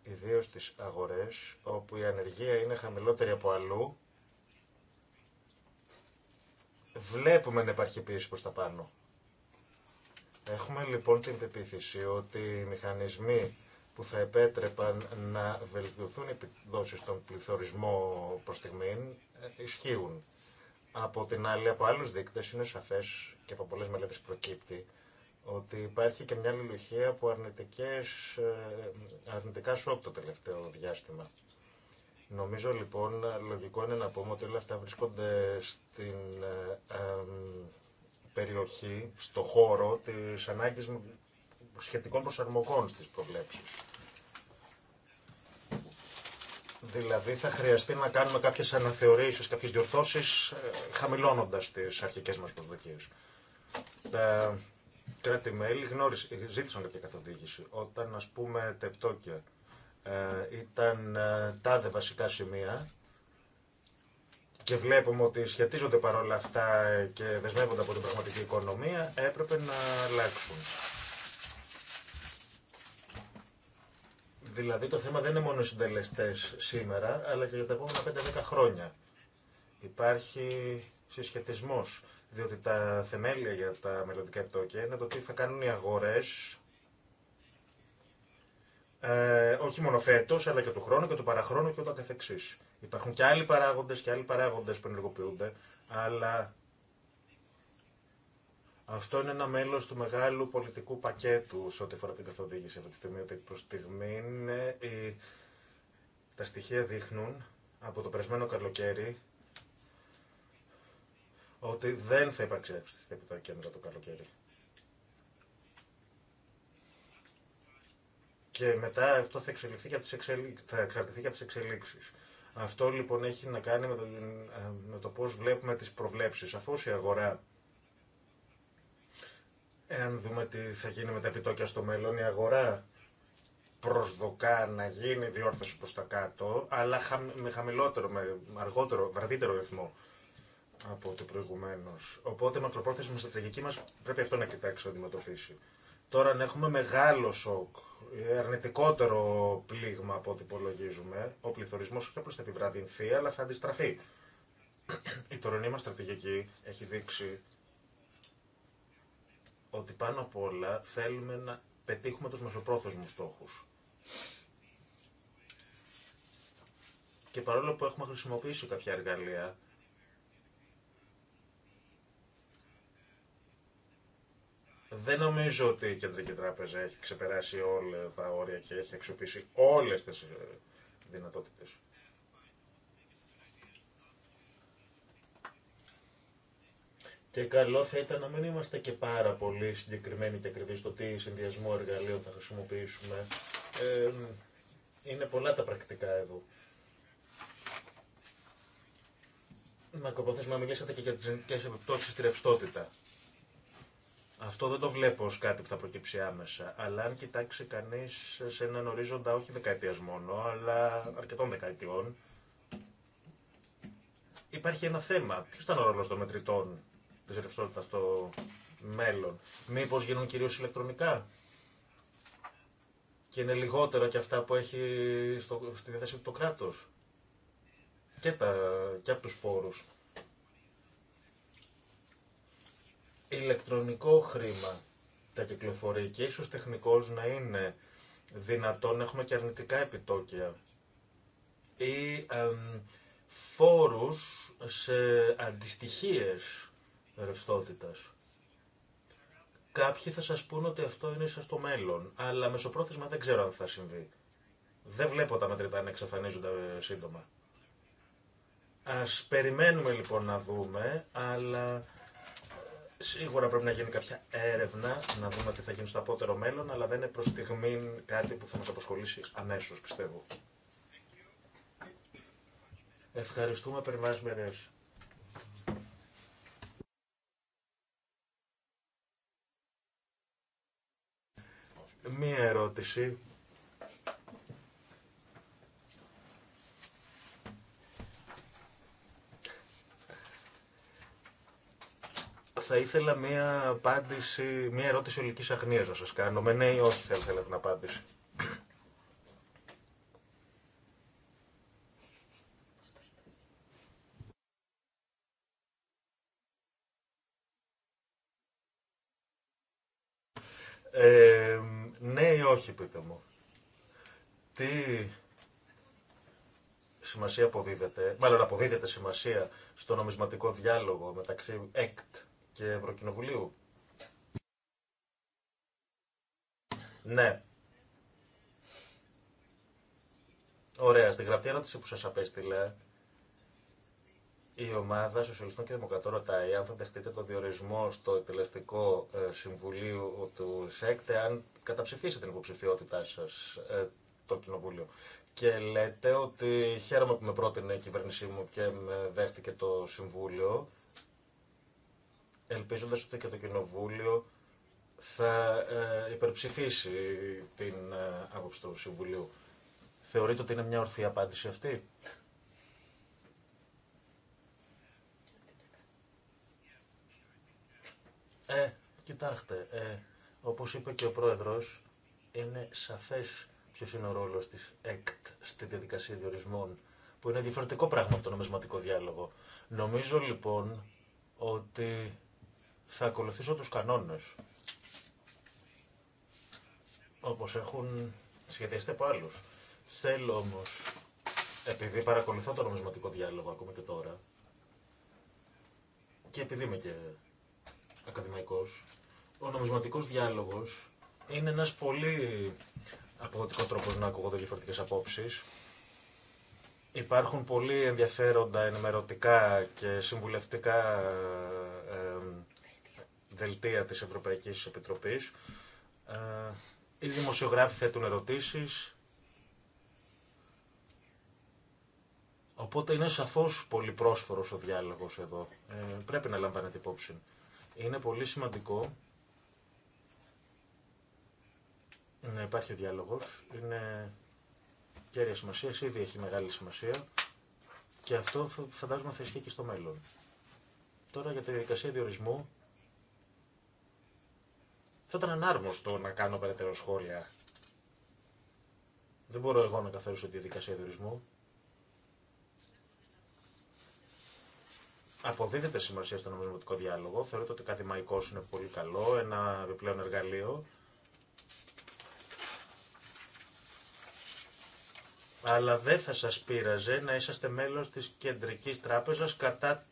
ιδίως στις αγορές όπου η ανεργία είναι χαμηλότερη από αλλού βλέπουμε να υπάρχει πίεση προς τα πάνω. Έχουμε λοιπόν την πεποίθηση ότι οι μηχανισμοί που θα επέτρεπαν να βελτιωθούν οι επιδόσεις στον πληθωρισμό προς στιγμήν ε, ισχύουν. Από την άλλη, από άλλους δείκτες είναι σαφές και από πολλές μελέτες προκύπτει ότι υπάρχει και μια λιλουχία από αρνητικές, ε, αρνητικά σοκ το τελευταίο διάστημα. Νομίζω λοιπόν λογικό είναι να πούμε ότι όλα αυτά βρίσκονται στην ε, περιοχή, στο χώρο της ανάγκης σχετικών προσαρμογών στις προβλέψεις. Δηλαδή θα χρειαστεί να κάνουμε κάποιες αναθεωρήσεις, κάποιες διορθώσεις, ε, χαμηλώνοντας τις αρχικές μας προσδοκίες κράτη-μέλη ε, ζήτησαν κάποια καθοδήγηση. Όταν, ας πούμε, τεπτόκια ε, ήταν ε, τάδε βασικά σημεία και βλέπουμε ότι σχετίζονται παρόλα αυτά και δεσμεύονται από την πραγματική οικονομία, έπρεπε να αλλάξουν. Δηλαδή το θέμα δεν είναι μόνο οι συντελεστέ σήμερα, αλλά και για τα επόμενα 5-10 χρόνια. Υπάρχει συσχετισμός διότι τα θεμέλια για τα μελλοντικά επιτόκια είναι το τι θα κάνουν οι αγορές ε, όχι μόνο φέτο, αλλά και του χρόνου και του παραχρόνου και ούτω καθεξή. Υπάρχουν και άλλοι παράγοντε και άλλοι παράγοντε που ενεργοποιούνται, αλλά αυτό είναι ένα μέλο του μεγάλου πολιτικού πακέτου σε ό,τι αφορά την καθοδήγηση αυτή τη στιγμή. Ότι προ στιγμή τα στοιχεία δείχνουν από το περασμένο καλοκαίρι ότι δεν θα υπάρξει αύξηση στα επιτόκια μετά το καλοκαίρι. Και μετά αυτό θα, εξελιχθεί και από θα εξαρτηθεί και από τις εξελίξεις. Αυτό λοιπόν έχει να κάνει με το, ε, με το πώς βλέπουμε τις προβλέψεις. Αφού η αγορά, εάν δούμε τι θα γίνει με τα επιτόκια στο μέλλον, η αγορά προσδοκά να γίνει διόρθωση προς τα κάτω, αλλά με χαμηλότερο, με αργότερο, βραδύτερο ρυθμό από το προηγουμένω. Οπότε μακροπρόθεσμα η στρατηγική μα πρέπει αυτό να κοιτάξει να αντιμετωπίσει. Τώρα, αν έχουμε μεγάλο σοκ, ε, αρνητικότερο πλήγμα από ό,τι υπολογίζουμε, ο πληθωρισμό όχι απλώ θα επιβραδυνθεί, αλλά θα αντιστραφεί. Η τωρινή μα στρατηγική έχει δείξει ότι πάνω απ' όλα θέλουμε να πετύχουμε τους μεσοπρόθεσμους στόχους. Και παρόλο που έχουμε χρησιμοποιήσει κάποια εργαλεία, Δεν νομίζω ότι η Κεντρική Τράπεζα έχει ξεπεράσει όλα τα όρια και έχει αξιοποιήσει όλες τις ε, δυνατότητες. Και καλό θα ήταν να μην είμαστε και πάρα πολύ συγκεκριμένοι και ακριβεί στο τι συνδυασμό εργαλείων θα χρησιμοποιήσουμε. Ε, είναι πολλά τα πρακτικά εδώ. Μακροπρόθεσμα μιλήσατε και για τι γενικέ επιπτώσει στη ρευστότητα. Αυτό δεν το βλέπω ως κάτι που θα προκύψει άμεσα, αλλά αν κοιτάξει κανείς σε έναν ορίζοντα όχι δεκαετίας μόνο, αλλά αρκετών δεκαετιών, υπάρχει ένα θέμα. Ποιο ήταν ο ρόλος των μετρητών της ρευστότητας στο μέλλον. Μήπως γίνουν κυρίως ηλεκτρονικά και είναι λιγότερο και αυτά που έχει στο, στη διάθεση του το κράτος και, και από τους φόρους. ηλεκτρονικό χρήμα τα κυκλοφορεί και ίσως τεχνικός να είναι δυνατόν να έχουμε και αρνητικά επιτόκια ή φόρους σε αντιστοιχίες ρευστότητας. Κάποιοι θα σας πούν ότι αυτό είναι ίσως το μέλλον, αλλά μεσοπρόθεσμα δεν ξέρω αν θα συμβεί. Δεν βλέπω τα μετρητά να εξαφανίζονται σύντομα. Ας περιμένουμε λοιπόν να δούμε, αλλά Σίγουρα πρέπει να γίνει κάποια έρευνα, να δούμε τι θα γίνει στο απότερο μέλλον, αλλά δεν είναι προ στιγμή κάτι που θα μα αποσχολήσει αμέσω, πιστεύω. Ευχαριστούμε, περιμένεις; Μερές. Μία ερώτηση Θα ήθελα μία απάντηση, μία ερώτηση ολικής αχνίας να σας κάνω. Με ναι ή όχι θα ήθελα την απάντηση. Ε, ναι ή όχι, πείτε μου. Τι σημασία αποδίδεται, μάλλον αποδίδεται σημασία στο νομισματικό διάλογο μεταξύ ΕΚΤ και Ευρωκοινοβουλίου. Ναι. Ωραία. Στη γραπτή ερώτηση που σας απέστειλε, η ομάδα Σοσιαλιστών και Δημοκρατών ρωτάει αν θα δεχτείτε το διορισμό στο εκτελεστικό ε, συμβουλίο του ΣΕΚΤΕ, αν καταψηφίσετε την υποψηφιότητά σας ε, το Κοινοβούλιο. Και λέτε ότι χαίρομαι που με πρότεινε η κυβέρνησή μου και με δέχτηκε το Συμβούλιο ελπίζοντας ότι και το Κοινοβούλιο θα ε, υπερψηφίσει την ε, άποψη του Συμβουλίου. Θεωρείτε ότι είναι μια ορθή απάντηση αυτή? Ε, κοιτάξτε, ε, όπως είπε και ο Πρόεδρος, είναι σαφές ποιος είναι ο ρόλος της ΕΚΤ στη διαδικασία διορισμών, που είναι διαφορετικό πράγμα από το νομισματικό διάλογο. Νομίζω λοιπόν ότι θα ακολουθήσω τους κανόνες, όπως έχουν σχεδιαστεί από άλλους. Θέλω όμως, επειδή παρακολουθώ το νομισματικό διάλογο ακόμα και τώρα, και επειδή είμαι και ακαδημαϊκός, ο νομισματικός διάλογος είναι ένας πολύ αποδοτικό τρόπος να ακούγονται διαφορετικές απόψεις. Υπάρχουν πολύ ενδιαφέροντα ενημερωτικά και συμβουλευτικά ε, δελτία της Ευρωπαϊκής Επιτροπής. Ε, οι δημοσιογράφοι θέτουν ερωτήσεις. Οπότε είναι σαφώς πολύ πρόσφορος ο διάλογος εδώ. Ε, πρέπει να λαμβάνετε υπόψη. Είναι πολύ σημαντικό να υπάρχει διάλογος. Είναι κέρια σημασία, ήδη έχει μεγάλη σημασία και αυτό φαντάζομαι θα ισχύει και στο μέλλον. Τώρα για τη διαδικασία διορισμού θα ήταν ανάρμοστο να κάνω περαιτέρω σχόλια. Δεν μπορώ εγώ να καθαρίσω τη διαδικασία διορισμού. Αποδίδεται σημασία στον νομισματικό διάλογο. Θεωρείται ότι ακαδημαϊκό είναι πολύ καλό, ένα επιπλέον εργαλείο. αλλά δεν θα σας πείραζε να είσαστε μέλος της Κεντρικής Τράπεζας κατά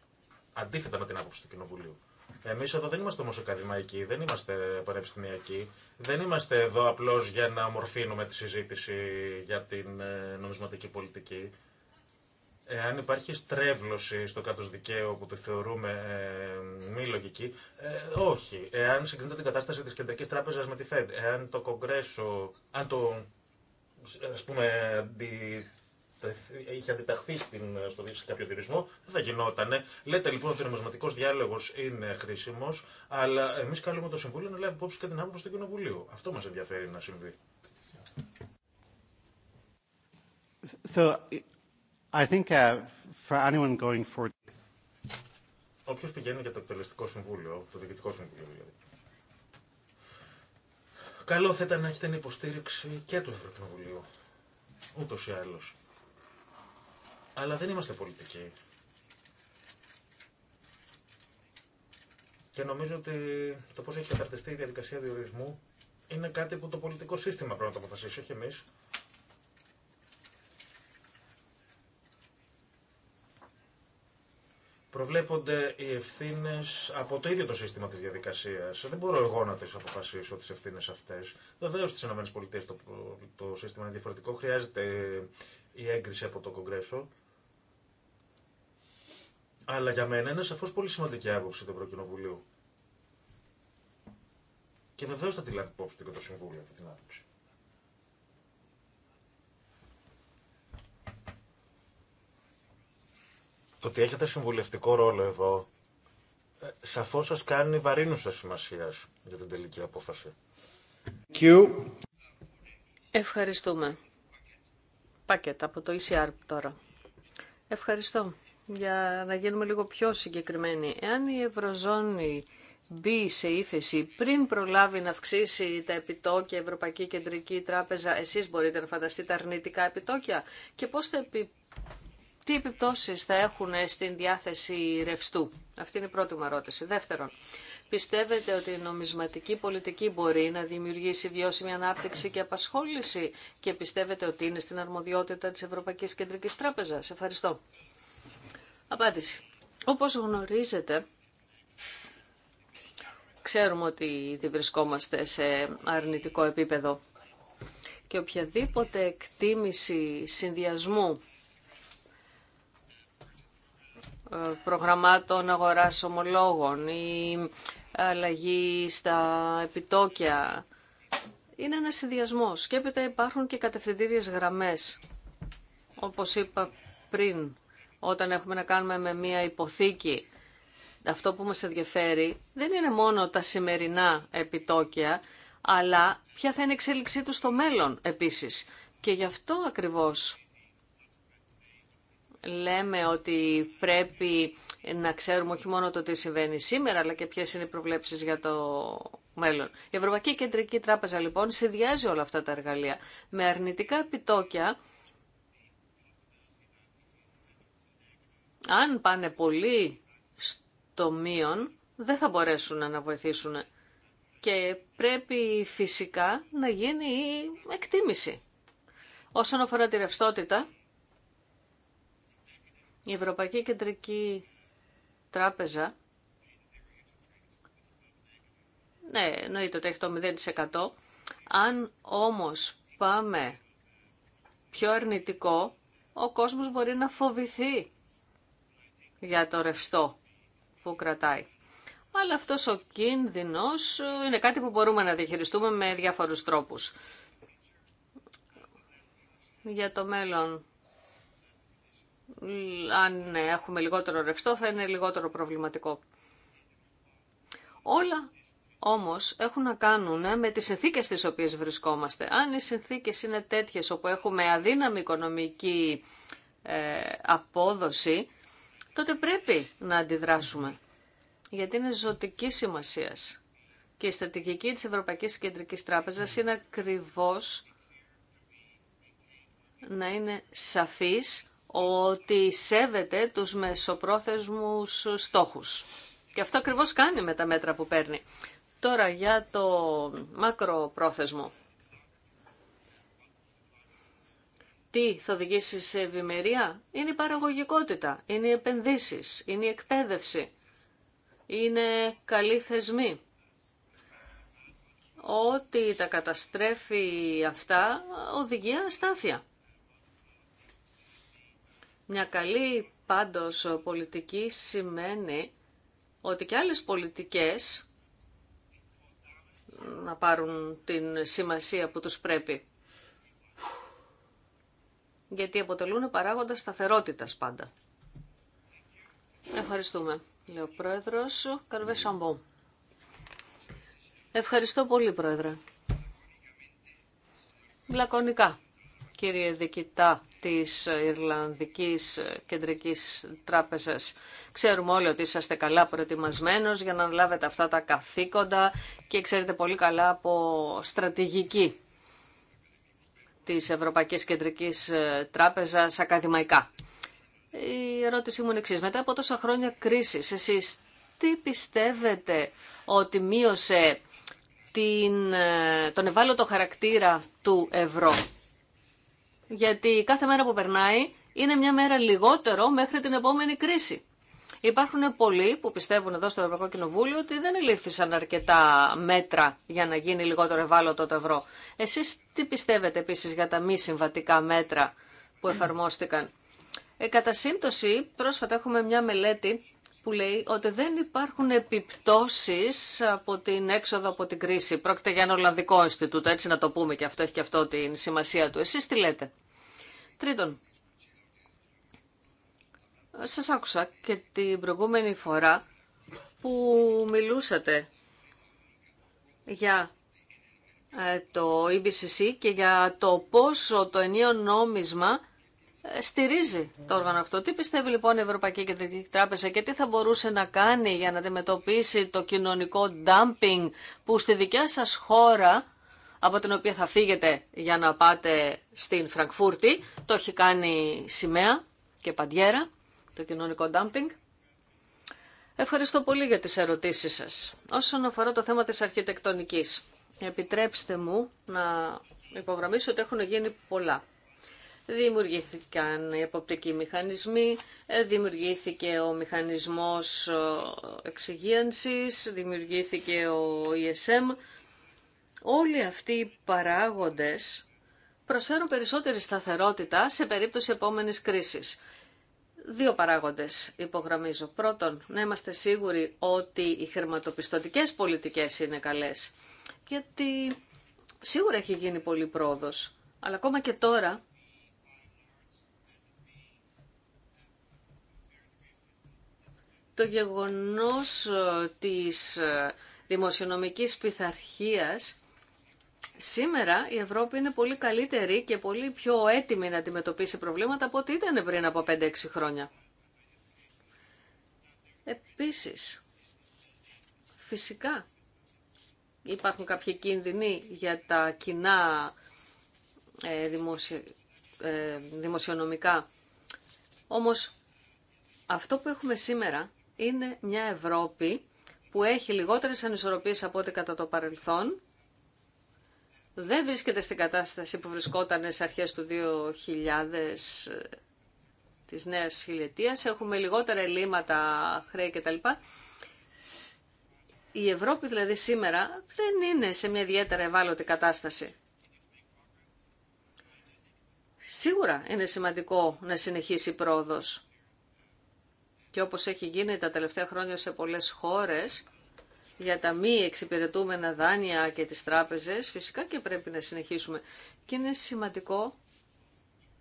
αντίθετα με την άποψη του Κοινοβουλίου. Εμεί εδώ δεν είμαστε όμω ακαδημαϊκοί, δεν είμαστε πανεπιστημιακοί, δεν είμαστε εδώ απλώ για να ομορφύνουμε τη συζήτηση για την ε, νομισματική πολιτική. Εάν υπάρχει στρέβλωση στο κάτω δικαίου που τη θεωρούμε ε, μη λογική, ε, όχι. Εάν συγκρίνεται την κατάσταση τη Κεντρική Τράπεζα με τη ΦΕΔ, εάν το Κογκρέσο, αν το ας πούμε, είχε αντιταχθεί στην, ε, στο, σε κάποιο διορισμό, δεν θα γινότανε. Λέτε λοιπόν ότι ο νομισματικό διάλογο είναι χρήσιμο, αλλά εμεί καλούμε το Συμβούλιο να λάβει υπόψη και την άποψη του Κοινοβουλίου. Αυτό μα ενδιαφέρει να συμβεί. So, I think uh, for anyone going for... Όποιο πηγαίνει για το εκτελεστικό συμβούλιο, το διοικητικό συμβούλιο δηλαδή. Καλό θα ήταν να έχετε την υποστήριξη και του Ευρωκοινοβουλίου. Ούτω ή άλλως. Αλλά δεν είμαστε πολιτικοί. Και νομίζω ότι το πώς έχει καταρτιστεί η διαδικασία διορισμού είναι κάτι που το πολιτικό σύστημα πρέπει να το αποφασίσει, όχι εμεί. Προβλέπονται οι ευθύνε από το ίδιο το σύστημα τη διαδικασία. Δεν μπορώ εγώ να τι αποφασίσω τι ευθύνε αυτέ. Βεβαίω στι ΗΠΑ το, το σύστημα είναι διαφορετικό. Χρειάζεται η έγκριση από το Κογκρέσο. Αλλά για μένα είναι σαφώ πολύ σημαντική άποψη του Ευρωκοινοβουλίου. Και βεβαίω θα τη λάβει υπόψη και το Συμβούλιο αυτή την άποψη. Το ότι έχετε συμβουλευτικό ρόλο εδώ, ε, σαφώς σας κάνει βαρύνουσα σημασία για την τελική απόφαση. Ευχαριστούμε. Πακέτα από το ECR τώρα. Ευχαριστώ. Για να γίνουμε λίγο πιο συγκεκριμένοι. Εάν η Ευρωζώνη μπει σε ύφεση πριν προλάβει να αυξήσει τα επιτόκια Ευρωπαϊκή Κεντρική Τράπεζα, εσείς μπορείτε να φανταστείτε αρνητικά επιτόκια και πώς τι επιπτώσεις θα έχουν στην διάθεση ρευστού. Αυτή είναι η πρώτη μου ερώτηση. Δεύτερον, Πιστεύετε ότι η νομισματική πολιτική μπορεί να δημιουργήσει βιώσιμη ανάπτυξη και απασχόληση και πιστεύετε ότι είναι στην αρμοδιότητα της Ευρωπαϊκής Κεντρικής Τράπεζας. Ευχαριστώ. Απάντηση. Όπως γνωρίζετε, ξέρουμε ότι δεν βρισκόμαστε σε αρνητικό επίπεδο και οποιαδήποτε εκτίμηση συνδυασμού ε, προγραμμάτων αγοράς ομολόγων ή αλλαγή στα επιτόκια. Είναι ένας συνδυασμό. έπειτα υπάρχουν και κατευθυντήριες γραμμές. Όπως είπα πριν, όταν έχουμε να κάνουμε με μία υποθήκη, αυτό που μας ενδιαφέρει δεν είναι μόνο τα σημερινά επιτόκια, αλλά ποια θα είναι η εξέλιξή του στο μέλλον επίσης. Και γι' αυτό ακριβώς λέμε ότι πρέπει να ξέρουμε όχι μόνο το τι συμβαίνει σήμερα, αλλά και ποιες είναι οι προβλέψεις για το μέλλον. Η Ευρωπαϊκή Κεντρική Τράπεζα λοιπόν συνδυάζει όλα αυτά τα εργαλεία με αρνητικά επιτόκια. Αν πάνε πολύ στο μείον, δεν θα μπορέσουν να βοηθήσουν και πρέπει φυσικά να γίνει η εκτίμηση. Όσον αφορά τη ρευστότητα, η Ευρωπαϊκή Κεντρική Τράπεζα, ναι, εννοείται ότι έχει το 0%, αν όμως πάμε πιο αρνητικό, ο κόσμος μπορεί να φοβηθεί για το ρευστό που κρατάει. Αλλά αυτός ο κίνδυνος είναι κάτι που μπορούμε να διαχειριστούμε με διάφορους τρόπους. Για το μέλλον αν έχουμε λιγότερο ρευστό θα είναι λιγότερο προβληματικό. Όλα όμως έχουν να κάνουν με τις συνθήκες στις οποίες βρισκόμαστε. Αν οι συνθήκες είναι τέτοιες όπου έχουμε αδύναμη οικονομική ε, απόδοση, τότε πρέπει να αντιδράσουμε. Γιατί είναι ζωτική σημασία. Και η στρατηγική της Ευρωπαϊκής Κεντρικής Τράπεζας είναι ακριβώς να είναι σαφής ότι σέβεται τους μεσοπρόθεσμους στόχους. Και αυτό ακριβώς κάνει με τα μέτρα που παίρνει. Τώρα για το μακροπρόθεσμο. Τι θα οδηγήσει σε ευημερία. Είναι η παραγωγικότητα, είναι οι επενδύσεις, είναι η εκπαίδευση, είναι καλοί θεσμοί. Ό,τι τα καταστρέφει αυτά οδηγεί αστάθεια. Μια καλή πάντως πολιτική σημαίνει ότι και άλλες πολιτικές να πάρουν την σημασία που τους πρέπει. Γιατί αποτελούν παράγοντα σταθερότητας πάντα. Ευχαριστούμε, Λέω Πρόεδρος Καρβέ Ευχαριστώ πολύ, Πρόεδρε. Βλακωνικά, κύριε Δικητά της Ιρλανδικής Κεντρικής Τράπεζας. Ξέρουμε όλοι ότι είσαστε καλά προετοιμασμένος για να λάβετε αυτά τα καθήκοντα και ξέρετε πολύ καλά από στρατηγική της Ευρωπαϊκής Κεντρικής ε, Τράπεζας ακαδημαϊκά. Η ερώτησή μου είναι εξής. Μετά από τόσα χρόνια κρίσης, εσείς τι πιστεύετε ότι μείωσε την, ε, τον ευάλωτο χαρακτήρα του ευρώ γιατί κάθε μέρα που περνάει είναι μια μέρα λιγότερο μέχρι την επόμενη κρίση. Υπάρχουν πολλοί που πιστεύουν εδώ στο Ευρωπαϊκό Κοινοβούλιο ότι δεν ελήφθησαν αρκετά μέτρα για να γίνει λιγότερο ευάλωτο το ευρώ. Εσείς τι πιστεύετε επίση για τα μη συμβατικά μέτρα που εφαρμόστηκαν. Ε, κατά σύμπτωση, πρόσφατα έχουμε μια μελέτη που λέει ότι δεν υπάρχουν επιπτώσεις από την έξοδο από την κρίση. Πρόκειται για ένα Ολλανδικό Ινστιτούτο, έτσι να το πούμε και αυτό έχει και αυτό την σημασία του. Εσείς τι λέτε. Τρίτον, σας άκουσα και την προηγούμενη φορά που μιλούσατε για ε, το EBCC και για το πόσο το ενίο νόμισμα στηρίζει το όργανο αυτό. Τι πιστεύει λοιπόν η Ευρωπαϊκή Κεντρική Τράπεζα και τι θα μπορούσε να κάνει για να αντιμετωπίσει το κοινωνικό dumping που στη δικιά σας χώρα από την οποία θα φύγετε για να πάτε στην Φραγκφούρτη. Το έχει κάνει σημαία και παντιέρα, το κοινωνικό dumping. Ευχαριστώ πολύ για τις ερωτήσεις σας. Όσον αφορά το θέμα της αρχιτεκτονικής, επιτρέψτε μου να υπογραμμίσω ότι έχουν γίνει πολλά δημιουργήθηκαν οι εποπτικοί μηχανισμοί, ε, δημιουργήθηκε ο μηχανισμός ε, εξυγίανσης, δημιουργήθηκε ο ESM. Όλοι αυτοί οι παράγοντες προσφέρουν περισσότερη σταθερότητα σε περίπτωση επόμενης κρίσης. Δύο παράγοντες υπογραμμίζω. Πρώτον, να είμαστε σίγουροι ότι οι χρηματοπιστωτικές πολιτικές είναι καλές. Γιατί σίγουρα έχει γίνει πολύ πρόοδος. Αλλά ακόμα και τώρα το γεγονός ε, της ε, δημοσιονομικής πειθαρχίας Σήμερα η Ευρώπη είναι πολύ καλύτερη και πολύ πιο έτοιμη να αντιμετωπίσει προβλήματα από ό,τι ήταν πριν από 5-6 χρόνια. Επίσης, φυσικά υπάρχουν κάποιοι κίνδυνοι για τα κοινά ε, ε δημοσιονομικά. Όμως αυτό που έχουμε σήμερα είναι μια Ευρώπη που έχει λιγότερες ανισορροπίες από ό,τι κατά το παρελθόν, δεν βρίσκεται στην κατάσταση που βρισκόταν σε αρχές του 2000 της νέας χιλιετίας, έχουμε λιγότερα ελλείμματα, χρέη κτλ. Η Ευρώπη δηλαδή σήμερα δεν είναι σε μια ιδιαίτερα ευάλωτη κατάσταση. Σίγουρα είναι σημαντικό να συνεχίσει η πρόοδος και όπως έχει γίνει τα τελευταία χρόνια σε πολλές χώρες για τα μη εξυπηρετούμενα δάνεια και τις τράπεζες, φυσικά και πρέπει να συνεχίσουμε. Και είναι σημαντικό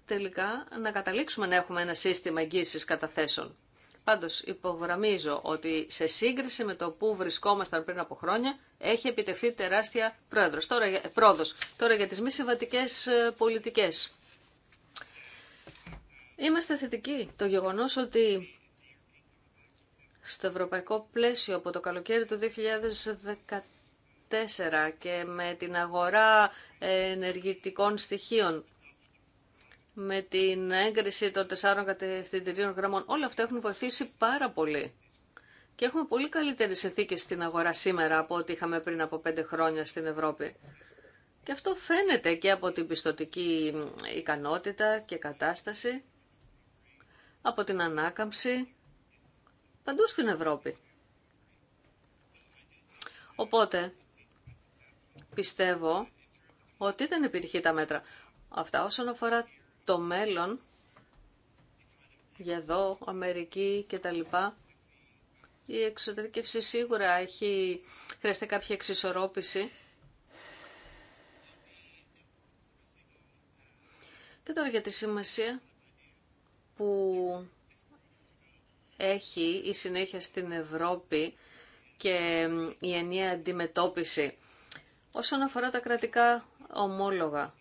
τελικά να καταλήξουμε να έχουμε ένα σύστημα εγγύησης καταθέσεων. Πάντως υπογραμμίζω ότι σε σύγκριση με το που βρισκόμασταν πριν από χρόνια έχει επιτευχθεί τεράστια πρόεδρος. Τώρα, πρόοδος. Τώρα για τις μη συμβατικέ ε, πολιτικές. Είμαστε θετικοί. Το γεγονός ότι στο ευρωπαϊκό πλαίσιο από το καλοκαίρι του 2014 και με την αγορά ενεργητικών στοιχείων, με την έγκριση των τεσσάρων κατευθυντηρίων γραμμών, όλα αυτά έχουν βοηθήσει πάρα πολύ. Και έχουμε πολύ καλύτερε συνθήκε στην αγορά σήμερα από ό,τι είχαμε πριν από πέντε χρόνια στην Ευρώπη. Και αυτό φαίνεται και από την πιστοτική ικανότητα και κατάσταση, από την ανάκαμψη παντού στην Ευρώπη. Οπότε, πιστεύω ότι δεν επιτυχεί τα μέτρα. Αυτά όσον αφορά το μέλλον, για εδώ, Αμερική και τα λοιπά, η εξωτερικεύση σίγουρα έχει, χρειάζεται κάποια εξισορρόπηση. Και τώρα για τη σημασία που έχει η συνέχεια στην Ευρώπη και η ενιαία αντιμετώπιση. Όσον αφορά τα κρατικά ομόλογα,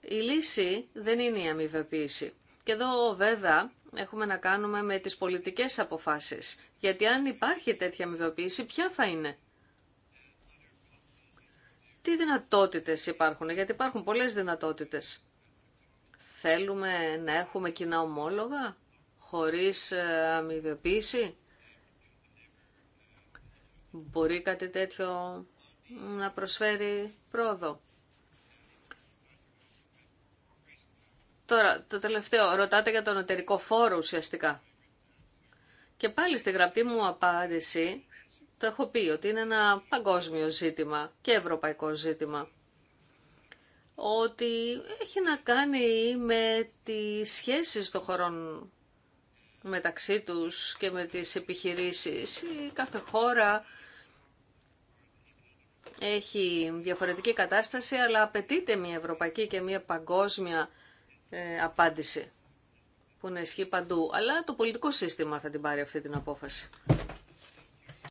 η λύση δεν είναι η αμοιβεποίηση. Και εδώ βέβαια έχουμε να κάνουμε με τις πολιτικές αποφάσεις. Γιατί αν υπάρχει τέτοια αμοιβεποίηση, ποια θα είναι. Τι δυνατότητες υπάρχουν, γιατί υπάρχουν πολλές δυνατότητες. Θέλουμε να έχουμε κοινά ομόλογα χωρίς ε, αμοιβεποίηση. Μπορεί κάτι τέτοιο να προσφέρει πρόοδο. Τώρα, το τελευταίο, ρωτάτε για τον εταιρικό φόρο ουσιαστικά. Και πάλι στη γραπτή μου απάντηση το έχω πει ότι είναι ένα παγκόσμιο ζήτημα και ευρωπαϊκό ζήτημα. Ότι έχει να κάνει με τις σχέσεις των χωρών μεταξύ τους και με τις επιχειρήσεις. Η κάθε χώρα έχει διαφορετική κατάσταση, αλλά απαιτείται μια ευρωπαϊκή και μια παγκόσμια ε, απάντηση που να ισχύει παντού. Αλλά το πολιτικό σύστημα θα την πάρει αυτή την απόφαση.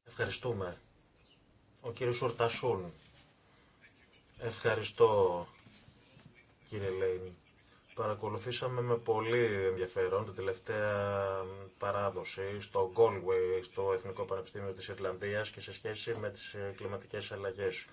Ευχαριστούμε. Ο κύριος Ορτασούν. Ευχαριστώ κύριε Λέιν παρακολουθήσαμε με πολύ ενδιαφέρον την τελευταία παράδοση στο Galway, στο Εθνικό Πανεπιστήμιο της Ιρλανδίας και σε σχέση με τις ε, κλιματικές αλλαγές.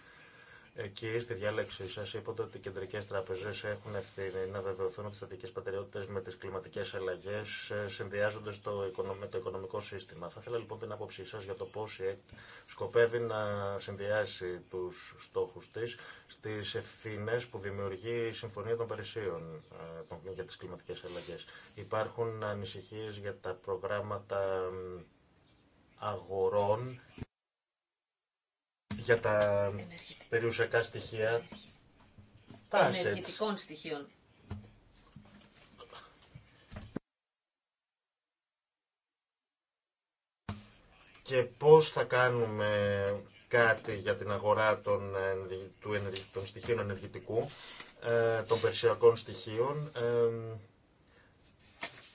Εκεί στη διάλεξή σα είπατε ότι οι κεντρικέ τράπεζε έχουν ευθύνη να βεβαιωθούν ότι οι θετικέ πατεριότητε με τι κλιματικέ αλλαγέ ε, συνδυάζονται στο με το οικονομικό σύστημα. Θα ήθελα λοιπόν την άποψή σα για το πώ η ΕΚΤ σκοπεύει να συνδυάσει του στόχου τη στι ευθύνε που δημιουργεί η Συμφωνία των Παρισίων ε, για τι κλιματικέ αλλαγέ. Υπάρχουν ανησυχίε για τα προγράμματα αγορών για τα περιουσιακά στοιχεία. Τα ενεργητικών στοιχείων. Και πώς θα κάνουμε κάτι για την αγορά των, του, των στοιχείων ενεργητικού, ε, των περισσιακών στοιχείων, ε,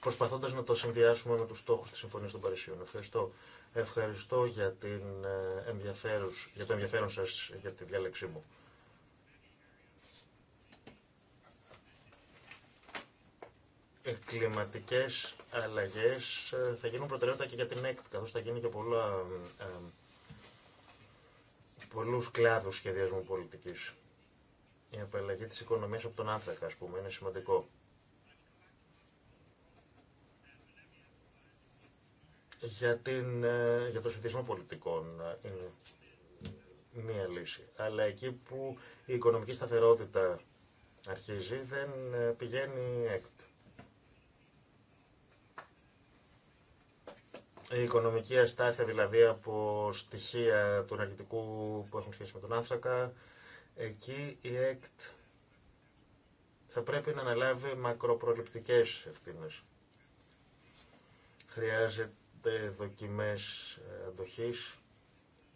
προσπαθώντας να το συνδυάσουμε με τους στόχους της Συμφωνίας των Παρισίων. Ευχαριστώ. Ευχαριστώ για, την ε, για το ενδιαφέρον σας για τη διάλεξή μου. Οι κλιματικές αλλαγές ε, θα γίνουν προτεραιότητα και για την ΕΚΤ, καθώς θα γίνει και πολλά, ε, πολλούς κλάδους σχεδιασμού πολιτικής. Η απαλλαγή της οικονομίας από τον άνθρακα, ας πούμε, είναι σημαντικό. Για, την, ε, για το συνθισμό πολιτικών ε, είναι μία λύση. Αλλά εκεί που η οικονομική σταθερότητα αρχίζει δεν ε, πηγαίνει έκτη. Η οικονομική αστάθεια δηλαδή από στοιχεία του ενεργητικού που έχουν σχέση με τον άνθρακα, εκεί η ΕΚΤ θα πρέπει να αναλάβει μακροπροληπτικές ευθύνες. Χρειάζεται γίνονται δοκιμές ε, αντοχής,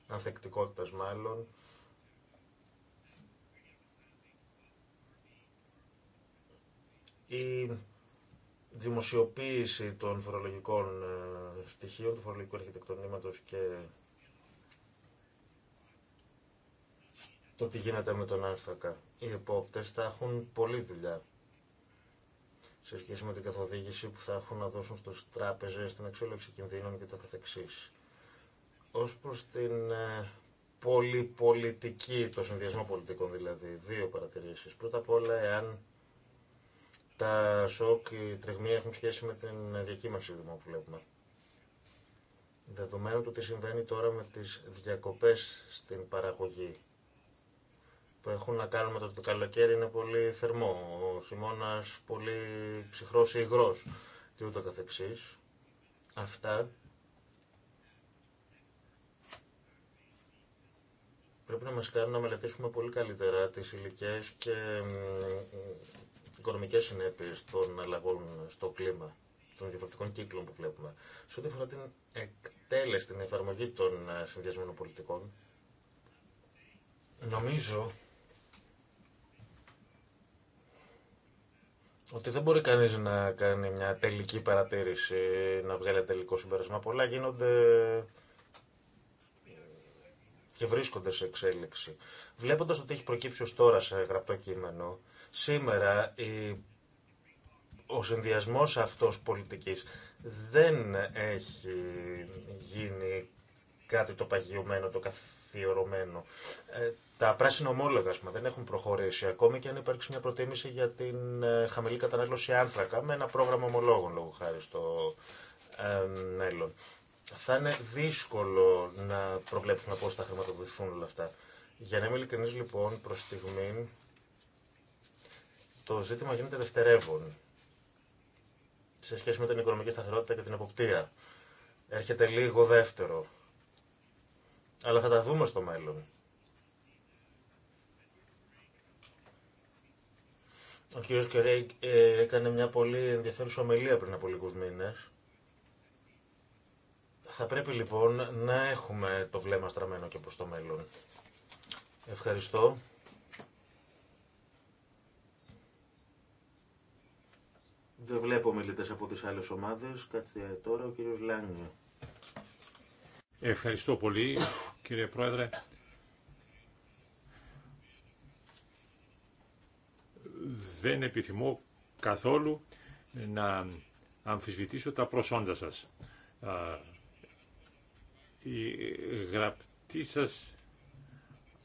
ανθεκτικότητας μάλλον, η δημοσιοποίηση των φορολογικών ε, στοιχείων, του φορολογικού αρχιτεκτονήματος και το τι γίνεται με τον άνθρακα. Οι επόπτες θα έχουν πολλή δουλειά σε σχέση με την καθοδήγηση που θα έχουν να δώσουν στους τράπεζες, την αξιόλογηση κινδύνων και το καθεξής. Ως προς την ε, πολυπολιτική, το συνδυασμό πολιτικών δηλαδή, δύο παρατηρήσεις. Πρώτα απ' όλα, εάν τα σοκ, οι τρεγμοί έχουν σχέση με την διακύμαξη που βλέπουμε. Δεδομένου του τι συμβαίνει τώρα με τις διακοπές στην παραγωγή που έχουν να κάνουν με το ότι το καλοκαίρι είναι πολύ θερμό, ο χειμώνα πολύ ψυχρό ή υγρός και ούτω καθεξής. Αυτά πρέπει να μας κάνουν να μελετήσουμε πολύ καλύτερα τις υλικέ και οικονομικές συνέπειες των αλλαγών στο κλίμα, των διαφορετικών κύκλων που βλέπουμε. Σε ό,τι αφορά την εκτέλεση, την εφαρμογή των ε, συνδυασμένων πολιτικών, νομίζω ότι δεν μπορεί κανείς να κάνει μια τελική παρατήρηση, να βγάλει ένα τελικό συμπέρασμα. Πολλά γίνονται και βρίσκονται σε εξέλιξη. Βλέποντας ότι έχει προκύψει ως τώρα σε γραπτό κείμενο, σήμερα ο συνδυασμός αυτός πολιτικής δεν έχει γίνει κάτι το παγιωμένο, το καθ αφιερωμένο. Ε, τα πράσινα ομόλογα πούμε, δεν έχουν προχωρήσει ακόμη και αν υπάρξει μια προτίμηση για την ε, χαμηλή κατανάλωση άνθρακα με ένα πρόγραμμα ομολόγων λόγω χάρη στο ε, μέλλον. Θα είναι δύσκολο να προβλέψουμε πώ θα χρηματοδοτηθούν όλα αυτά. Για να είμαι ειλικρινή, λοιπόν προ στιγμή το ζήτημα γίνεται δευτερεύον σε σχέση με την οικονομική σταθερότητα και την εποπτεία. Έρχεται λίγο δεύτερο. Αλλά θα τα δούμε στο μέλλον. Ο κύριος Κερέικ ε, έκανε μια πολύ ενδιαφέρουσα ομιλία πριν από λίγους μήνες. Θα πρέπει λοιπόν να έχουμε το βλέμμα στραμμένο και προς το μέλλον. Ευχαριστώ. Δεν βλέπω μιλητές από τις άλλες ομάδες. Κάτσε τώρα ο κύριος Λάνιο. Ευχαριστώ πολύ, κύριε Πρόεδρε. Δεν επιθυμώ καθόλου να αμφισβητήσω τα προσόντα σας. Η γραπτή σας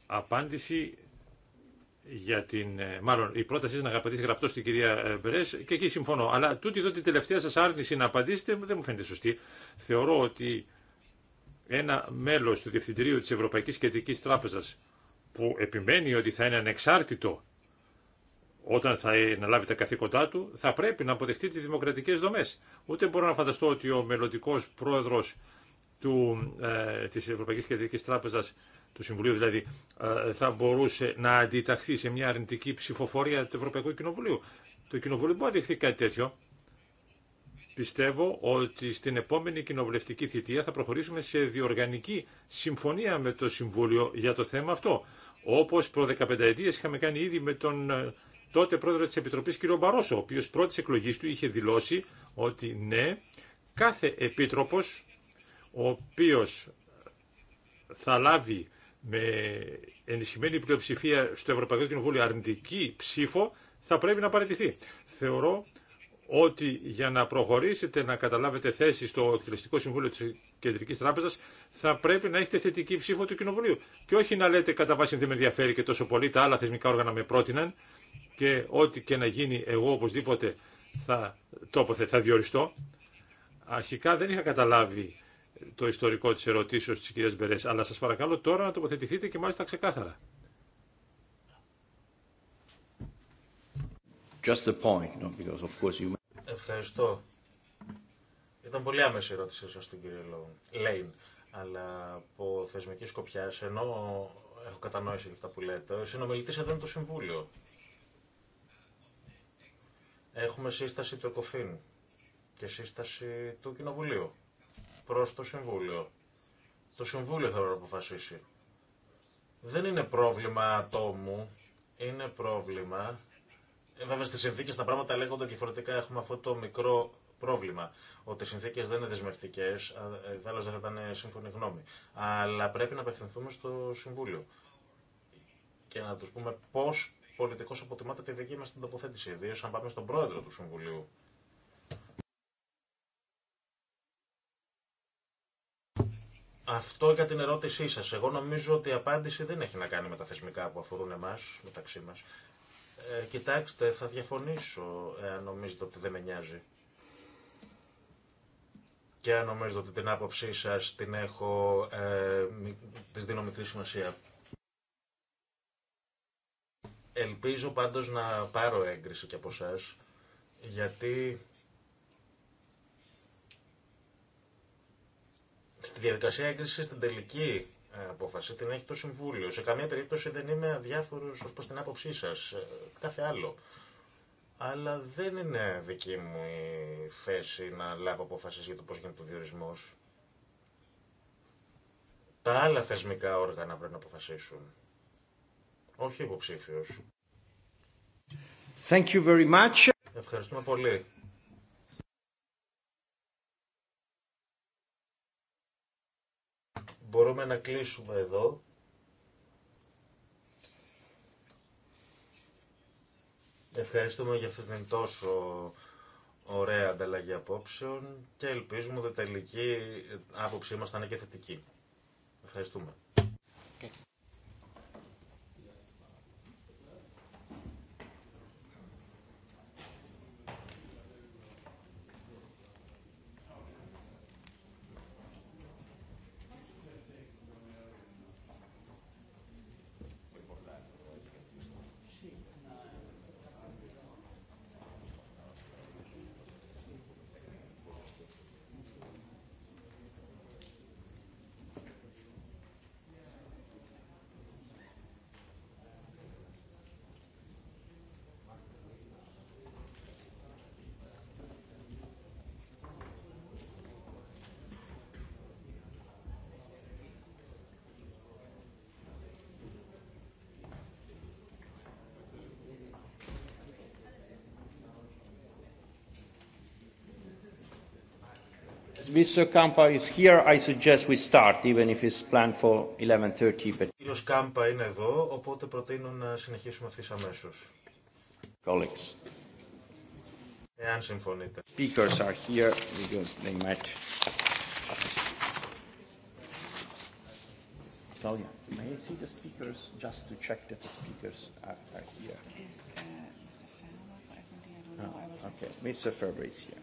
απάντηση για την, ε, μάλλον η πρότασή σας να απαντήσει γραπτό στην κυρία ε, Μπερές και εκεί συμφωνώ. Αλλά τούτη εδώ την τελευταία σας άρνηση να απαντήσετε δεν μου φαίνεται σωστή. Θεωρώ ότι ένα μέλος του Διευθυντηρίου της Ευρωπαϊκής Κεντρικής Τράπεζας που επιμένει ότι θα είναι ανεξάρτητο όταν θα αναλάβει τα καθήκοντά του, θα πρέπει να αποδεχτεί τις δημοκρατικές δομές. Ούτε μπορώ να φανταστώ ότι ο μελλοντικό πρόεδρος του, ε, της Ευρωπαϊκής Κεντρικής Τράπεζας, του Συμβουλίου δηλαδή, ε, θα μπορούσε να αντιταχθεί σε μια αρνητική ψηφοφορία του Ευρωπαϊκού Κοινοβουλίου. Το Κοινοβούλιο μπορεί να δεχθεί κάτι τέτοιο πιστεύω ότι στην επόμενη κοινοβουλευτική θητεία θα προχωρήσουμε σε διοργανική συμφωνία με το Συμβούλιο για το θέμα αυτό. Όπως προ 15 ετία είχαμε κάνει ήδη με τον ε, τότε πρόεδρο της Επιτροπής κ. Μπαρόσο, ο οποίος πρώτη εκλογής του είχε δηλώσει ότι ναι, κάθε επίτροπος ο οποίος ε, θα λάβει με ενισχυμένη πλειοψηφία στο Ευρωπαϊκό Κοινοβούλιο αρνητική ψήφο θα πρέπει να παραιτηθεί. Θεωρώ ότι για να προχωρήσετε να καταλάβετε θέση στο εκτελεστικό συμβούλιο τη Κεντρική Τράπεζα, θα πρέπει να έχετε θετική ψήφο του Κοινοβουλίου και όχι να λέτε κατά βάση δεν με ενδιαφέρει και τόσο πολύ τα άλλα θεσμικά όργανα με πρότειναν και ό,τι και να γίνει εγώ οπωσδήποτε θα, τοποθε, θα διοριστώ. Αρχικά δεν είχα καταλάβει το ιστορικό της ερωτήσεως της κυρίας Μπερές, αλλά σας παρακαλώ τώρα να τοποθετηθείτε και μάλιστα ξεκάθαρα. Just the point, because of course you... Ευχαριστώ. Ήταν πολύ άμεση η ερώτησή σα στον κύριο Λέιν. Αλλά από θεσμική σκοπιά, ενώ έχω κατανόηση για αυτά που λέτε, ο συνομιλητής εδώ είναι το Συμβούλιο. Έχουμε σύσταση του ΕΚΟΦΗΝ και σύσταση του Κοινοβουλίου προς το Συμβούλιο. Το Συμβούλιο θα πρέπει να αποφασίσει. Δεν είναι πρόβλημα ατόμου, είναι πρόβλημα ε, βέβαια στι συνθήκε τα πράγματα λέγονται διαφορετικά. Έχουμε αυτό το μικρό πρόβλημα. Ότι οι συνθήκε δεν είναι δεσμευτικέ, άλλω ε, δεν θα ήταν σύμφωνη γνώμη. Αλλά πρέπει να απευθυνθούμε στο Συμβούλιο και να του πούμε πώ πολιτικώ αποτιμάται τη δική μα την τοποθέτηση. Ιδίω αν πάμε στον πρόεδρο του Συμβουλίου. Αυτό για την ερώτησή σα. Εγώ νομίζω ότι η απάντηση δεν έχει να κάνει με τα θεσμικά που αφορούν εμά, μεταξύ μα. Ε, κοιτάξτε, θα διαφωνήσω εάν νομίζετε ότι δεν με νοιάζει. Και αν νομίζετε ότι την άποψή σας την έχω, ε, της δίνω μικρή σημασία. Ελπίζω πάντως να πάρω έγκριση και από εσά, γιατί στη διαδικασία έγκρισης, στην τελική απόφαση την έχει το Συμβούλιο. Σε καμία περίπτωση δεν είμαι αδιάφορο ως προς την άποψή σας. Ε, κάθε άλλο. Αλλά δεν είναι δική μου η θέση να λάβω αποφάσεις για το πώ γίνεται ο διορισμό. Τα άλλα θεσμικά όργανα πρέπει να αποφασίσουν. Όχι υποψήφιο. Thank you very much. Ευχαριστούμε πολύ. Μπορούμε να κλείσουμε εδώ. Ευχαριστούμε για αυτή την τόσο ωραία ανταλλαγή απόψεων και ελπίζουμε ότι τελική άποψή μας θα είναι και θετική. Ευχαριστούμε. Mr. Kampa is here. I suggest we start, even if it's planned for 11:30. But... Κύριος Κάμπα είναι εδώ, οπότε προτείνω να συνεχίσουμε ευθύς αμέσως. Colleagues. Εάν συμφωνείτε. Speakers are here because they might. Claudia, may I see the speakers just to check that the speakers are, are here? Is uh, Mr. Ferber, I think I don't know. okay, Mr. Ferber is here.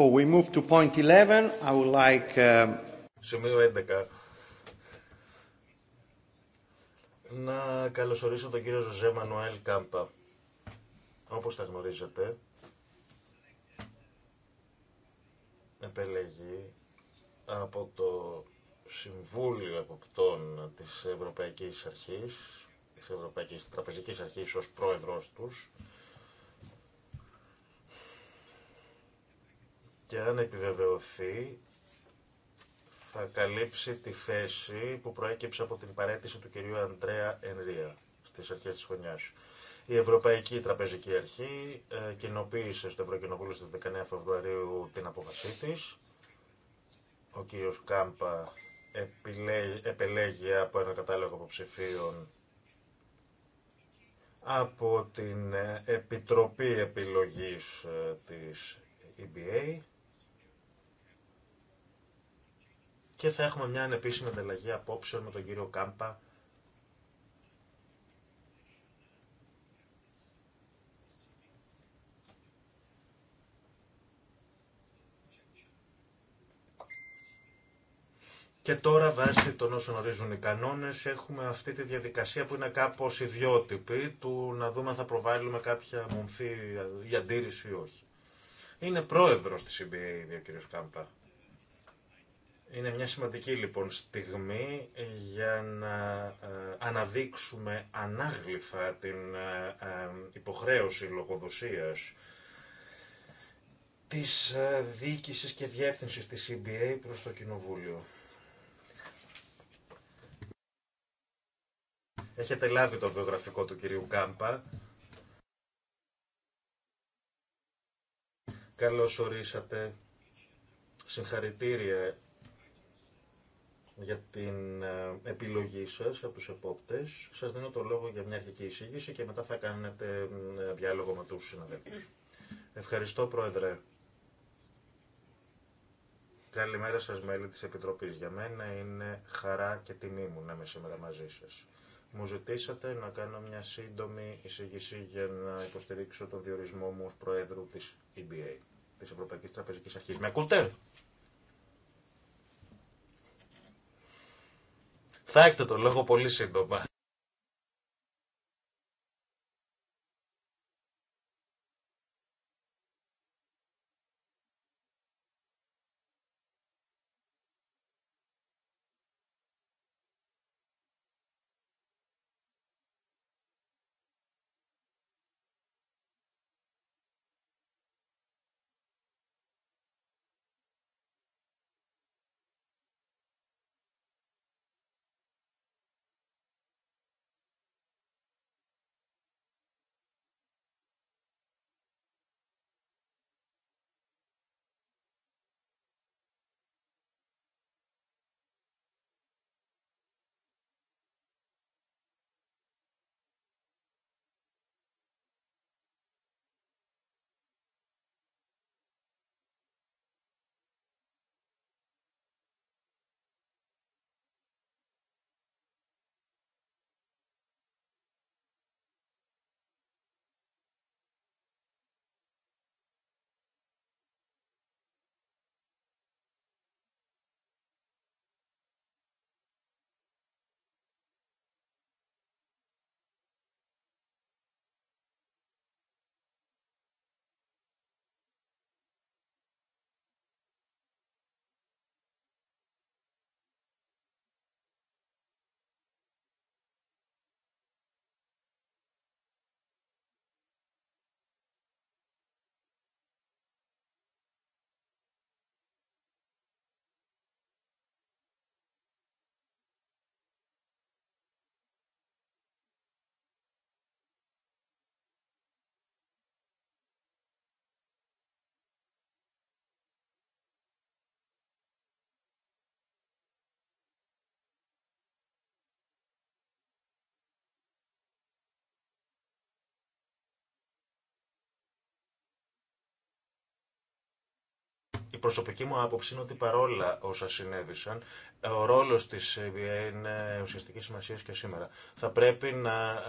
So we move to point 11. I would like... Uh, Σημείο 11. Να καλωσορίσω τον κύριο Ζωζέ Μανουέλ Κάμπα. Όπως τα γνωρίζετε, επελεγεί από το Συμβούλιο Εποπτών της Ευρωπαϊκής Αρχής, της Ευρωπαϊκής Τραπεζικής Αρχής ως πρόεδρος τους, και αν επιβεβαιωθεί θα καλύψει τη θέση που προέκυψε από την παρέτηση του κυρίου Αντρέα Ενρία στις αρχές της χρονιάς. Η Ευρωπαϊκή Τραπεζική Αρχή ε, κοινοποίησε στο Ευρωκοινοβούλιο στις 19 Φεβρουαρίου την απόφασή της. Ο κύριος Κάμπα επελέγει από ένα κατάλογο υποψηφίων από την ε, Επιτροπή Επιλογής ε, της EBA. και θα έχουμε μια ανεπίσημη ανταλλαγή απόψεων με τον κύριο Κάμπα. Και τώρα βάσει των όσων ορίζουν οι κανόνες έχουμε αυτή τη διαδικασία που είναι κάπως ιδιότυπη του να δούμε αν θα προβάλλουμε κάποια μομφή για αντίρρηση ή όχι. Είναι πρόεδρος της CBA, ο Κάμπα. Είναι μια σημαντική λοιπόν στιγμή για να ε, αναδείξουμε ανάγλυφα την ε, ε, υποχρέωση λογοδοσίας της διοίκησης και διεύθυνσης της CBA προς το Κοινοβούλιο. Έχετε λάβει το βιογραφικό του κυρίου Κάμπα. Καλώς ορίσατε. Συγχαρητήρια για την ε, επιλογή σας από τους επόπτες. Σας δίνω το λόγο για μια αρχική εισήγηση και μετά θα κάνετε ε, διάλογο με τους συναδέλφους. Ευχαριστώ, Πρόεδρε. Καλημέρα σας μέλη της Επιτροπής. Για μένα είναι χαρά και τιμή μου να είμαι σήμερα μαζί σας. Μου ζητήσατε να κάνω μια σύντομη εισήγηση για να υποστηρίξω τον διορισμό μου ως Προέδρου της EBA, της Ευρωπαϊκής Τραπεζικής Αρχής. Με ακούτε? Θα έχετε το λόγο πολύ σύντομα. Η προσωπική μου άποψη είναι ότι παρόλα όσα συνέβησαν, ο ρόλο τη είναι ουσιαστική σημασία και σήμερα. Θα πρέπει να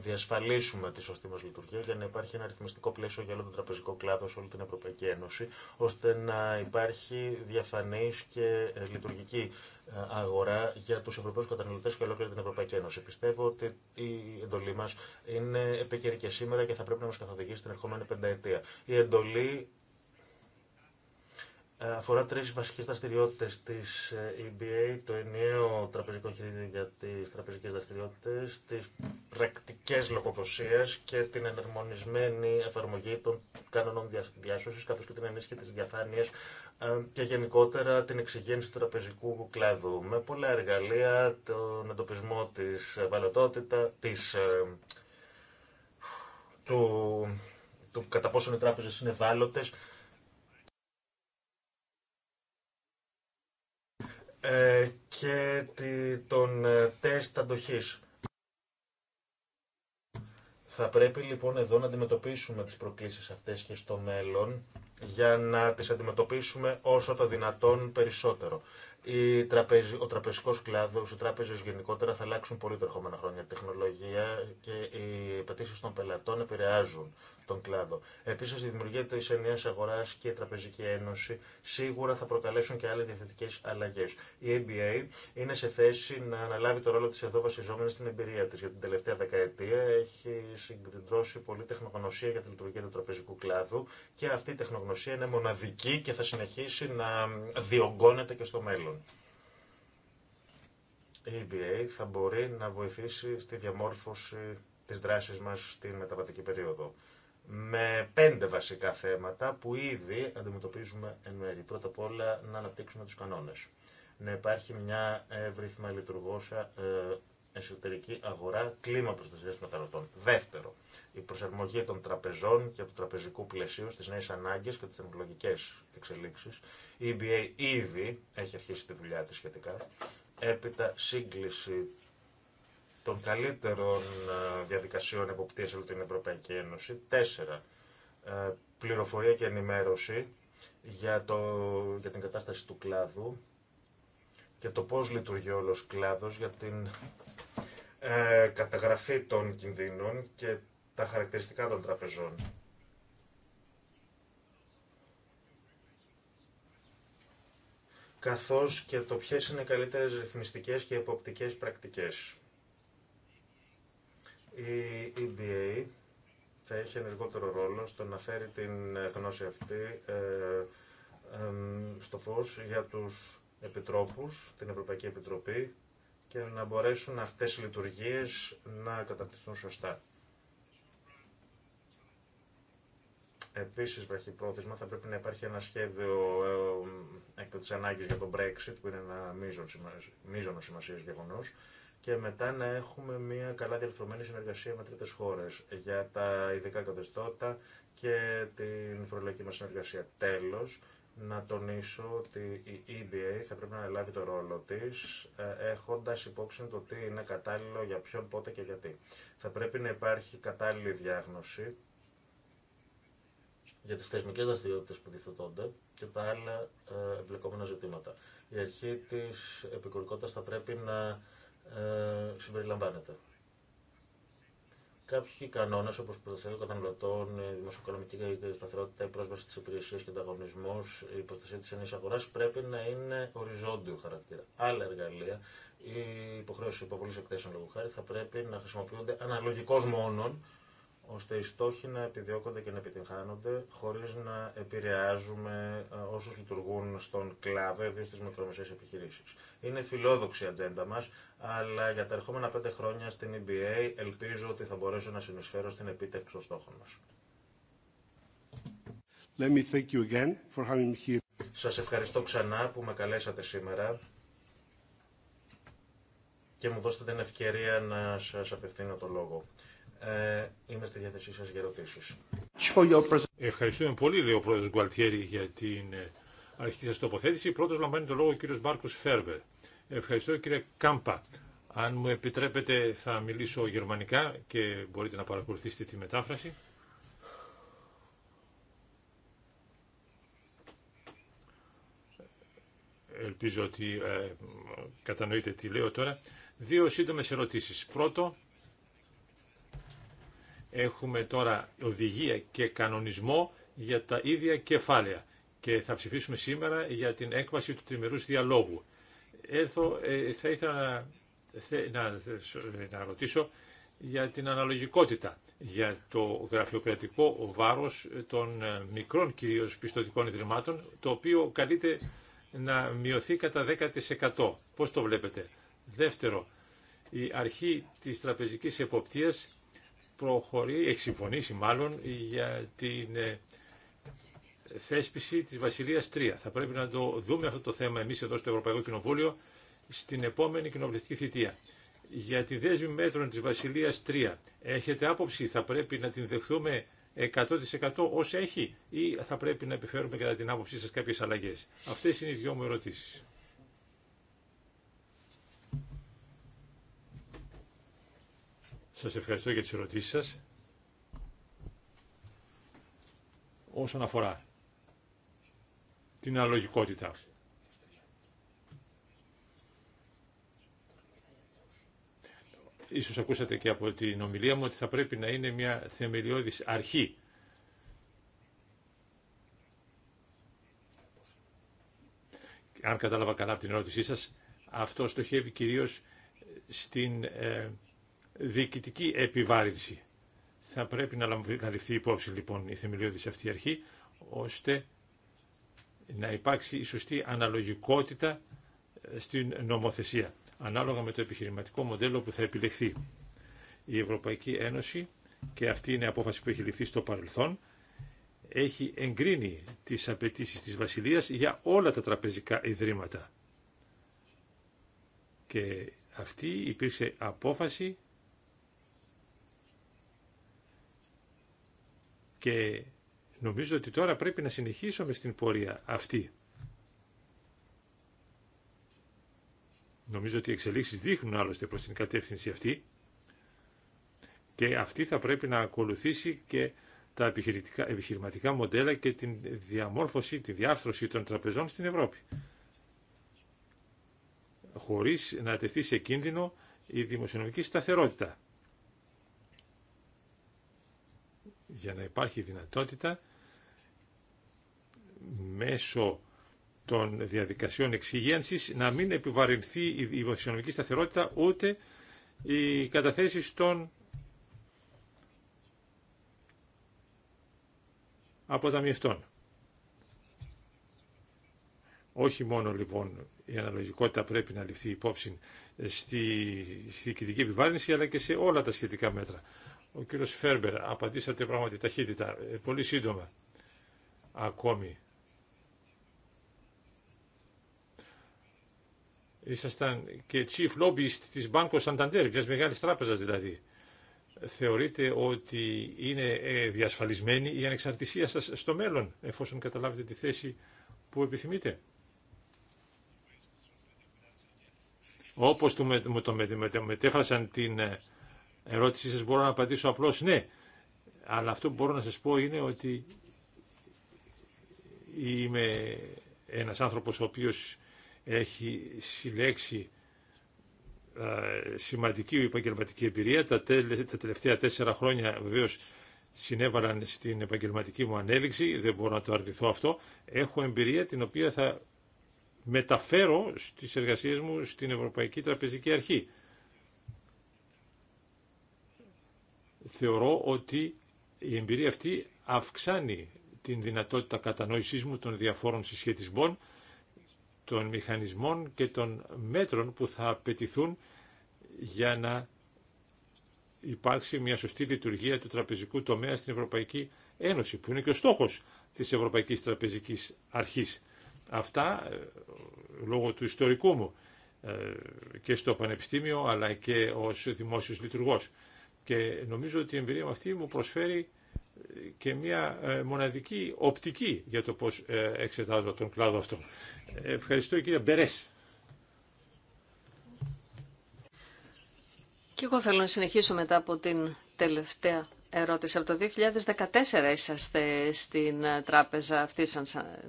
διασφαλίσουμε τη σωστή μα λειτουργία για να υπάρχει ένα αριθμιστικό πλαίσιο για όλο τον τραπεζικό κλάδο σε όλη την Ευρωπαϊκή Ένωση, ώστε να υπάρχει διαφανή και ε, λειτουργική ε, αγορά για του Ευρωπαίου καταναλωτέ και ολόκληρη την Ευρωπαϊκή Ένωση. Πιστεύω ότι η εντολή μα είναι επίκαιρη και σήμερα και θα πρέπει να μα καθοδηγήσει την ερχόμενη πενταετία. Η εντολή αφορά τρεις βασικές δραστηριότητε της ε, EBA, το ενιαίο τραπεζικό χειρίδιο για τις τραπεζικές δραστηριότητε, τις πρακτικές λογοδοσίες και την ενερμονισμένη εφαρμογή των κανονών διάσωσης, καθώς και την ενίσχυση της διαφάνειας ε, και γενικότερα την εξυγένση του τραπεζικού κλάδου με πολλά εργαλεία, τον εντοπισμό της βαλωτότητα, της, ε, του, κατά πόσων οι τράπεζες είναι βάλωτες, Ε, και τον ε, τεστ αντοχής. Θα πρέπει λοιπόν εδώ να αντιμετωπίσουμε τις προκλήσεις αυτές και στο μέλλον για να τις αντιμετωπίσουμε όσο το δυνατόν περισσότερο. οι τραπεζι, ο τραπεζικός κλάδος, οι τράπεζες γενικότερα θα αλλάξουν πολύ τα ερχόμενα χρόνια. τεχνολογία και οι πετήσεις των πελατών επηρεάζουν τον κλάδο. Επίση, η δημιουργία τη ενιαία αγορά και η Τραπεζική Ένωση σίγουρα θα προκαλέσουν και άλλε διαθετικέ αλλαγέ. Η ABA είναι σε θέση να αναλάβει το ρόλο τη εδώ βασιζόμενη στην εμπειρία τη. Για την τελευταία δεκαετία έχει συγκεντρώσει πολλή τεχνογνωσία για τη λειτουργία του τραπεζικού κλάδου και αυτή η τεχνογνωσία είναι μοναδική και θα συνεχίσει να διωγγώνεται και στο μέλλον. Η EBA θα μπορεί να βοηθήσει στη διαμόρφωση της δράσης μας στην μεταβατική περίοδο με πέντε βασικά θέματα που ήδη αντιμετωπίζουμε εν μέρη. Πρώτα απ' όλα να αναπτύξουμε τους κανόνες. Να υπάρχει μια εύρυθμα λειτουργώσα ε, εσωτερική αγορά κλίμα προστασία των καταναλωτών. Δεύτερο, η προσαρμογή των τραπεζών και του τραπεζικού πλαισίου στι νέε ανάγκε και τι τεχνολογικέ εξελίξει. Η EBA ήδη έχει αρχίσει τη δουλειά τη σχετικά. Έπειτα, σύγκληση των καλύτερων ε, διαδικασιών εποπτείας από την Ευρωπαϊκή Ένωση. Τέσσερα, ε, πληροφορία και ενημέρωση για, το, για την κατάσταση του κλάδου και το πώς λειτουργεί όλος ο κλάδος για την ε, καταγραφή των κινδύνων και τα χαρακτηριστικά των τραπεζών. καθώς και το ποιες είναι οι καλύτερες ρυθμιστικές και εποπτικές πρακτικές. Η EBA θα έχει ενεργότερο ρόλο στο να φέρει την γνώση αυτή ε, στο φως για τους επιτρόπους, την Ευρωπαϊκή Επιτροπή και να μπορέσουν αυτές οι λειτουργίες να καταπτυχθούν σωστά. Επίσης, βραχυπρόθεσμα, θα πρέπει να υπάρχει ένα σχέδιο ε, της ανάγκης για τον Brexit, που είναι ένα μείζονο σημασίας γεγονός, και μετά να έχουμε μια καλά διαρθρωμένη συνεργασία με τρίτες χώρες για τα ειδικά καθεστώτα και την φορολογική μας συνεργασία. Τέλος, να τονίσω ότι η EBA θα πρέπει να ελάβει το ρόλο της, ε, έχοντας υπόψη το τι είναι κατάλληλο για ποιον, πότε και γιατί. Θα πρέπει να υπάρχει κατάλληλη διάγνωση για τις θεσμικές δραστηριότητε που διθετώνται και τα άλλα ε, εμπλεκόμενα ζητήματα. Η αρχή της επικουρικότητας θα πρέπει να ε, συμπεριλαμβάνεται. Κάποιοι κανόνε όπω προστασία των καταναλωτών, η δημοσιοοικονομική σταθερότητα, η πρόσβαση τη υπηρεσια και ανταγωνισμό, η προστασία τη ενή αγορά πρέπει να είναι οριζόντιο χαρακτήρα. Άλλα εργαλεία, η υποχρέωση υποβολή εκθέσεων λόγω χάρη, θα πρέπει να χρησιμοποιούνται αναλογικώ μόνον ώστε οι στόχοι να επιδιώκονται και να επιτυγχάνονται χωρίς να επηρεάζουμε ε, όσους λειτουργούν στον κλάδο, ιδίω στις μικρομεσαίες επιχειρήσεις. Είναι φιλόδοξη η ατζέντα μας, αλλά για τα ερχόμενα πέντε χρόνια στην EBA ελπίζω ότι θα μπορέσω να συνεισφέρω στην επίτευξη των στόχων μας. Let me thank you again for having me here. Σας ευχαριστώ ξανά που με καλέσατε σήμερα και μου δώσετε την ευκαιρία να σας απευθύνω το λόγο. Ε, είμαι στη διάθεσή σας για ερωτήσεις. Ευχαριστούμε πολύ, λέει ο πρόεδρος Γκουαλτιέρη, για την ε, αρχική σας τοποθέτηση. Πρώτος λαμβάνει το λόγο ο κύριος Μπάρκος Φέρβερ. Ευχαριστώ κύριε Κάμπα. Αν μου επιτρέπετε θα μιλήσω γερμανικά και μπορείτε να παρακολουθήσετε τη μετάφραση. Ελπίζω ότι ε, κατανοείτε τι λέω τώρα. Δύο σύντομες ερωτήσεις. Πρώτο, Έχουμε τώρα οδηγία και κανονισμό για τα ίδια κεφάλαια και θα ψηφίσουμε σήμερα για την έκβαση του τριμερούς διαλόγου. Έρθω, ε, θα ήθελα να, ε, να, ρωτήσω για την αναλογικότητα, για το γραφειοκρατικό βάρος των ε, μικρών κυρίως πιστοτικών ιδρυμάτων, το οποίο καλείται να μειωθεί κατά 10%. Πώς το βλέπετε. Δεύτερο, η αρχή της τραπεζικής εποπτείας προχωρεί, έχει συμφωνήσει μάλλον για την ε, θέσπιση της Βασιλείας 3. Θα πρέπει να το δούμε αυτό το θέμα εμείς εδώ στο Ευρωπαϊκό Κοινοβούλιο στην επόμενη κοινοβουλευτική θητεία. Για τη δέσμη μέτρων της Βασιλείας 3 έχετε άποψη, θα πρέπει να την δεχθούμε 100% όσο έχει ή θα πρέπει να επιφέρουμε κατά την άποψή σας κάποιες αλλαγές. Αυτές είναι οι δυο μου ερωτήσεις. Σας ευχαριστώ για τις ερωτήσεις σας. Όσον αφορά την αλογικότητα. Ίσως ακούσατε και από την ομιλία μου ότι θα πρέπει να είναι μια θεμελιώδης αρχή αν κατάλαβα καλά από την ερώτησή σας, αυτό στοχεύει κυρίως στην ε, διοικητική επιβάρυνση. Θα πρέπει να ληφθεί υπόψη λοιπόν η θεμελιώδης αυτή η αρχή, ώστε να υπάρξει η σωστή αναλογικότητα ε, στην νομοθεσία, ανάλογα με το επιχειρηματικό μοντέλο που θα επιλεχθεί. Η Ευρωπαϊκή Ένωση, και αυτή είναι η απόφαση που έχει ληφθεί στο παρελθόν, έχει εγκρίνει τις απαιτήσει της Βασιλείας για όλα τα τραπεζικά ιδρύματα. Και αυτή υπήρξε απόφαση Και νομίζω ότι τώρα πρέπει να συνεχίσουμε στην πορεία αυτή. Νομίζω ότι οι εξελίξεις δείχνουν άλλωστε προς την κατεύθυνση αυτή και αυτή θα πρέπει να ακολουθήσει και τα επιχειρηματικά μοντέλα και την διαμόρφωση, τη διάρθρωση των τραπεζών στην Ευρώπη. Χωρίς να τεθεί σε κίνδυνο η δημοσιονομική σταθερότητα. για να υπάρχει δυνατότητα μέσω των διαδικασιών εξηγένσης να μην επιβαρυνθεί η δημοσιονομική σταθερότητα ούτε οι καταθέσεις των αποταμιευτών. Όχι μόνο λοιπόν η αναλογικότητα πρέπει να ληφθεί υπόψη στη, στη κοινωνική επιβάρυνση αλλά και σε όλα τα σχετικά μέτρα. Ο κύριος Φέρμπερ, απαντήσατε πράγματι ταχύτητα, ε, πολύ σύντομα ακόμη. Ήσασταν και chief lobbyist της Banco Santander, μιας μεγάλης τράπεζας δηλαδή. Θεωρείτε ότι είναι ε, διασφαλισμένη η ανεξαρτησία σας στο μέλλον, εφόσον καταλάβετε τη θέση που επιθυμείτε. Όπως το μετέφρασαν την ε, ερώτησή σας μπορώ να απαντήσω απλώς ναι. Αλλά αυτό που μπορώ να σας πω είναι ότι είμαι ένας άνθρωπος ο οποίος έχει συλλέξει ε, σημαντική επαγγελματική εμπειρία. Τα, τα τελευταία τέσσερα χρόνια βεβαίως συνέβαλαν στην επαγγελματική μου ανέλυξη, δεν μπορώ να το αρνηθώ αυτό. Έχω εμπειρία την οποία θα μεταφέρω στις εργασίες μου στην Ευρωπαϊκή Τραπεζική Αρχή. θεωρώ ότι η εμπειρία αυτή αυξάνει την δυνατότητα κατανόησής μου των διαφόρων συσχετισμών, των μηχανισμών και των μέτρων που θα απαιτηθούν για να υπάρξει μια σωστή λειτουργία του τραπεζικού τομέα στην Ευρωπαϊκή Ένωση, που είναι και ο στόχος της Ευρωπαϊκής Τραπεζικής Αρχής. Αυτά, ε, λόγω του ιστορικού μου ε, και στο Πανεπιστήμιο, αλλά και ως δημόσιος λειτουργός. Και νομίζω ότι η εμπειρία μου αυτή μου προσφέρει ε, και μια ε, μοναδική οπτική για το πώς ε, εξετάζω τον κλάδο αυτό. Ευχαριστώ κύριε Μπερές. Και εγώ θέλω να συνεχίσω μετά από την τελευταία ερώτηση. Από το 2014 είσαστε στην τράπεζα αυτή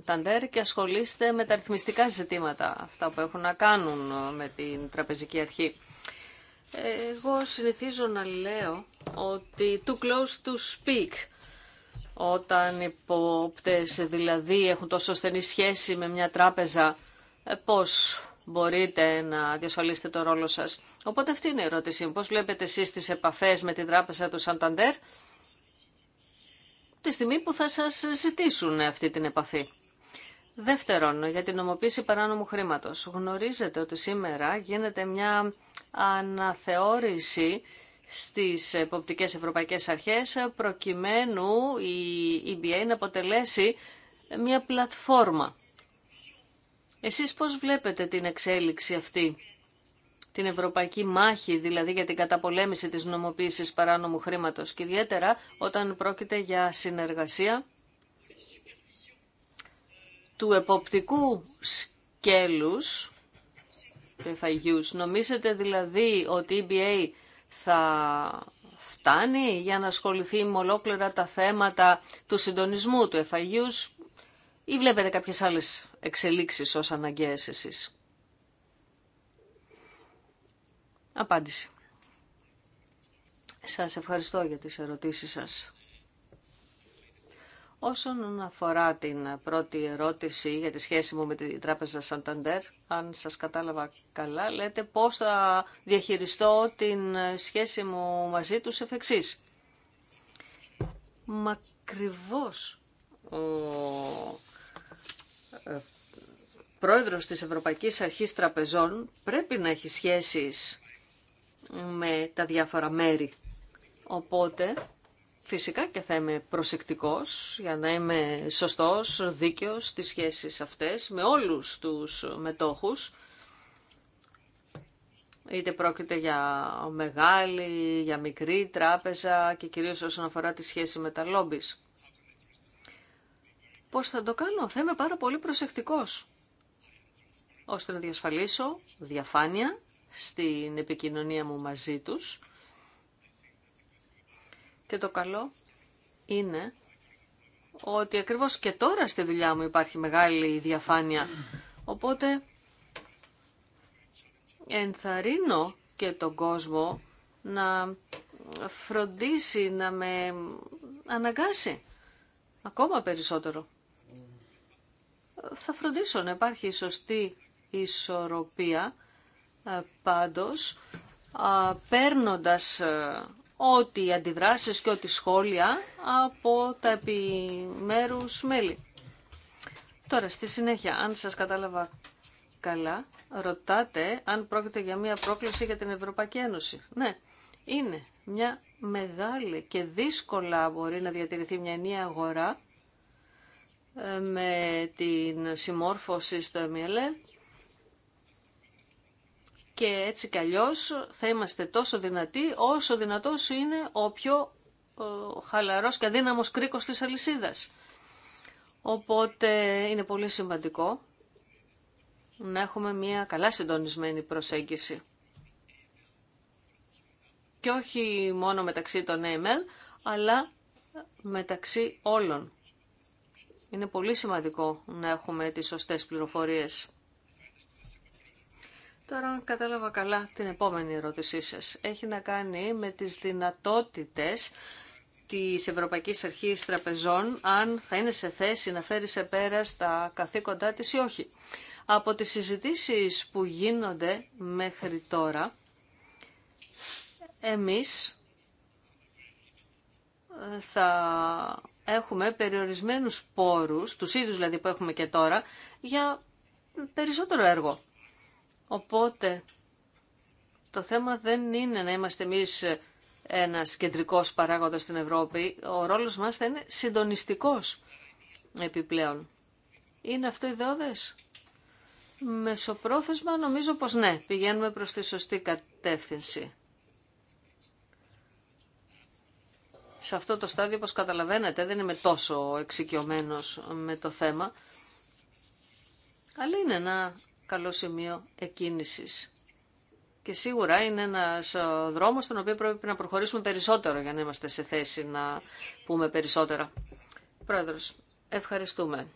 Ταντερ, και ασχολείστε με τα ρυθμιστικά ζητήματα, αυτά που έχουν να κάνουν με την τραπεζική αρχή. Εγώ συνηθίζω να λέω ότι too close to speak όταν οι υπόπτες δηλαδή έχουν τόσο στενή σχέση με μια τράπεζα ε, πώς μπορείτε να διασφαλίσετε το ρόλο σας. Οπότε αυτή είναι η ερώτησή Πώς βλέπετε εσείς τις επαφές με την τράπεζα του Σανταντέρ τη στιγμή που θα σας ζητήσουν αυτή την επαφή. Δεύτερον, για την νομοποίηση παράνομου χρήματος. Γνωρίζετε ότι σήμερα γίνεται μια αναθεώρηση στις εποπτικές ευρωπαϊκές αρχές προκειμένου η EBA να αποτελέσει μια πλατφόρμα. Εσείς πώς βλέπετε την εξέλιξη αυτή, την ευρωπαϊκή μάχη δηλαδή για την καταπολέμηση της νομοποίησης παράνομου χρήματος και ιδιαίτερα όταν πρόκειται για συνεργασία του εποπτικού σκέλους του FIUs. Νομίζετε δηλαδή ότι η EBA θα φτάνει για να ασχοληθεί με ολόκληρα τα θέματα του συντονισμού του FIUs ή βλέπετε κάποιες άλλες εξελίξεις ως αναγκαίες εσείς. Απάντηση. Σας ευχαριστώ για τις ερωτήσεις σας. Όσον αφορά την πρώτη ερώτηση για τη σχέση μου με την τράπεζα Σανταντέρ, αν σας κατάλαβα καλά, λέτε πώς θα διαχειριστώ την σχέση μου μαζί τους εφ' εξής. Μακριβώς ο ε, πρόεδρος της Ευρωπαϊκής Αρχής Τραπεζών πρέπει να έχει σχέσεις με τα διάφορα μέρη. Οπότε Φυσικά και θα είμαι προσεκτικός για να είμαι σωστός, δίκαιος στις σχέσεις αυτές με όλους τους μετόχους. Είτε πρόκειται για μεγάλη, για μικρή τράπεζα και κυρίως όσον αφορά τη σχέση με τα λόμπις. Πώς θα το κάνω, θα είμαι πάρα πολύ προσεκτικός, ώστε να διασφαλίσω διαφάνεια στην επικοινωνία μου μαζί τους και το καλό είναι ότι ακριβώς και τώρα στη δουλειά μου υπάρχει μεγάλη διαφάνεια. Οπότε ενθαρρύνω και τον κόσμο να φροντίσει, να με αναγκάσει ακόμα περισσότερο. Θα φροντίσω να υπάρχει σωστή ισορροπία ε, πάντως, παίρνοντας ε, ό,τι αντιδράσεις και ό,τι σχόλια από τα επιμέρους μέλη. Τώρα, στη συνέχεια, αν σας κατάλαβα καλά, ρωτάτε αν πρόκειται για μια πρόκληση για την Ευρωπαϊκή Ένωση. Ναι, είναι μια μεγάλη και δύσκολα μπορεί να διατηρηθεί μια ενιαία αγορά ε, με την συμμόρφωση στο ΕΜΕΛΕ και έτσι κι αλλιώς θα είμαστε τόσο δυνατοί όσο δυνατός είναι ο πιο χαλαρός και αδύναμος κρίκος της αλυσίδας. Οπότε είναι πολύ σημαντικό να έχουμε μια καλά συντονισμένη προσέγγιση. Και όχι μόνο μεταξύ των AML, αλλά μεταξύ όλων. Είναι πολύ σημαντικό να έχουμε τις σωστές πληροφορίες. Τώρα, κατάλαβα καλά την επόμενη ερώτησή σας, έχει να κάνει με τις δυνατότητες της Ευρωπαϊκής Αρχής Τραπεζών, αν θα είναι σε θέση να φέρει σε πέρα στα καθήκοντά της ή όχι. Από τις συζητήσεις που γίνονται μέχρι τώρα, εμείς ε, θα έχουμε περιορισμένους πόρους, τους ίδιους δηλαδή που έχουμε και τώρα, για περισσότερο έργο. Οπότε το θέμα δεν είναι να είμαστε εμείς ένας κεντρικός παράγοντας στην Ευρώπη. Ο ρόλος μας θα είναι συντονιστικός επιπλέον. Είναι αυτό ιδεώδες. Μεσοπρόθεσμα νομίζω πως ναι, πηγαίνουμε προς τη σωστή κατεύθυνση. Σε αυτό το στάδιο, όπως καταλαβαίνετε, δεν είμαι τόσο εξοικειωμένος με το θέμα, αλλά είναι ένα καλό σημείο εκκίνησης. Και σίγουρα είναι ένας ε, δρόμος στον οποίο πρέπει να προχωρήσουμε περισσότερο για να είμαστε σε θέση να πούμε περισσότερα. Πρόεδρος, ευχαριστούμε.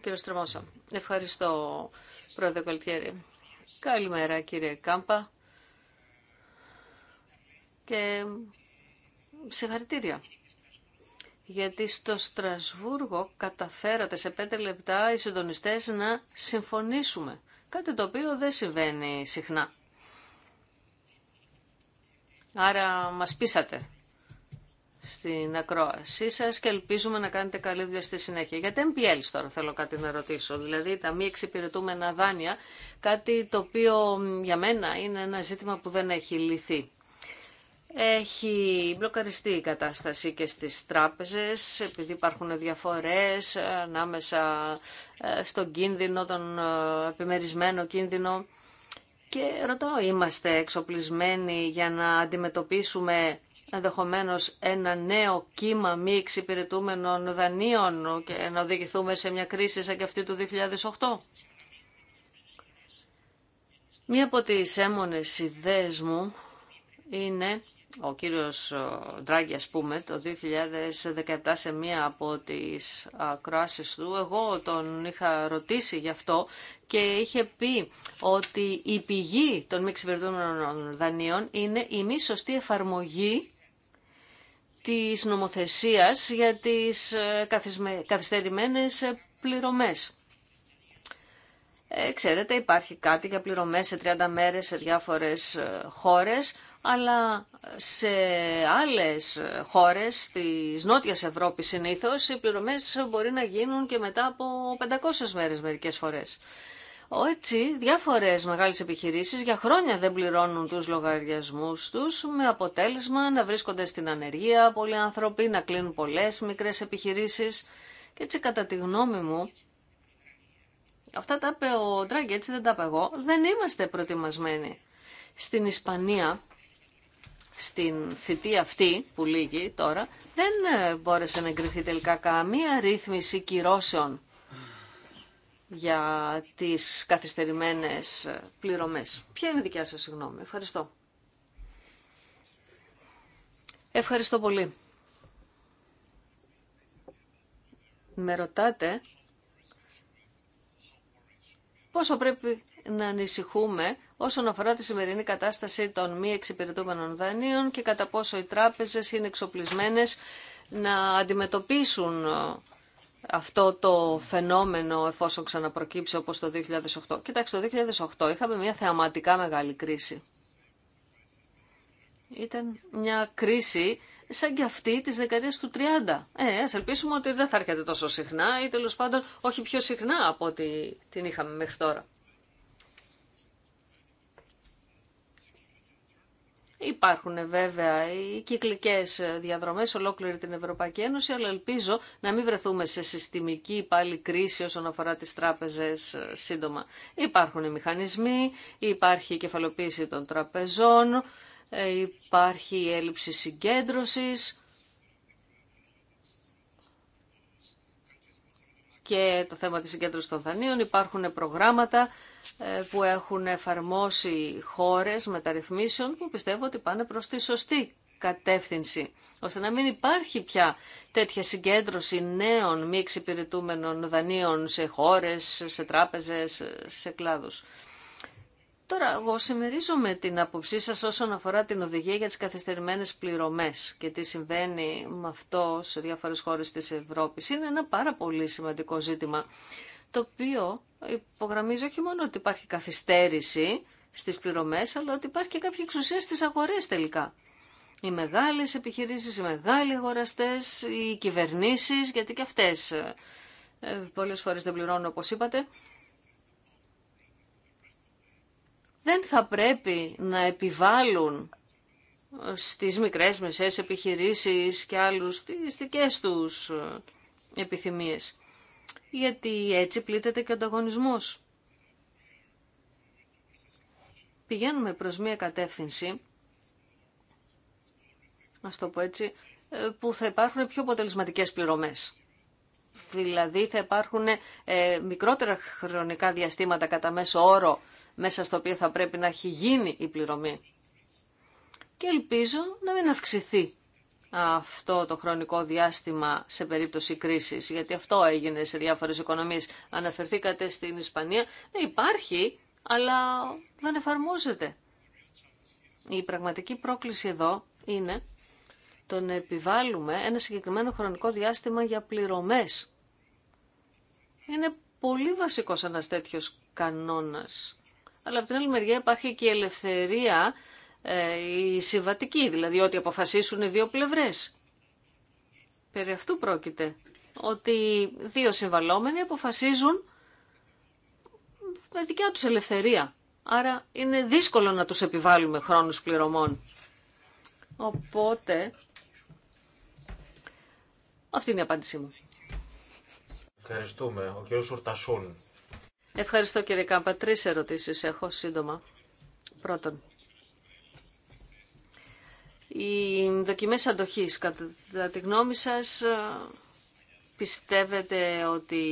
Κύριε Στρεμόσα, ευχαριστώ Πρόεδρε Καλτιέρη. Καλημέρα κύριε Κάμπα και συγχαρητήρια. Γιατί στο Στρασβούργο καταφέρατε σε πέντε λεπτά οι συντονιστές να συμφωνήσουμε κάτι το οποίο δεν συμβαίνει συχνά. Άρα μας πείσατε στην ακρόασή σα και ελπίζουμε να κάνετε καλή δουλειά στη συνέχεια. Για τα MPL τώρα θέλω κάτι να ρωτήσω, δηλαδή τα μη εξυπηρετούμενα δάνεια, κάτι το οποίο για μένα είναι ένα ζήτημα που δεν έχει λυθεί. Έχει μπλοκαριστεί η κατάσταση και στις τράπεζες επειδή υπάρχουν διαφορές ανάμεσα ε, στον κίνδυνο, τον ε, επιμερισμένο κίνδυνο. Και ρωτάω, είμαστε εξοπλισμένοι για να αντιμετωπίσουμε ενδεχομένω ένα νέο κύμα μη εξυπηρετούμενων δανείων και να οδηγηθούμε σε μια κρίση σαν και αυτή του 2008. Μία από τις έμονες ιδέες μου είναι ο κύριος Ντράγκη, ας πούμε, το 2017 σε μία από τις κράσεις του, εγώ τον είχα ρωτήσει γι' αυτό και είχε πει ότι η πηγή των μη ξυπηρετούμενων δανείων είναι η μη σωστή εφαρμογή της νομοθεσίας για τις ε, καθυστερημένες πληρωμές. Ε, ξέρετε, υπάρχει κάτι για πληρωμές σε 30 μέρες σε διάφορες ε, χώρες αλλά σε άλλες χώρες της Νότιας Ευρώπης συνήθως οι πληρωμές μπορεί να γίνουν και μετά από 500 μέρες μερικές φορές. Έτσι, διάφορες μεγάλες επιχειρήσεις για χρόνια δεν πληρώνουν τους λογαριασμούς τους, με αποτέλεσμα να βρίσκονται στην ανεργία πολλοί άνθρωποι, να κλείνουν πολλές μικρές επιχειρήσεις. Και έτσι, κατά τη γνώμη μου, αυτά τα είπε ο Ντράγκη, έτσι δεν τα είπα εγώ, δεν είμαστε προετοιμασμένοι. Στην Ισπανία, στην θητεία αυτή που λύγει τώρα, δεν ε, μπόρεσε να εγκριθεί τελικά καμία ρύθμιση κυρώσεων για τις καθυστερημένες ε, πληρωμές. Ποια είναι η δικιά σας γνώμη. Ευχαριστώ. Ευχαριστώ πολύ. Με ρωτάτε πόσο πρέπει να ανησυχούμε όσον αφορά τη σημερινή κατάσταση των μη εξυπηρετούμενων δανείων και κατά πόσο οι τράπεζες είναι εξοπλισμένες να αντιμετωπίσουν ε, αυτό το φαινόμενο εφόσον ξαναπροκύψει όπως το 2008. Κοιτάξτε, το 2008 είχαμε μια θεαματικά μεγάλη κρίση. Ήταν μια κρίση σαν και αυτή της δεκαετίας του 30. Ε, ας ελπίσουμε ότι δεν θα έρχεται τόσο συχνά ή τέλος πάντων όχι πιο συχνά από ό,τι την είχαμε μέχρι τώρα. Υπάρχουν βέβαια οι κυκλικές διαδρομές ολόκληρη την Ευρωπαϊκή Ένωση, αλλά ελπίζω να μην βρεθούμε σε συστημική πάλι κρίση όσον αφορά τι τράπεζες ε, σύντομα. Υπάρχουν οι μηχανισμοί, υπάρχει η κεφαλοποίηση των τραπεζών, ε, υπάρχει η έλλειψη συγκέντρωσης και το θέμα της συγκέντρωσης των δανείων. Υπάρχουν προγράμματα ε, που έχουν εφαρμόσει χώρες μεταρρυθμίσεων που πιστεύω ότι πάνε προς τη σωστή κατεύθυνση, ώστε να μην υπάρχει πια τέτοια συγκέντρωση νέων μη εξυπηρετούμενων δανείων σε χώρες, σε τράπεζες, σε κλάδους. Τώρα, εγώ συμμερίζομαι την άποψή σας όσον αφορά την οδηγία για τις καθυστερημένες πληρωμές και τι συμβαίνει με αυτό σε διάφορες χώρες της Ευρώπης. Είναι ένα πάρα πολύ σημαντικό ζήτημα, το οποίο υπογραμμίζω όχι μόνο ότι υπάρχει καθυστέρηση στις πληρωμές, αλλά ότι υπάρχει και κάποια εξουσία στις αγορές τελικά. Οι μεγάλες επιχειρήσεις, οι μεγάλοι αγοραστές, οι κυβερνήσεις, γιατί και αυτές ε, ε, πολλές φορές δεν πληρώνουν όπως είπατε, δεν θα πρέπει να επιβάλλουν ε, στις μικρές μεσές επιχειρήσεις και άλλους τις δικές τους επιθυμίες γιατί έτσι πλήττεται και ο ανταγωνισμός. Πηγαίνουμε προς μία κατεύθυνση, να το πω έτσι, ε, που θα υπάρχουν πιο αποτελεσματικές πληρωμές. Δηλαδή θα υπάρχουν ε, μικρότερα χρονικά διαστήματα κατά μέσο όρο μέσα στο οποίο θα πρέπει να έχει γίνει η πληρωμή. Και ελπίζω να μην αυξηθεί αυτό το χρονικό διάστημα σε περίπτωση κρίσης, γιατί αυτό έγινε σε διάφορες οικονομίες. Αναφερθήκατε στην Ισπανία. Ναι, υπάρχει, αλλά δεν εφαρμόζεται. Η πραγματική πρόκληση εδώ είναι το να επιβάλλουμε ένα συγκεκριμένο χρονικό διάστημα για πληρωμές. Είναι πολύ βασικός ένας τέτοιος κανόνας. Αλλά από την άλλη μεριά υπάρχει και η ελευθερία η ε, συμβατική, δηλαδή ότι αποφασίσουν οι δύο πλευρές. Περί αυτού πρόκειται, ότι δύο συμβαλόμενοι αποφασίζουν με δικιά τους ελευθερία. Άρα είναι δύσκολο να τους επιβάλλουμε χρόνους πληρωμών. Οπότε, αυτή είναι η απάντησή μου. Ευχαριστούμε. Ο κύριος Σουρτασούν. Ευχαριστώ κύριε Κάμπα. Τρεις ερωτήσεις έχω σύντομα. Πρώτον, οι δοκιμές αντοχής, κατά τη γνώμη σας, ε, πιστεύετε ότι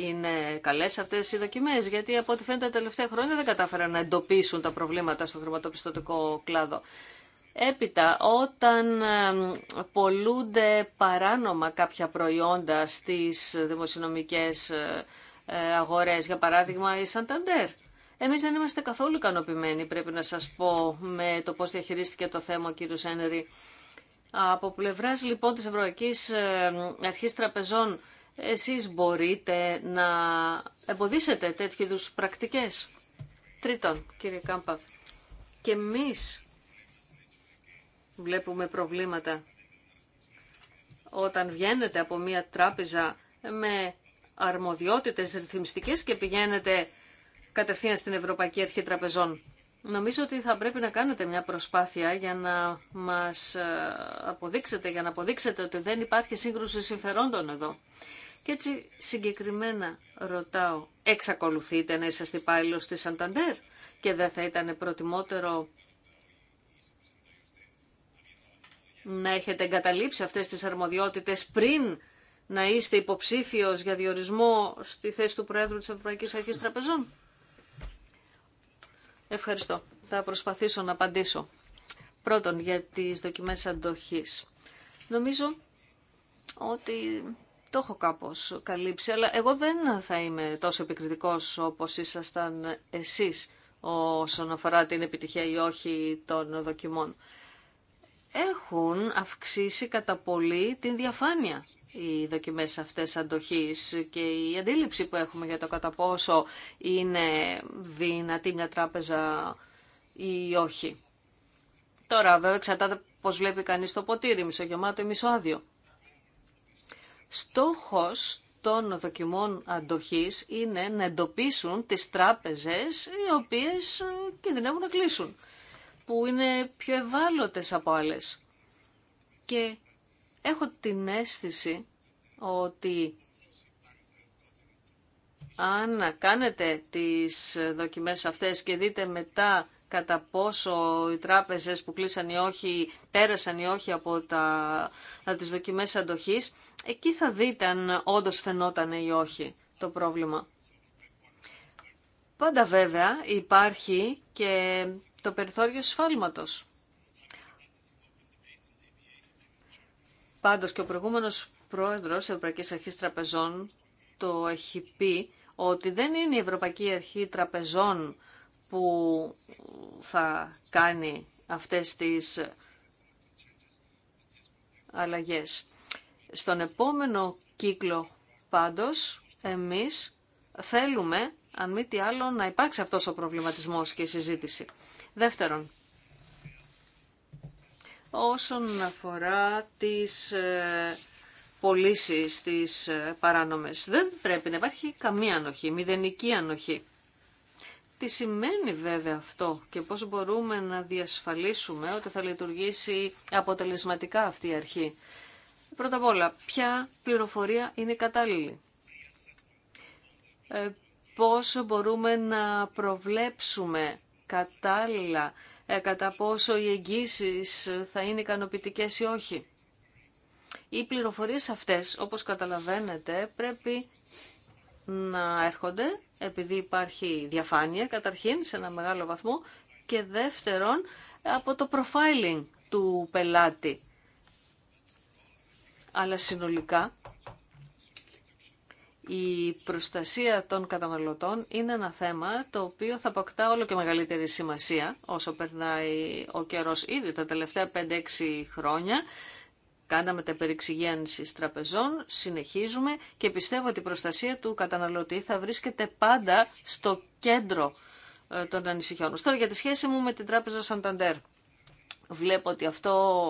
είναι καλές αυτές οι δοκιμές, γιατί από ό,τι φαίνεται τα τελευταία χρόνια δεν κατάφεραν να εντοπίσουν τα προβλήματα στο χρηματοπιστωτικό κλάδο. Έπειτα, όταν ε, πολλούνται παράνομα κάποια προϊόντα στις δημοσιονομικές ε, αγορές, για παράδειγμα η Σανταντέρ, εμείς δεν είμαστε καθόλου ικανοποιημένοι, πρέπει να σας πω, με το πώς διαχειρίστηκε το θέμα ο κύριος Ένερη. Από πλευράς λοιπόν της Ευρωπαϊκής ε, Αρχής Τραπεζών, εσείς μπορείτε να εμποδίσετε τέτοιου είδου πρακτικές. Τρίτον, κύριε Κάμπα, και εμείς βλέπουμε προβλήματα όταν βγαίνετε από μια τράπεζα με αρμοδιότητες ρυθμιστικές και πηγαίνετε κατευθείαν στην Ευρωπαϊκή Αρχή Τραπεζών. Νομίζω ότι θα πρέπει να κάνετε μια προσπάθεια για να μας ε, αποδείξετε, για να αποδείξετε ότι δεν υπάρχει σύγκρουση συμφερόντων εδώ. Και έτσι συγκεκριμένα ρωτάω, εξακολουθείτε να είσαστε υπάλληλο στη Σανταντέρ και δεν θα ήταν προτιμότερο να έχετε εγκαταλείψει αυτές τις αρμοδιότητες πριν να είστε υποψήφιος για διορισμό στη θέση του Πρόεδρου της Ευρωπαϊκής Αρχής Τραπεζών. Ευχαριστώ. Θα προσπαθήσω να απαντήσω. Πρώτον, για τις δοκιμές αντοχής. Νομίζω ότι το έχω κάπως καλύψει, αλλά εγώ δεν θα είμαι τόσο επικριτικός όπως ήσασταν εσείς όσον αφορά την επιτυχία ή όχι των δοκιμών έχουν αυξήσει κατά πολύ την διαφάνεια οι δοκιμές αυτές αντοχής και η αντίληψη που έχουμε για το κατά πόσο είναι δυνατή μια τράπεζα ή όχι. Τώρα βέβαια εξαρτάται πώς βλέπει κανείς το ποτήρι, μισογεμάτο ή μισοάδιο. Στόχος των δοκιμών αντοχής είναι να εντοπίσουν τις τράπεζες οι οποίες κινδυνεύουν να κλείσουν που είναι πιο ευάλωτες από άλλες. Και έχω την αίσθηση ότι αν κάνετε τις δοκιμές αυτές και δείτε μετά κατά πόσο οι τράπεζες που κλείσαν ή όχι, πέρασαν ή όχι από τα, από τις δοκιμές αντοχής, εκεί θα δείτε αν όντως φαινόταν ή όχι το πρόβλημα. Πάντα βέβαια υπάρχει και το περιθώριο σφάλματος. Πάντως και ο προηγούμενος πρόεδρος της Ευρωπαϊκής Αρχής Τραπεζών το έχει πει ότι δεν είναι η Ευρωπαϊκή Αρχή Τραπεζών που θα κάνει αυτές τις αλλαγές. Στον επόμενο κύκλο πάντως εμείς θέλουμε αν μη τι άλλο να υπάρξει αυτός ο προβληματισμός και η συζήτηση. Δεύτερον, όσον αφορά τις ε, πωλήσει τις ε, παράνομες, δεν πρέπει να υπάρχει καμία ανοχή, μηδενική ανοχή. Τι σημαίνει βέβαια αυτό και πώς μπορούμε να διασφαλίσουμε ότι θα λειτουργήσει αποτελεσματικά αυτή η αρχή. Πρώτα απ' όλα, ποια πληροφορία είναι κατάλληλη. Ε, πώς μπορούμε να προβλέψουμε κατάλληλα, ε, κατά πόσο οι εγγύσει θα είναι ικανοποιητικέ ή όχι. Οι πληροφορίες αυτές, όπως καταλαβαίνετε, πρέπει να έρχονται επειδή υπάρχει διαφάνεια καταρχήν σε ένα μεγάλο βαθμό και δεύτερον από το profiling του πελάτη. Αλλά συνολικά η προστασία των καταναλωτών είναι ένα θέμα το οποίο θα αποκτά όλο και μεγαλύτερη σημασία όσο περνάει ο καιρός ήδη τα τελευταία 5-6 χρόνια. Κάναμε τα περιξηγένση τραπεζών, συνεχίζουμε και πιστεύω ότι η προστασία του καταναλωτή θα βρίσκεται πάντα στο κέντρο ε, των ανησυχιών Τώρα για τη σχέση μου με την τράπεζα Σανταντέρ. Βλέπω ότι αυτό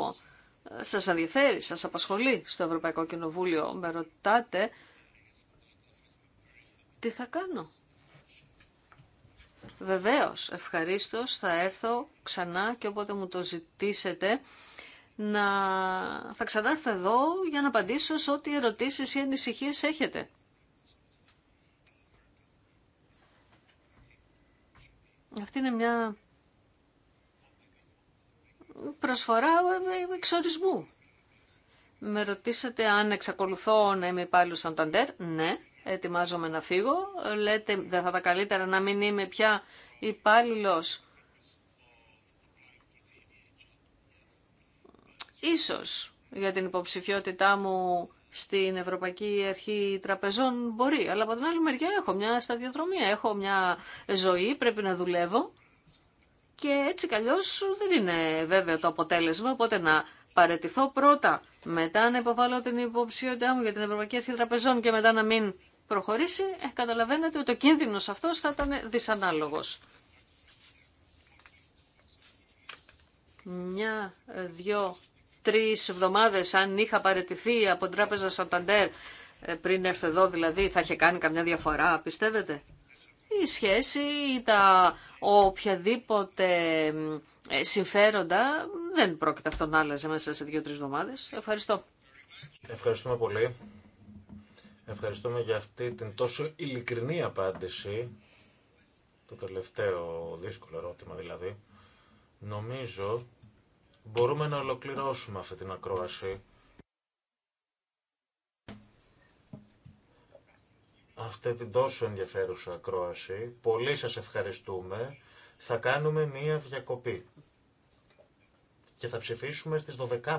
ε, σας ενδιαφέρει, σας απασχολεί στο Ευρωπαϊκό Κοινοβούλιο. Με ρωτάτε τι θα κάνω. Βεβαίως, ευχαρίστως, θα έρθω ξανά και όποτε μου το ζητήσετε να θα ξανάρθω εδώ για να απαντήσω σε ό,τι ερωτήσεις ή ανησυχίες έχετε. Αυτή είναι μια προσφορά εξορισμού. Με ρωτήσατε αν εξακολουθώ να είμαι υπάλληλος Ταντερ. Ναι, ετοιμάζομαι να φύγω. Λέτε, δεν θα τα καλύτερα να μην είμαι πια υπάλληλο. Ίσως για την υποψηφιότητά μου στην Ευρωπαϊκή Αρχή Τραπεζών μπορεί, αλλά από την άλλη μεριά έχω μια σταδιοδρομία, έχω μια ζωή, πρέπει να δουλεύω και έτσι καλλιώς δεν είναι βέβαιο το αποτέλεσμα, οπότε να παρετηθώ πρώτα, μετά να υποβάλω την υποψηφιότητά μου για την Ευρωπαϊκή Αρχή Τραπεζών και μετά να μην προχωρήσει, ε, καταλαβαίνετε ότι ο κίνδυνος αυτός θα ήταν δυσανάλογος. Μια, ε, δυο, τρεις εβδομάδες αν είχα παραιτηθεί από την τράπεζα Σανταντέρ ε, πριν έρθω εδώ δηλαδή θα είχε κάνει καμιά διαφορά, πιστεύετε. Η σχέση ή τα οποιαδήποτε ε, συμφέροντα δεν πρόκειται αυτό να άλλαζε μέσα σε δύο-τρεις εβδομάδες. Ευχαριστώ. Ευχαριστούμε πολύ. Ευχαριστούμε για αυτή την τόσο ειλικρινή απάντηση, το τελευταίο δύσκολο ερώτημα δηλαδή. Νομίζω μπορούμε να ολοκληρώσουμε αυτή την ακρόαση. Αυτή την τόσο ενδιαφέρουσα ακρόαση. Πολύ σας ευχαριστούμε. Θα κάνουμε μία διακοπή και θα ψηφίσουμε στις 12.30.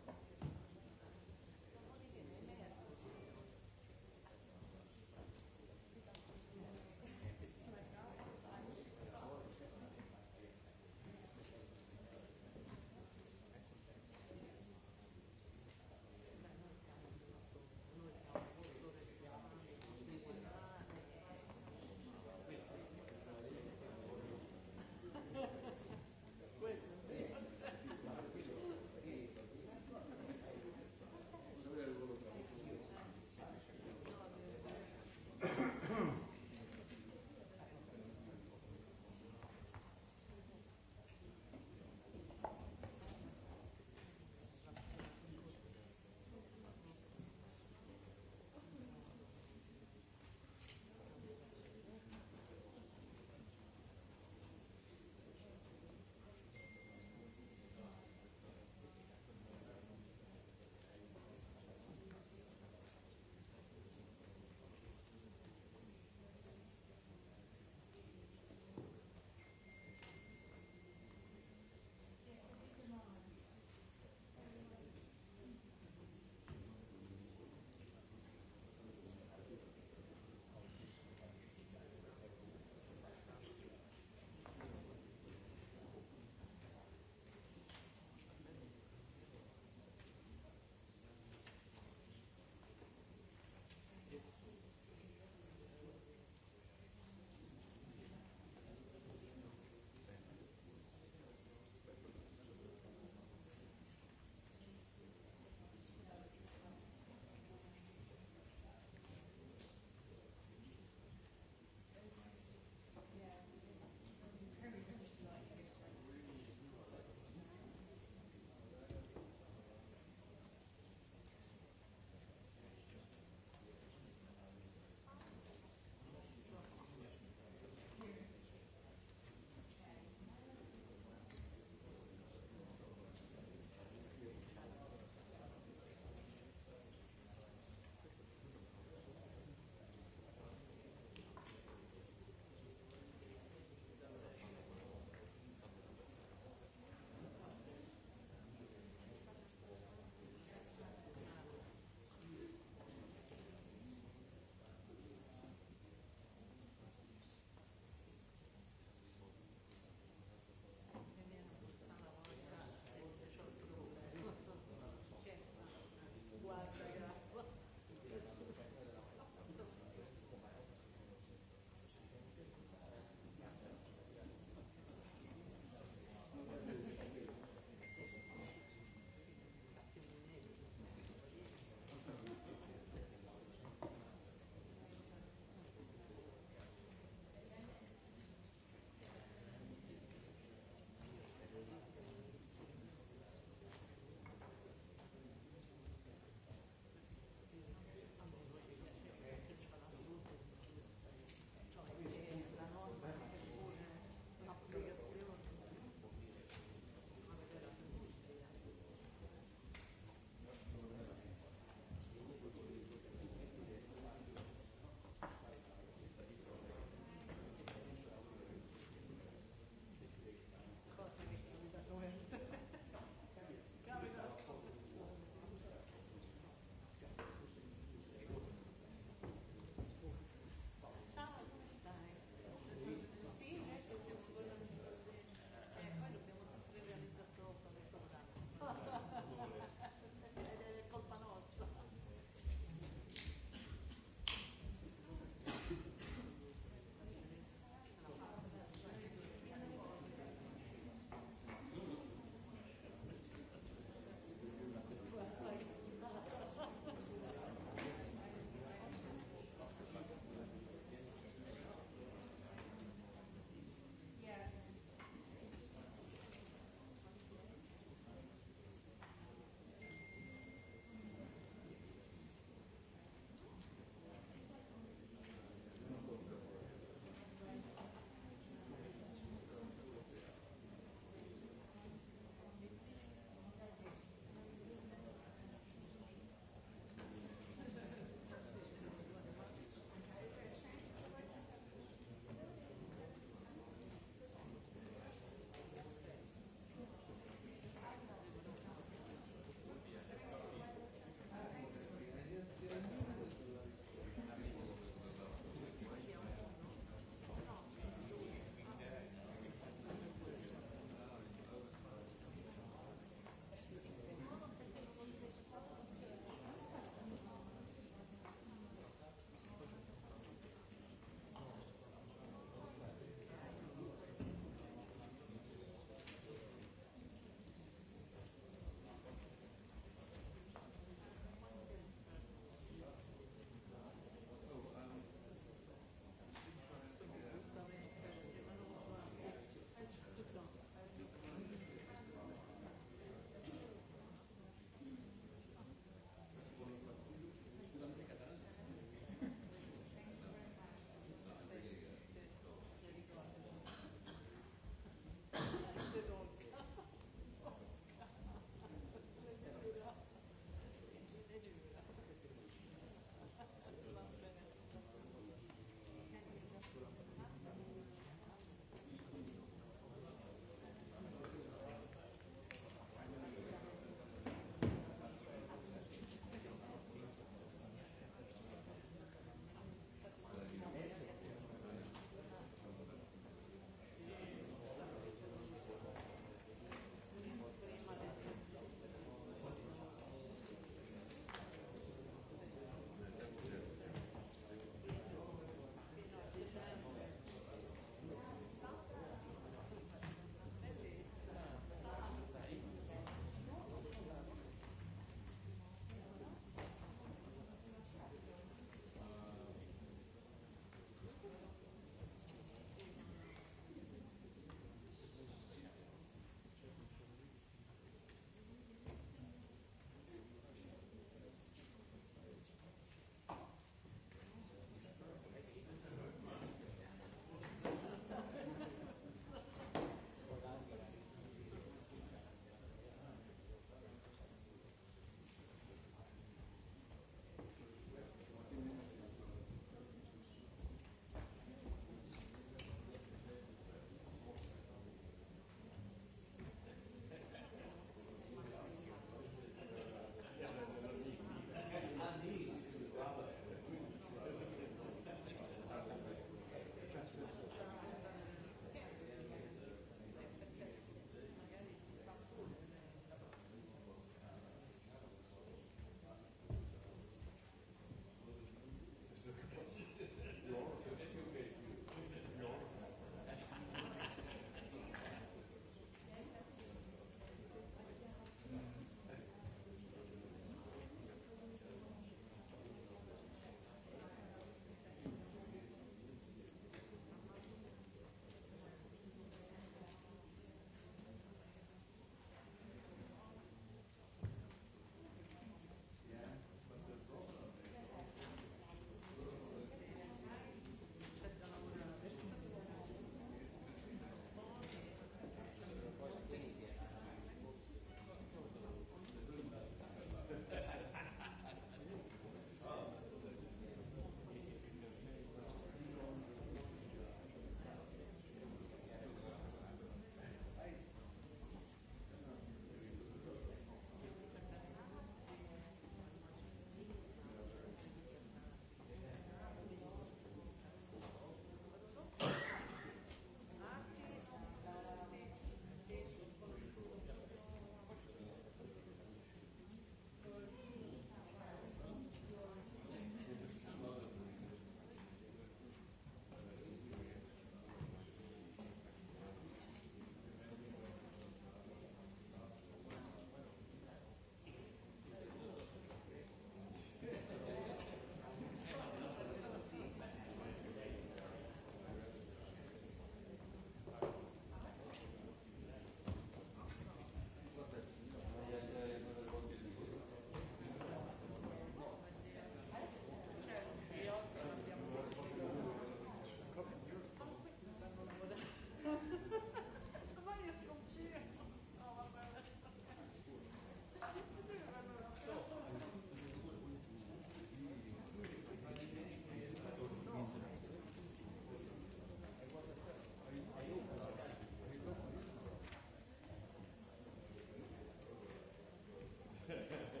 Υπότιτλοι AUTHORWAVE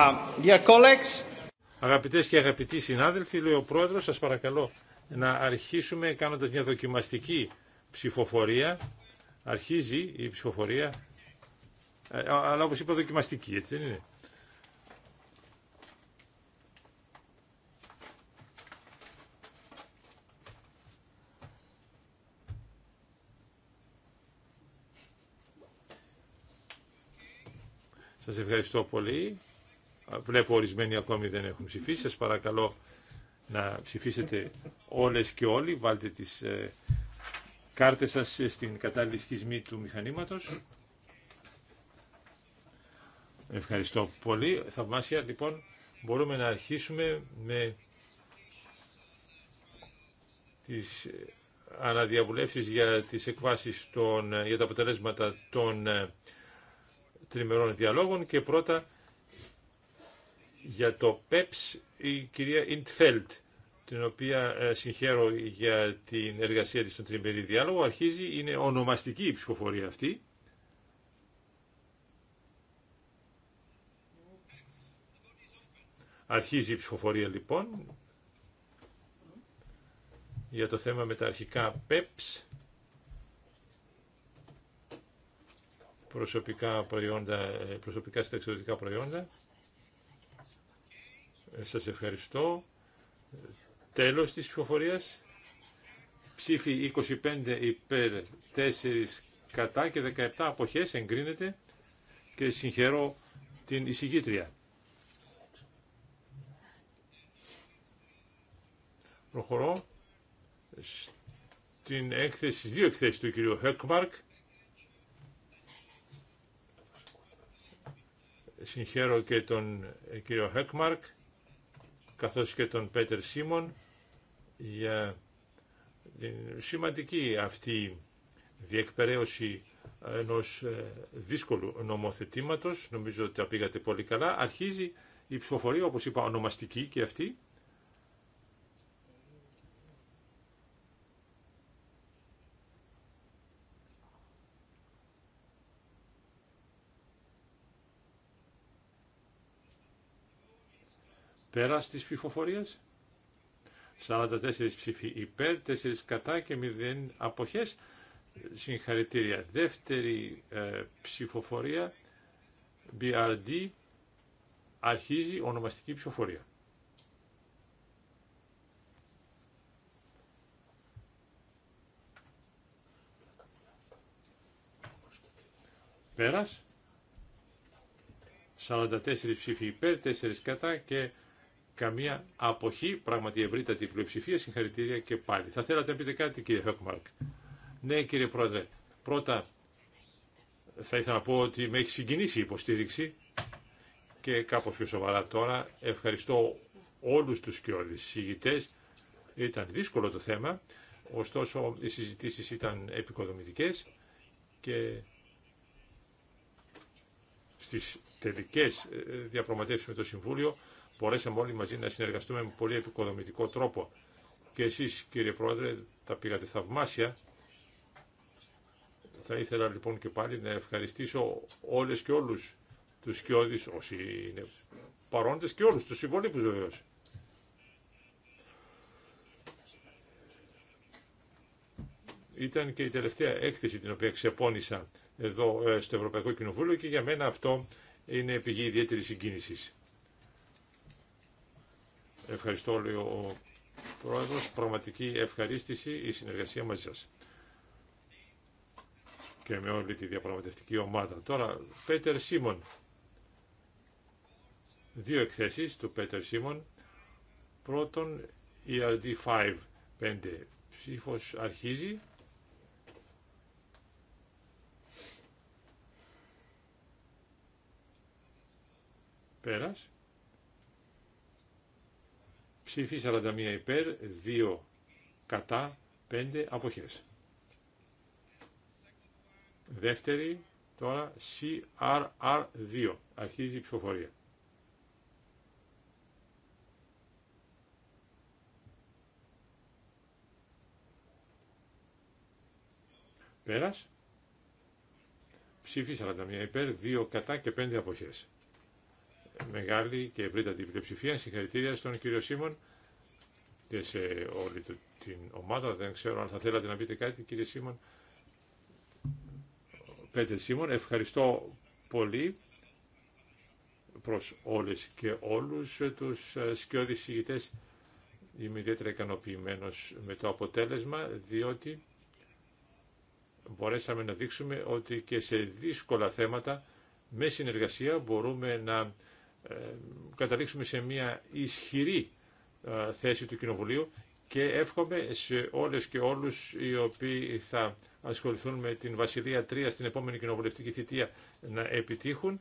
Αγαπητέ Αγαπητές και αγαπητοί συνάδελφοι, λέει ο Πρόεδρος, σας παρακαλώ να αρχίσουμε κάνοντας μια δοκιμαστική ψηφοφορία. Αρχίζει η ψηφοφορία, ε, αλλά όπως είπα δοκιμαστική, έτσι δεν είναι. Σας ευχαριστώ πολύ. Βλέπω ορισμένοι ακόμη δεν έχουν ψηφίσει. Σας παρακαλώ να ψηφίσετε όλες και όλοι. Βάλτε τις ε, κάρτες σας στην κατάλληλη σχισμή του μηχανήματος. Ευχαριστώ πολύ. Θαυμάσια. Λοιπόν, μπορούμε να αρχίσουμε με τις ε, αναδιαβουλεύσεις για τις εκβάσεις των, ε, για τα αποτελέσματα των ε, τριμερών διαλόγων και πρώτα για το ΠΕΠΣ e η κυρία Ιντφέλτ, την οποία ε, συγχαίρω για την εργασία της στον τριμερή διάλογο, αρχίζει, είναι ονομαστική η ψηφοφορία αυτή. Αρχίζει η ψηφοφορία λοιπόν για το θέμα με τα αρχικά PEPS, προσωπικά προϊόντα, ε, προσωπικά συνταξιδοτικά προϊόντα. Σας ευχαριστώ. Τέλος της ψηφοφορίας. Ψήφι 25 υπέρ 4 κατά και 17 αποχές εγκρίνεται και συγχαίρω την εισηγήτρια. Προχωρώ στην έκθεση, στις δύο εκθέσεις του κυρίου Χέκμαρκ. Συγχαίρω και τον κύριο Χέκμαρκ καθώς και τον Πέτερ Σίμων για την σημαντική αυτή διεκπαιρέωση ενός ε, δύσκολου νομοθετήματος. Νομίζω ότι τα πήγατε πολύ καλά. Αρχίζει η ψηφοφορία, όπως είπα, ονομαστική και αυτή. Πέρα της ψηφοφορίας. 44 ψήφοι υπέρ, 4 κατά και 0 αποχές. Συγχαρητήρια. Δεύτερη ε, ψηφοφορία, BRD, αρχίζει ονομαστική ψηφοφορία. Πέρας. 44 ψήφοι υπέρ, 4 κατά και καμία αποχή, πράγματι ευρύτατη πλειοψηφία, συγχαρητήρια και πάλι. Θα θέλατε να πείτε κάτι κύριε Χέκμαρκ. Ναι κύριε Πρόεδρε, πρώτα θα ήθελα να πω ότι με έχει συγκινήσει η υποστήριξη και κάπω πιο σοβαρά τώρα. Ευχαριστώ όλους τους και ηγητές. Ήταν δύσκολο το θέμα, ωστόσο οι συζητήσεις ήταν επικοδομητικές και στις τελικές ε, διαπραγματεύσεις με το Συμβούλιο μπορέσαμε όλοι μαζί να συνεργαστούμε με πολύ επικοδομητικό τρόπο. Και εσείς κύριε Πρόεδρε τα πήγατε θαυμάσια. Θα ήθελα λοιπόν και πάλι να ευχαριστήσω όλες και όλους τους σκιώδεις, όσοι είναι παρόντες και όλους τους υπολείπους βεβαίως. Ήταν και η τελευταία έκθεση την οποία ξεπώνησα εδώ ε, στο Ευρωπαϊκό Κοινοβούλιο και για μένα αυτό είναι πηγή ιδιαίτερη συγκίνησης. Ευχαριστώ, λέει ο Πρόεδρος. Πραγματική ευχαρίστηση η συνεργασία μαζί σας και με όλη τη διαπραγματευτική ομάδα. Τώρα, Πέτερ Σίμον. Δύο εκθέσεις του Πέτερ Σίμον. Πρώτον, ERD5, 5 ψήφος αρχίζει. Πέρας ψήφι 41 υπέρ, 2 κατά, 5 αποχές. Δεύτερη, τώρα CRR2, αρχίζει η ψηφοφορία. Πέρας, ψήφι 41 υπέρ, 2 κατά και 5 αποχές μεγάλη και ευρύτατη πλειοψηφία. Συγχαρητήρια στον κύριο Σίμων και σε όλη την ομάδα. Δεν ξέρω αν θα θέλατε να πείτε κάτι, κύριε Σίμων. Πέτερ Σίμων, ευχαριστώ πολύ προς όλες και όλους τους ε, σκιώδης συγητές. Είμαι ιδιαίτερα ικανοποιημένο με το αποτέλεσμα, διότι μπορέσαμε να δείξουμε ότι και σε δύσκολα θέματα με συνεργασία μπορούμε να ε, καταλήξουμε σε μια ισχυρή ε, θέση του Κοινοβουλίου και εύχομαι σε όλες και όλους οι οποίοι θα ασχοληθούν με την Βασιλεία 3 στην επόμενη κοινοβουλευτική θητεία να επιτύχουν.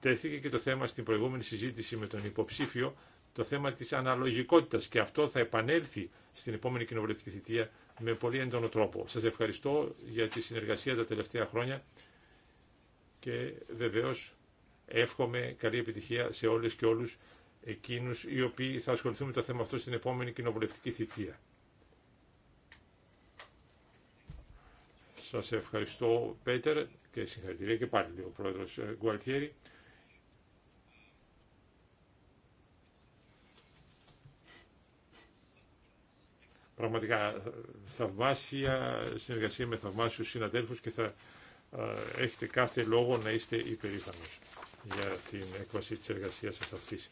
Τέθηκε και το θέμα στην προηγούμενη συζήτηση με τον υποψήφιο, το θέμα της αναλογικότητας και αυτό θα επανέλθει στην επόμενη κοινοβουλευτική θητεία με πολύ έντονο τρόπο. Σας ευχαριστώ για τη συνεργασία τα τελευταία χρόνια και βεβαίως Εύχομαι καλή επιτυχία σε όλε και όλου εκείνου οι οποίοι θα ασχοληθούν με το θέμα αυτό στην επόμενη κοινοβουλευτική θητεία. Σα ευχαριστώ Πέτερ και συγχαρητήρια και πάλι ο πρόεδρο ε, Γκουαλτιέρη. Πραγματικά θαυμάσια συνεργασία με θαυμάσιους συναδέλφους και θα ε, έχετε κάθε λόγο να είστε υπερήφανος για την έκβαση της εργασίας σας αυτής.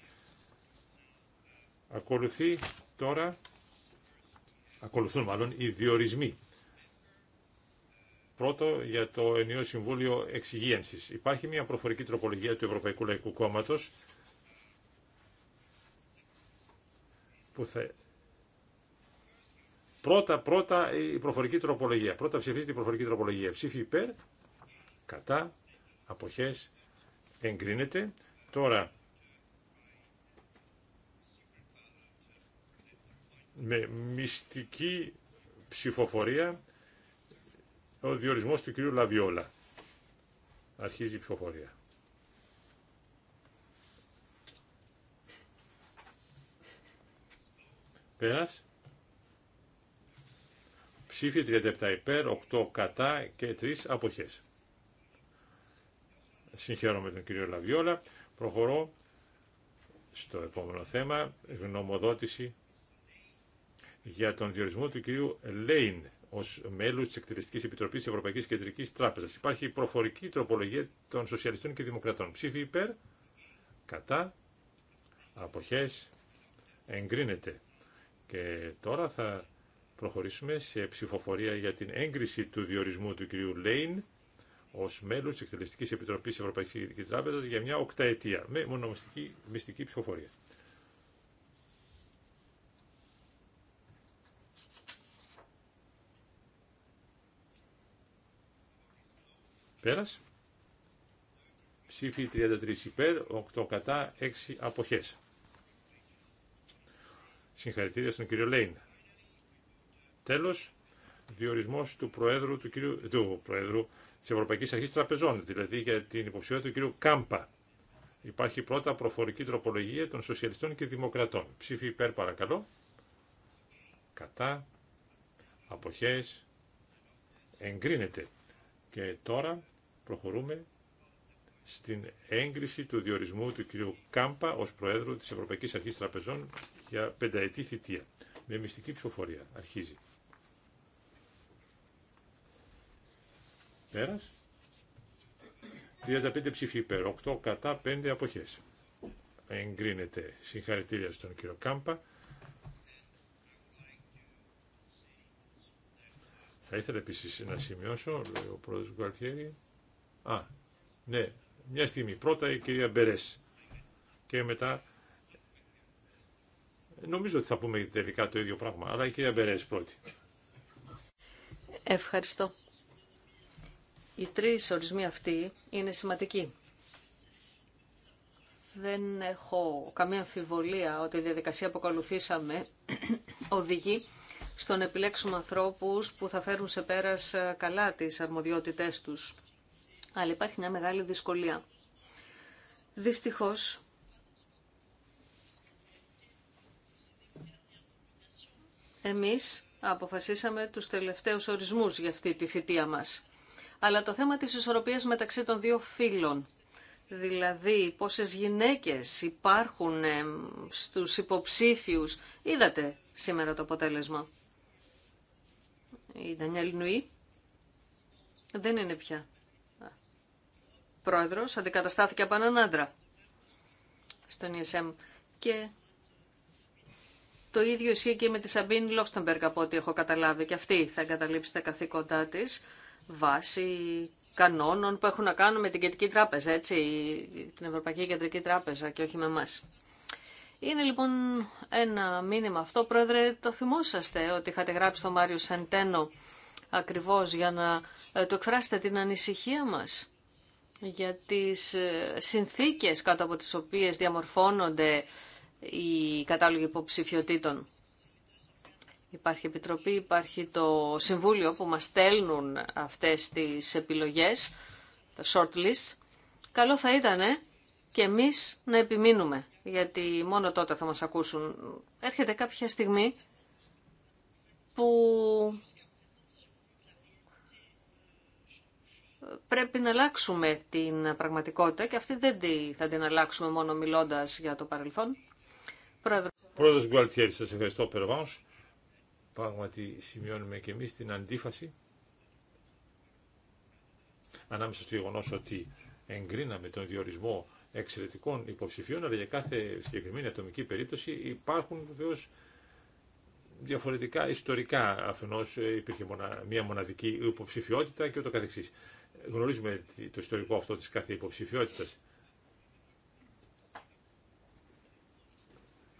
Ακολουθεί τώρα, ακολουθούν μάλλον οι διορισμοί. Πρώτο για το Ενιαίο Συμβούλιο Εξυγίανσης. Υπάρχει μια προφορική τροπολογία του Ευρωπαϊκού Λαϊκού Κόμματος που θα... Πρώτα, πρώτα η προφορική τροπολογία. Πρώτα ψηφίζει η προφορική τροπολογία. Ψήφι υπέρ, κατά, αποχές, εγκρίνεται. Τώρα, με μυστική ψηφοφορία, ο διορισμός του κυρίου Λαβιόλα. Αρχίζει η ψηφοφορία. Πέρας. Ψήφι 37 υπέρ, 8 κατά και 3 αποχές με τον κύριο Λαβιόλα. Προχωρώ στο επόμενο θέμα, γνωμοδότηση για τον διορισμό του κυρίου Λέιν ως μέλους τη Εκτελεστική Επιτροπής της Ευρωπαϊκής Κεντρικής Τράπεζας. Υπάρχει προφορική τροπολογία των Σοσιαλιστών και Δημοκρατών. Ψήφι υπέρ, κατά, αποχέ, εγκρίνεται. Και τώρα θα προχωρήσουμε σε ψηφοφορία για την έγκριση του διορισμού του κυρίου Λέιν ως μέλος της Εκτελεστικής Επιτροπής Ευρωπαϊκή Κεντρική Τράπεζα για μια οκταετία με μονομιστική μυστική ψηφοφορία. Πέρας. Ψήφι 33 υπέρ, 8 κατά, 6 αποχές. Συγχαρητήρια στον κύριο Λέιν. Τέλος, διορισμός του Προέδρου, του, κύριου, του Προέδρου Τη Ευρωπαϊκή Αρχή Τραπεζών, δηλαδή για την υποψηφιότητα του κ. Κάμπα. Υπάρχει πρώτα προφορική τροπολογία των Σοσιαλιστών και Δημοκρατών. Ψήφι υπέρ παρακαλώ. Κατά. αποχέ. Εγκρίνεται. Και τώρα προχωρούμε στην έγκριση του διορισμού του κ. Κάμπα ως Προέδρου της Ευρωπαϊκής Αρχής Τραπεζών για πενταετή θητεία. Με μυστική ψηφοφορία αρχίζει. Πέρας. 35 ψήφοι υπέρ, 8 κατά, 5 αποχές. Εγκρίνεται. Συγχαρητήρια στον κύριο Κάμπα. Θα ήθελα επίση να σημειώσω, λέει ο πρόεδρος Γκουαλτιέρη. Α, ναι, μια στιγμή. Πρώτα η κυρία Μπερές και μετά νομίζω ότι θα πούμε τελικά το ίδιο πράγμα, αλλά η κυρία Μπερές πρώτη. Ευχαριστώ. Οι τρεις ορισμοί αυτοί είναι σημαντικοί. Δεν έχω καμία αμφιβολία ότι η διαδικασία που ακολουθήσαμε οδηγεί στο να επιλέξουμε ανθρώπους που θα φέρουν σε πέρας ε, καλά τις αρμοδιότητές τους. Αλλά υπάρχει μια μεγάλη δυσκολία. Δυστυχώς, εμείς αποφασίσαμε τους τελευταίους ορισμούς για αυτή τη θητεία μας αλλά το θέμα της ισορροπίας μεταξύ των δύο φύλων. Δηλαδή, πόσες γυναίκες υπάρχουν στους υποψήφιους. Είδατε σήμερα το αποτέλεσμα. Η Ντανιέλ Νουή δεν είναι πια πρόεδρος, αντικαταστάθηκε από έναν άντρα στον ESM. Και το ίδιο ισχύει και με τη Σαμπίν Λόξτεμπεργκ από ό,τι έχω καταλάβει. Και αυτή θα εγκαταλείψει τα καθήκοντά της βάση κανόνων που έχουν να κάνουν με την Κεντρική Τράπεζα, έτσι, την Ευρωπαϊκή Κεντρική Τράπεζα και όχι με μας. Είναι λοιπόν ένα μήνυμα αυτό, Πρόεδρε, το θυμόσαστε ότι είχατε γράψει τον Μάριο Σεντένο ακριβώς για να ε, του εκφράσετε την ανησυχία μας για τις ε, συνθήκες κάτω από τις οποίες διαμορφώνονται οι κατάλογοι υποψηφιωτήτων. Υπάρχει επιτροπή, υπάρχει το συμβούλιο που μας στέλνουν αυτές τις επιλογές, το shortlist. Καλό θα ήταν και εμείς να επιμείνουμε, γιατί μόνο τότε θα μας ακούσουν. Έρχεται κάποια στιγμή που πρέπει να αλλάξουμε την πραγματικότητα και αυτή δεν θα την αλλάξουμε μόνο μιλώντας για το παρελθόν. Πρόεδρος, Πρόεδρος Γκουαλτιέρη, σας ευχαριστώ Περβάνος. Πράγματι σημειώνουμε και εμείς την αντίφαση ανάμεσα στο γεγονό ότι εγκρίναμε τον διορισμό εξαιρετικών υποψηφίων, αλλά για κάθε συγκεκριμένη ατομική περίπτωση υπάρχουν βεβαίω διαφορετικά ιστορικά. Αφενό ε, υπήρχε μία μοναδική υποψηφιότητα και ούτω καθεξής Γνωρίζουμε το ιστορικό αυτό της κάθε υποψηφιότητα.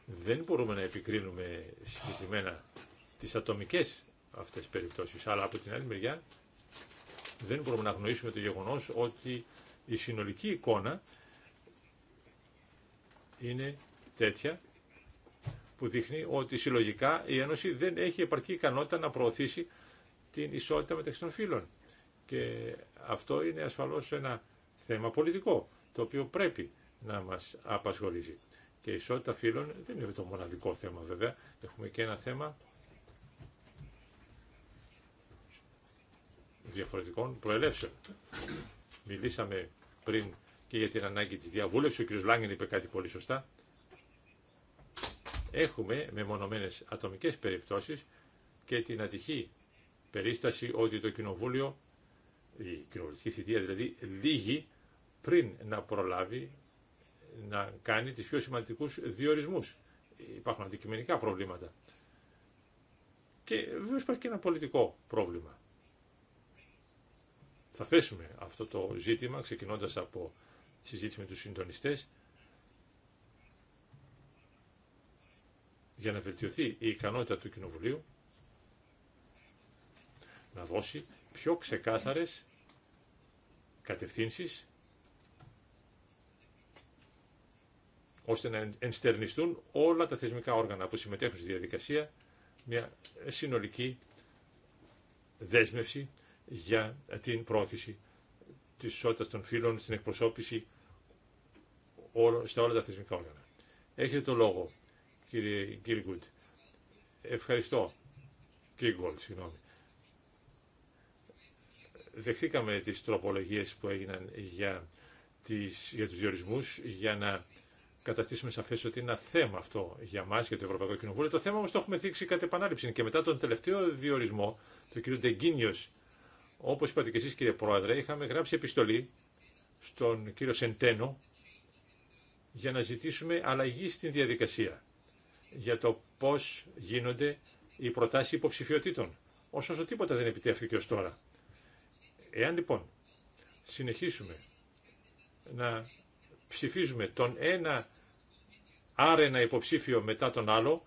Δεν μπορούμε να επικρίνουμε συγκεκριμένα τις ατομικές αυτές περιπτώσεις. Αλλά από την άλλη μεριά δεν μπορούμε να γνωρίσουμε το γεγονός ότι η συνολική εικόνα είναι τέτοια που δείχνει ότι συλλογικά η Ένωση δεν έχει επαρκή ικανότητα να προωθήσει την ισότητα μεταξύ των φύλων. Και αυτό είναι ασφαλώς ένα θέμα πολιτικό, το οποίο πρέπει να μας απασχολήσει. Και η ισότητα φύλων δεν είναι το μοναδικό θέμα βέβαια. Έχουμε και ένα θέμα διαφορετικών προελεύσεων. Μιλήσαμε πριν και για την ανάγκη της διαβούλευσης, ο κ. Λάγκεν είπε κάτι πολύ σωστά. Έχουμε μεμονωμένες ατομικές περιπτώσεις και την ατυχή περίσταση ότι το Κοινοβούλιο, η κοινοβουλευτική θητεία δηλαδή, λύγει πριν να προλάβει να κάνει τις πιο σημαντικούς διορισμούς. Υπάρχουν αντικειμενικά προβλήματα. Και βέβαια υπάρχει και ένα πολιτικό πρόβλημα. Θα θέσουμε αυτό το ζήτημα ξεκινώντας από συζήτηση με τους συντονιστές για να βελτιωθεί η ικανότητα του Κοινοβουλίου να δώσει πιο ξεκάθαρες κατευθύνσεις ώστε να ενστερνιστούν όλα τα θεσμικά όργανα που συμμετέχουν στη διαδικασία μια συνολική δέσμευση για την πρόθεση της ισότητας των φύλων στην εκπροσώπηση στα όλα τα θεσμικά όργανα. Έχετε το λόγο, κύριε Γκίλγκουτ. Ευχαριστώ. Γκίλγκολ, συγγνώμη. Δεχθήκαμε τις τροπολογίες που έγιναν για, τις, για τους διορισμούς για να καταστήσουμε σαφέ ότι είναι ένα θέμα αυτό για μα, για το Ευρωπαϊκό Κοινοβούλιο. Το θέμα όμω το έχουμε δείξει κατ' επανάληψη και μετά τον τελευταίο διορισμό, τον κύριο Ντεγκίνιο όπως είπατε και εσεί κύριε Πρόεδρε, είχαμε γράψει επιστολή στον κύριο Σεντένο για να ζητήσουμε αλλαγή στην διαδικασία για το πώς γίνονται οι προτάσεις υποψηφιότητων. Όσο τίποτα δεν επιτεύχθηκε ως τώρα. Εάν λοιπόν συνεχίσουμε να ψηφίζουμε τον ένα άρενα υποψήφιο μετά τον άλλο,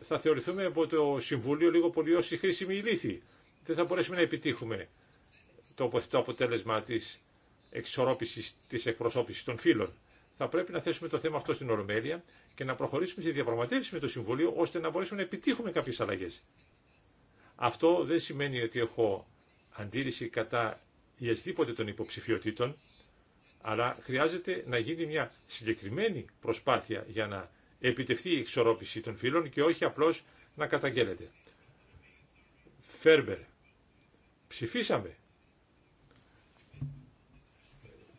θα θεωρηθούμε από το Συμβούλιο λίγο πολύ ως η χρήσιμη ηλίθη δεν θα μπορέσουμε να επιτύχουμε το αποτέλεσμα τη εξορρόπησης τη εκπροσώπηση των φύλων. Θα πρέπει να θέσουμε το θέμα αυτό στην Ολομέλεια και να προχωρήσουμε σε διαπραγματεύσει με το Συμβούλιο ώστε να μπορέσουμε να επιτύχουμε κάποιε αλλαγέ. Αυτό δεν σημαίνει ότι έχω αντίρρηση κατά ιασδήποτε των υποψηφιωτήτων, αλλά χρειάζεται να γίνει μια συγκεκριμένη προσπάθεια για να επιτευχθεί η εξορρόπηση των φύλων και όχι απλώς να καταγγέλλεται. Φέρμπερ, Ψηφίσαμε.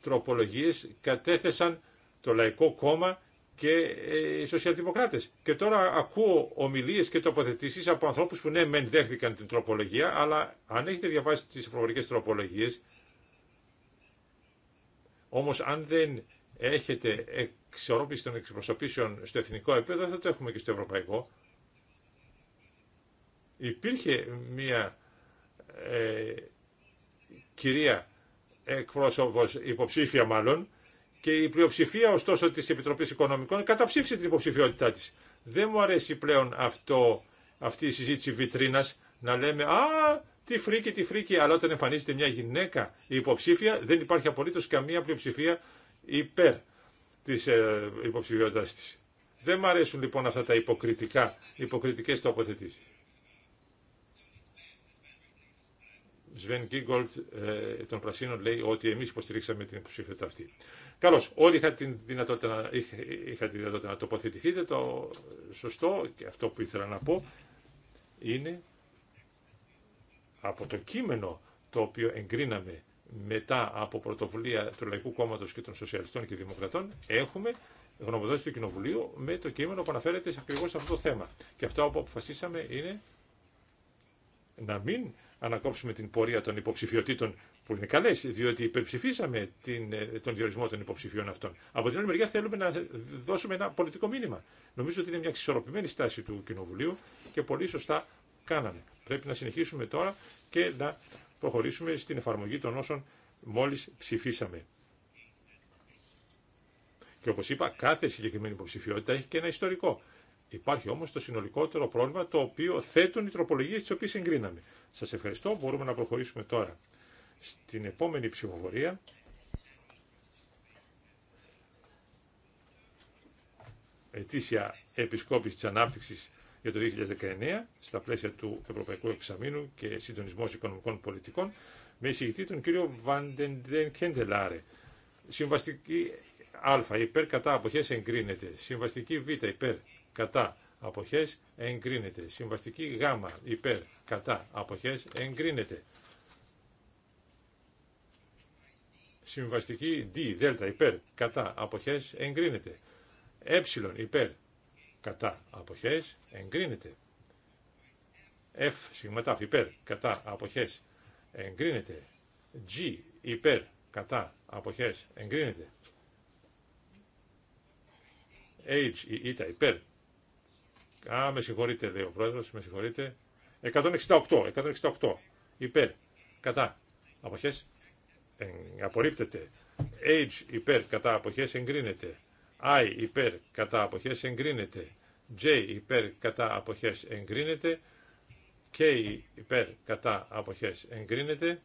Τροπολογίες κατέθεσαν το Λαϊκό Κόμμα και ε, οι σοσιαλδημοκράτες. Και τώρα ακούω ομιλίες και τοποθετήσεις από ανθρώπους που ναι μεν δέχτηκαν την τροπολογία, αλλά αν έχετε διαβάσει τις προφορικές τροπολογίες, όμως αν δεν έχετε εξορρόπηση των εξυπροσωπήσεων στο εθνικό επίπεδο, θα το έχουμε και στο ευρωπαϊκό. Υπήρχε μια ε, κυρία εκπρόσωπος υποψήφια μάλλον και η πλειοψηφία ωστόσο της Επιτροπής Οικονομικών καταψήφισε την υποψηφιότητά της. Δεν μου αρέσει πλέον αυτό, αυτή η συζήτηση βιτρίνας να λέμε «Α, τι φρίκι, τι φρίκι, αλλά όταν εμφανίζεται μια γυναίκα η υποψήφια δεν υπάρχει απολύτως καμία πλειοψηφία υπέρ της ε, υποψηφιότητάς της. Δεν μου αρέσουν λοιπόν αυτά τα υποκριτικά, υποκριτικές τοποθετήσεις. Σβεν Γκίγκολτ των Πρασίνων λέει ότι εμεί υποστηρίξαμε την υποψηφιότητα αυτή. Καλώ. Όλοι είχατε τη δυνατότητα, δυνατότητα να τοποθετηθείτε. Το σωστό και αυτό που ήθελα να πω είναι από το κείμενο το οποίο εγκρίναμε μετά από πρωτοβουλία του Λαϊκού Κόμματο και των Σοσιαλιστών και Δημοκρατών, έχουμε γνωμοδότηση του Κοινοβουλίου με το κείμενο που αναφέρεται ακριβώ σε αυτό το θέμα. Και αυτό που αποφασίσαμε είναι να μην ανακόψουμε την πορεία των υποψηφιωτήτων που είναι καλέ, διότι υπερψηφίσαμε την, ε, τον διορισμό των υποψηφίων αυτών. Από την άλλη μεριά θέλουμε να δώσουμε ένα πολιτικό μήνυμα. Νομίζω ότι είναι μια ξησορροπημένη στάση του Κοινοβουλίου και πολύ σωστά κάναμε. Πρέπει να συνεχίσουμε τώρα και να προχωρήσουμε στην εφαρμογή των όσων μόλις ψηφίσαμε. Και όπως είπα, κάθε συγκεκριμένη υποψηφιότητα έχει και ένα ιστορικό. Υπάρχει όμως το συνολικότερο πρόβλημα το οποίο θέτουν οι τροπολογίες τις οποίες εγκρίναμε. Σας ευχαριστώ. Μπορούμε να προχωρήσουμε τώρα στην επόμενη ψηφοφορία. Ετήσια επισκόπηση της ανάπτυξης για το 2019 στα πλαίσια του Ευρωπαϊκού Εξαμήνου και Συντονισμός Οικονομικών Πολιτικών με εισηγητή τον κύριο Βαντεντεν Κέντελάρε. Συμβαστική Α υπέρ κατά αποχές εγκρίνεται. Συμβαστική Β υπέρ κατά αποχές εγκρίνεται. Συμβαστική γάμα υπέρ κατά αποχές εγκρίνεται. Συμβαστική D δέλτα υπέρ κατά αποχές εγκρίνεται. Ε υπέρ κατά αποχές εγκρίνεται. F σιγματάφ υπέρ κατά αποχές εγκρίνεται. G υπέρ κατά αποχές εγκρίνεται. H η υπέρ Α, με συγχωρείτε, λέει ο πρόεδρος, με συγχωρείτε. 168, 168. Υπέρ. Κατά. Αποχές. Ε, απορρίπτεται. H υπέρ κατά αποχές εγκρίνεται. I υπέρ κατά αποχές εγκρίνεται. J υπέρ κατά αποχές εγκρίνεται. K υπέρ κατά αποχές εγκρίνεται.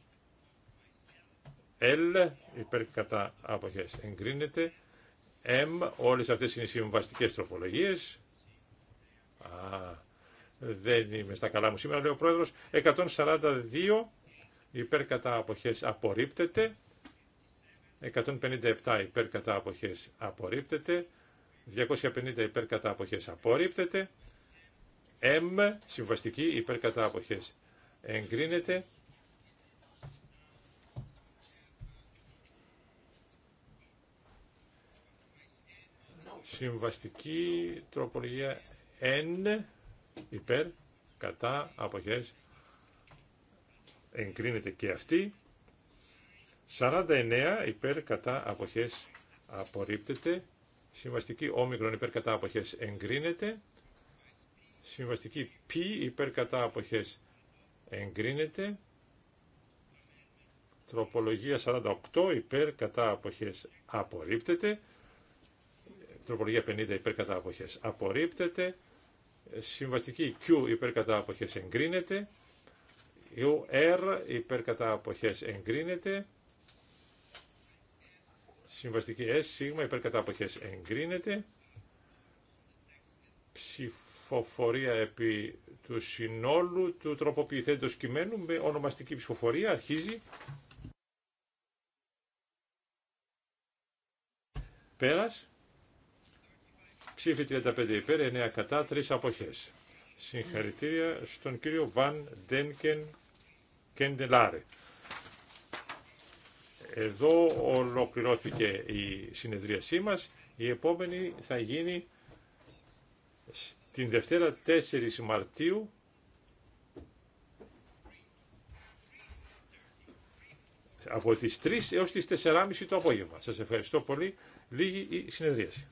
L υπέρ κατά αποχές εγκρίνεται. M, όλες αυτές είναι οι συμβαστικές τροπολογίες. Α, δεν είμαι στα καλά μου σήμερα, λέει ο πρόεδρος. 142 υπέρ κατά αποχές απορρίπτεται. 157 υπέρ κατά αποχές απορρίπτεται. 250 υπέρ κατά αποχές απορρίπτεται. M συμβαστική υπέρ κατά αποχές εγκρίνεται. Συμβαστική τροπολογία εν υπέρ κατά αποχές εγκρίνεται και αυτή. 49 υπέρ κατά αποχές απορρίπτεται. Συμβαστική όμικρον υπέρ κατά αποχές εγκρίνεται. Συμβαστική π υπέρ κατά αποχές εγκρίνεται. Τροπολογία 48 υπέρ κατά αποχές απορρίπτεται. Τροπολογία 50 υπέρ κατά αποχές απορρίπτεται. Συμβαστική Q υπερκατάποχες κατά αποχές εγκρίνεται. R υπερκατάποχες εγκρίνεται. Συμβαστική S σίγμα υπερκατάποχες εγκρίνεται. Ψηφοφορία επί του συνόλου του τροποποιηθέντος κειμένου με ονομαστική ψηφοφορία αρχίζει. Πέρας. Ψήφι 35 υπέρ, 9 κατά, 3 αποχές. Συγχαρητήρια στον κύριο Βαν Ντένκεν Κεντελάρε. Εδώ ολοκληρώθηκε η συνεδρίασή μας. Η επόμενη θα γίνει την Δευτέρα 4 Μαρτίου από τις 3 έως τις 4.30 το απόγευμα. Σας ευχαριστώ πολύ. Λίγη η συνεδρίαση.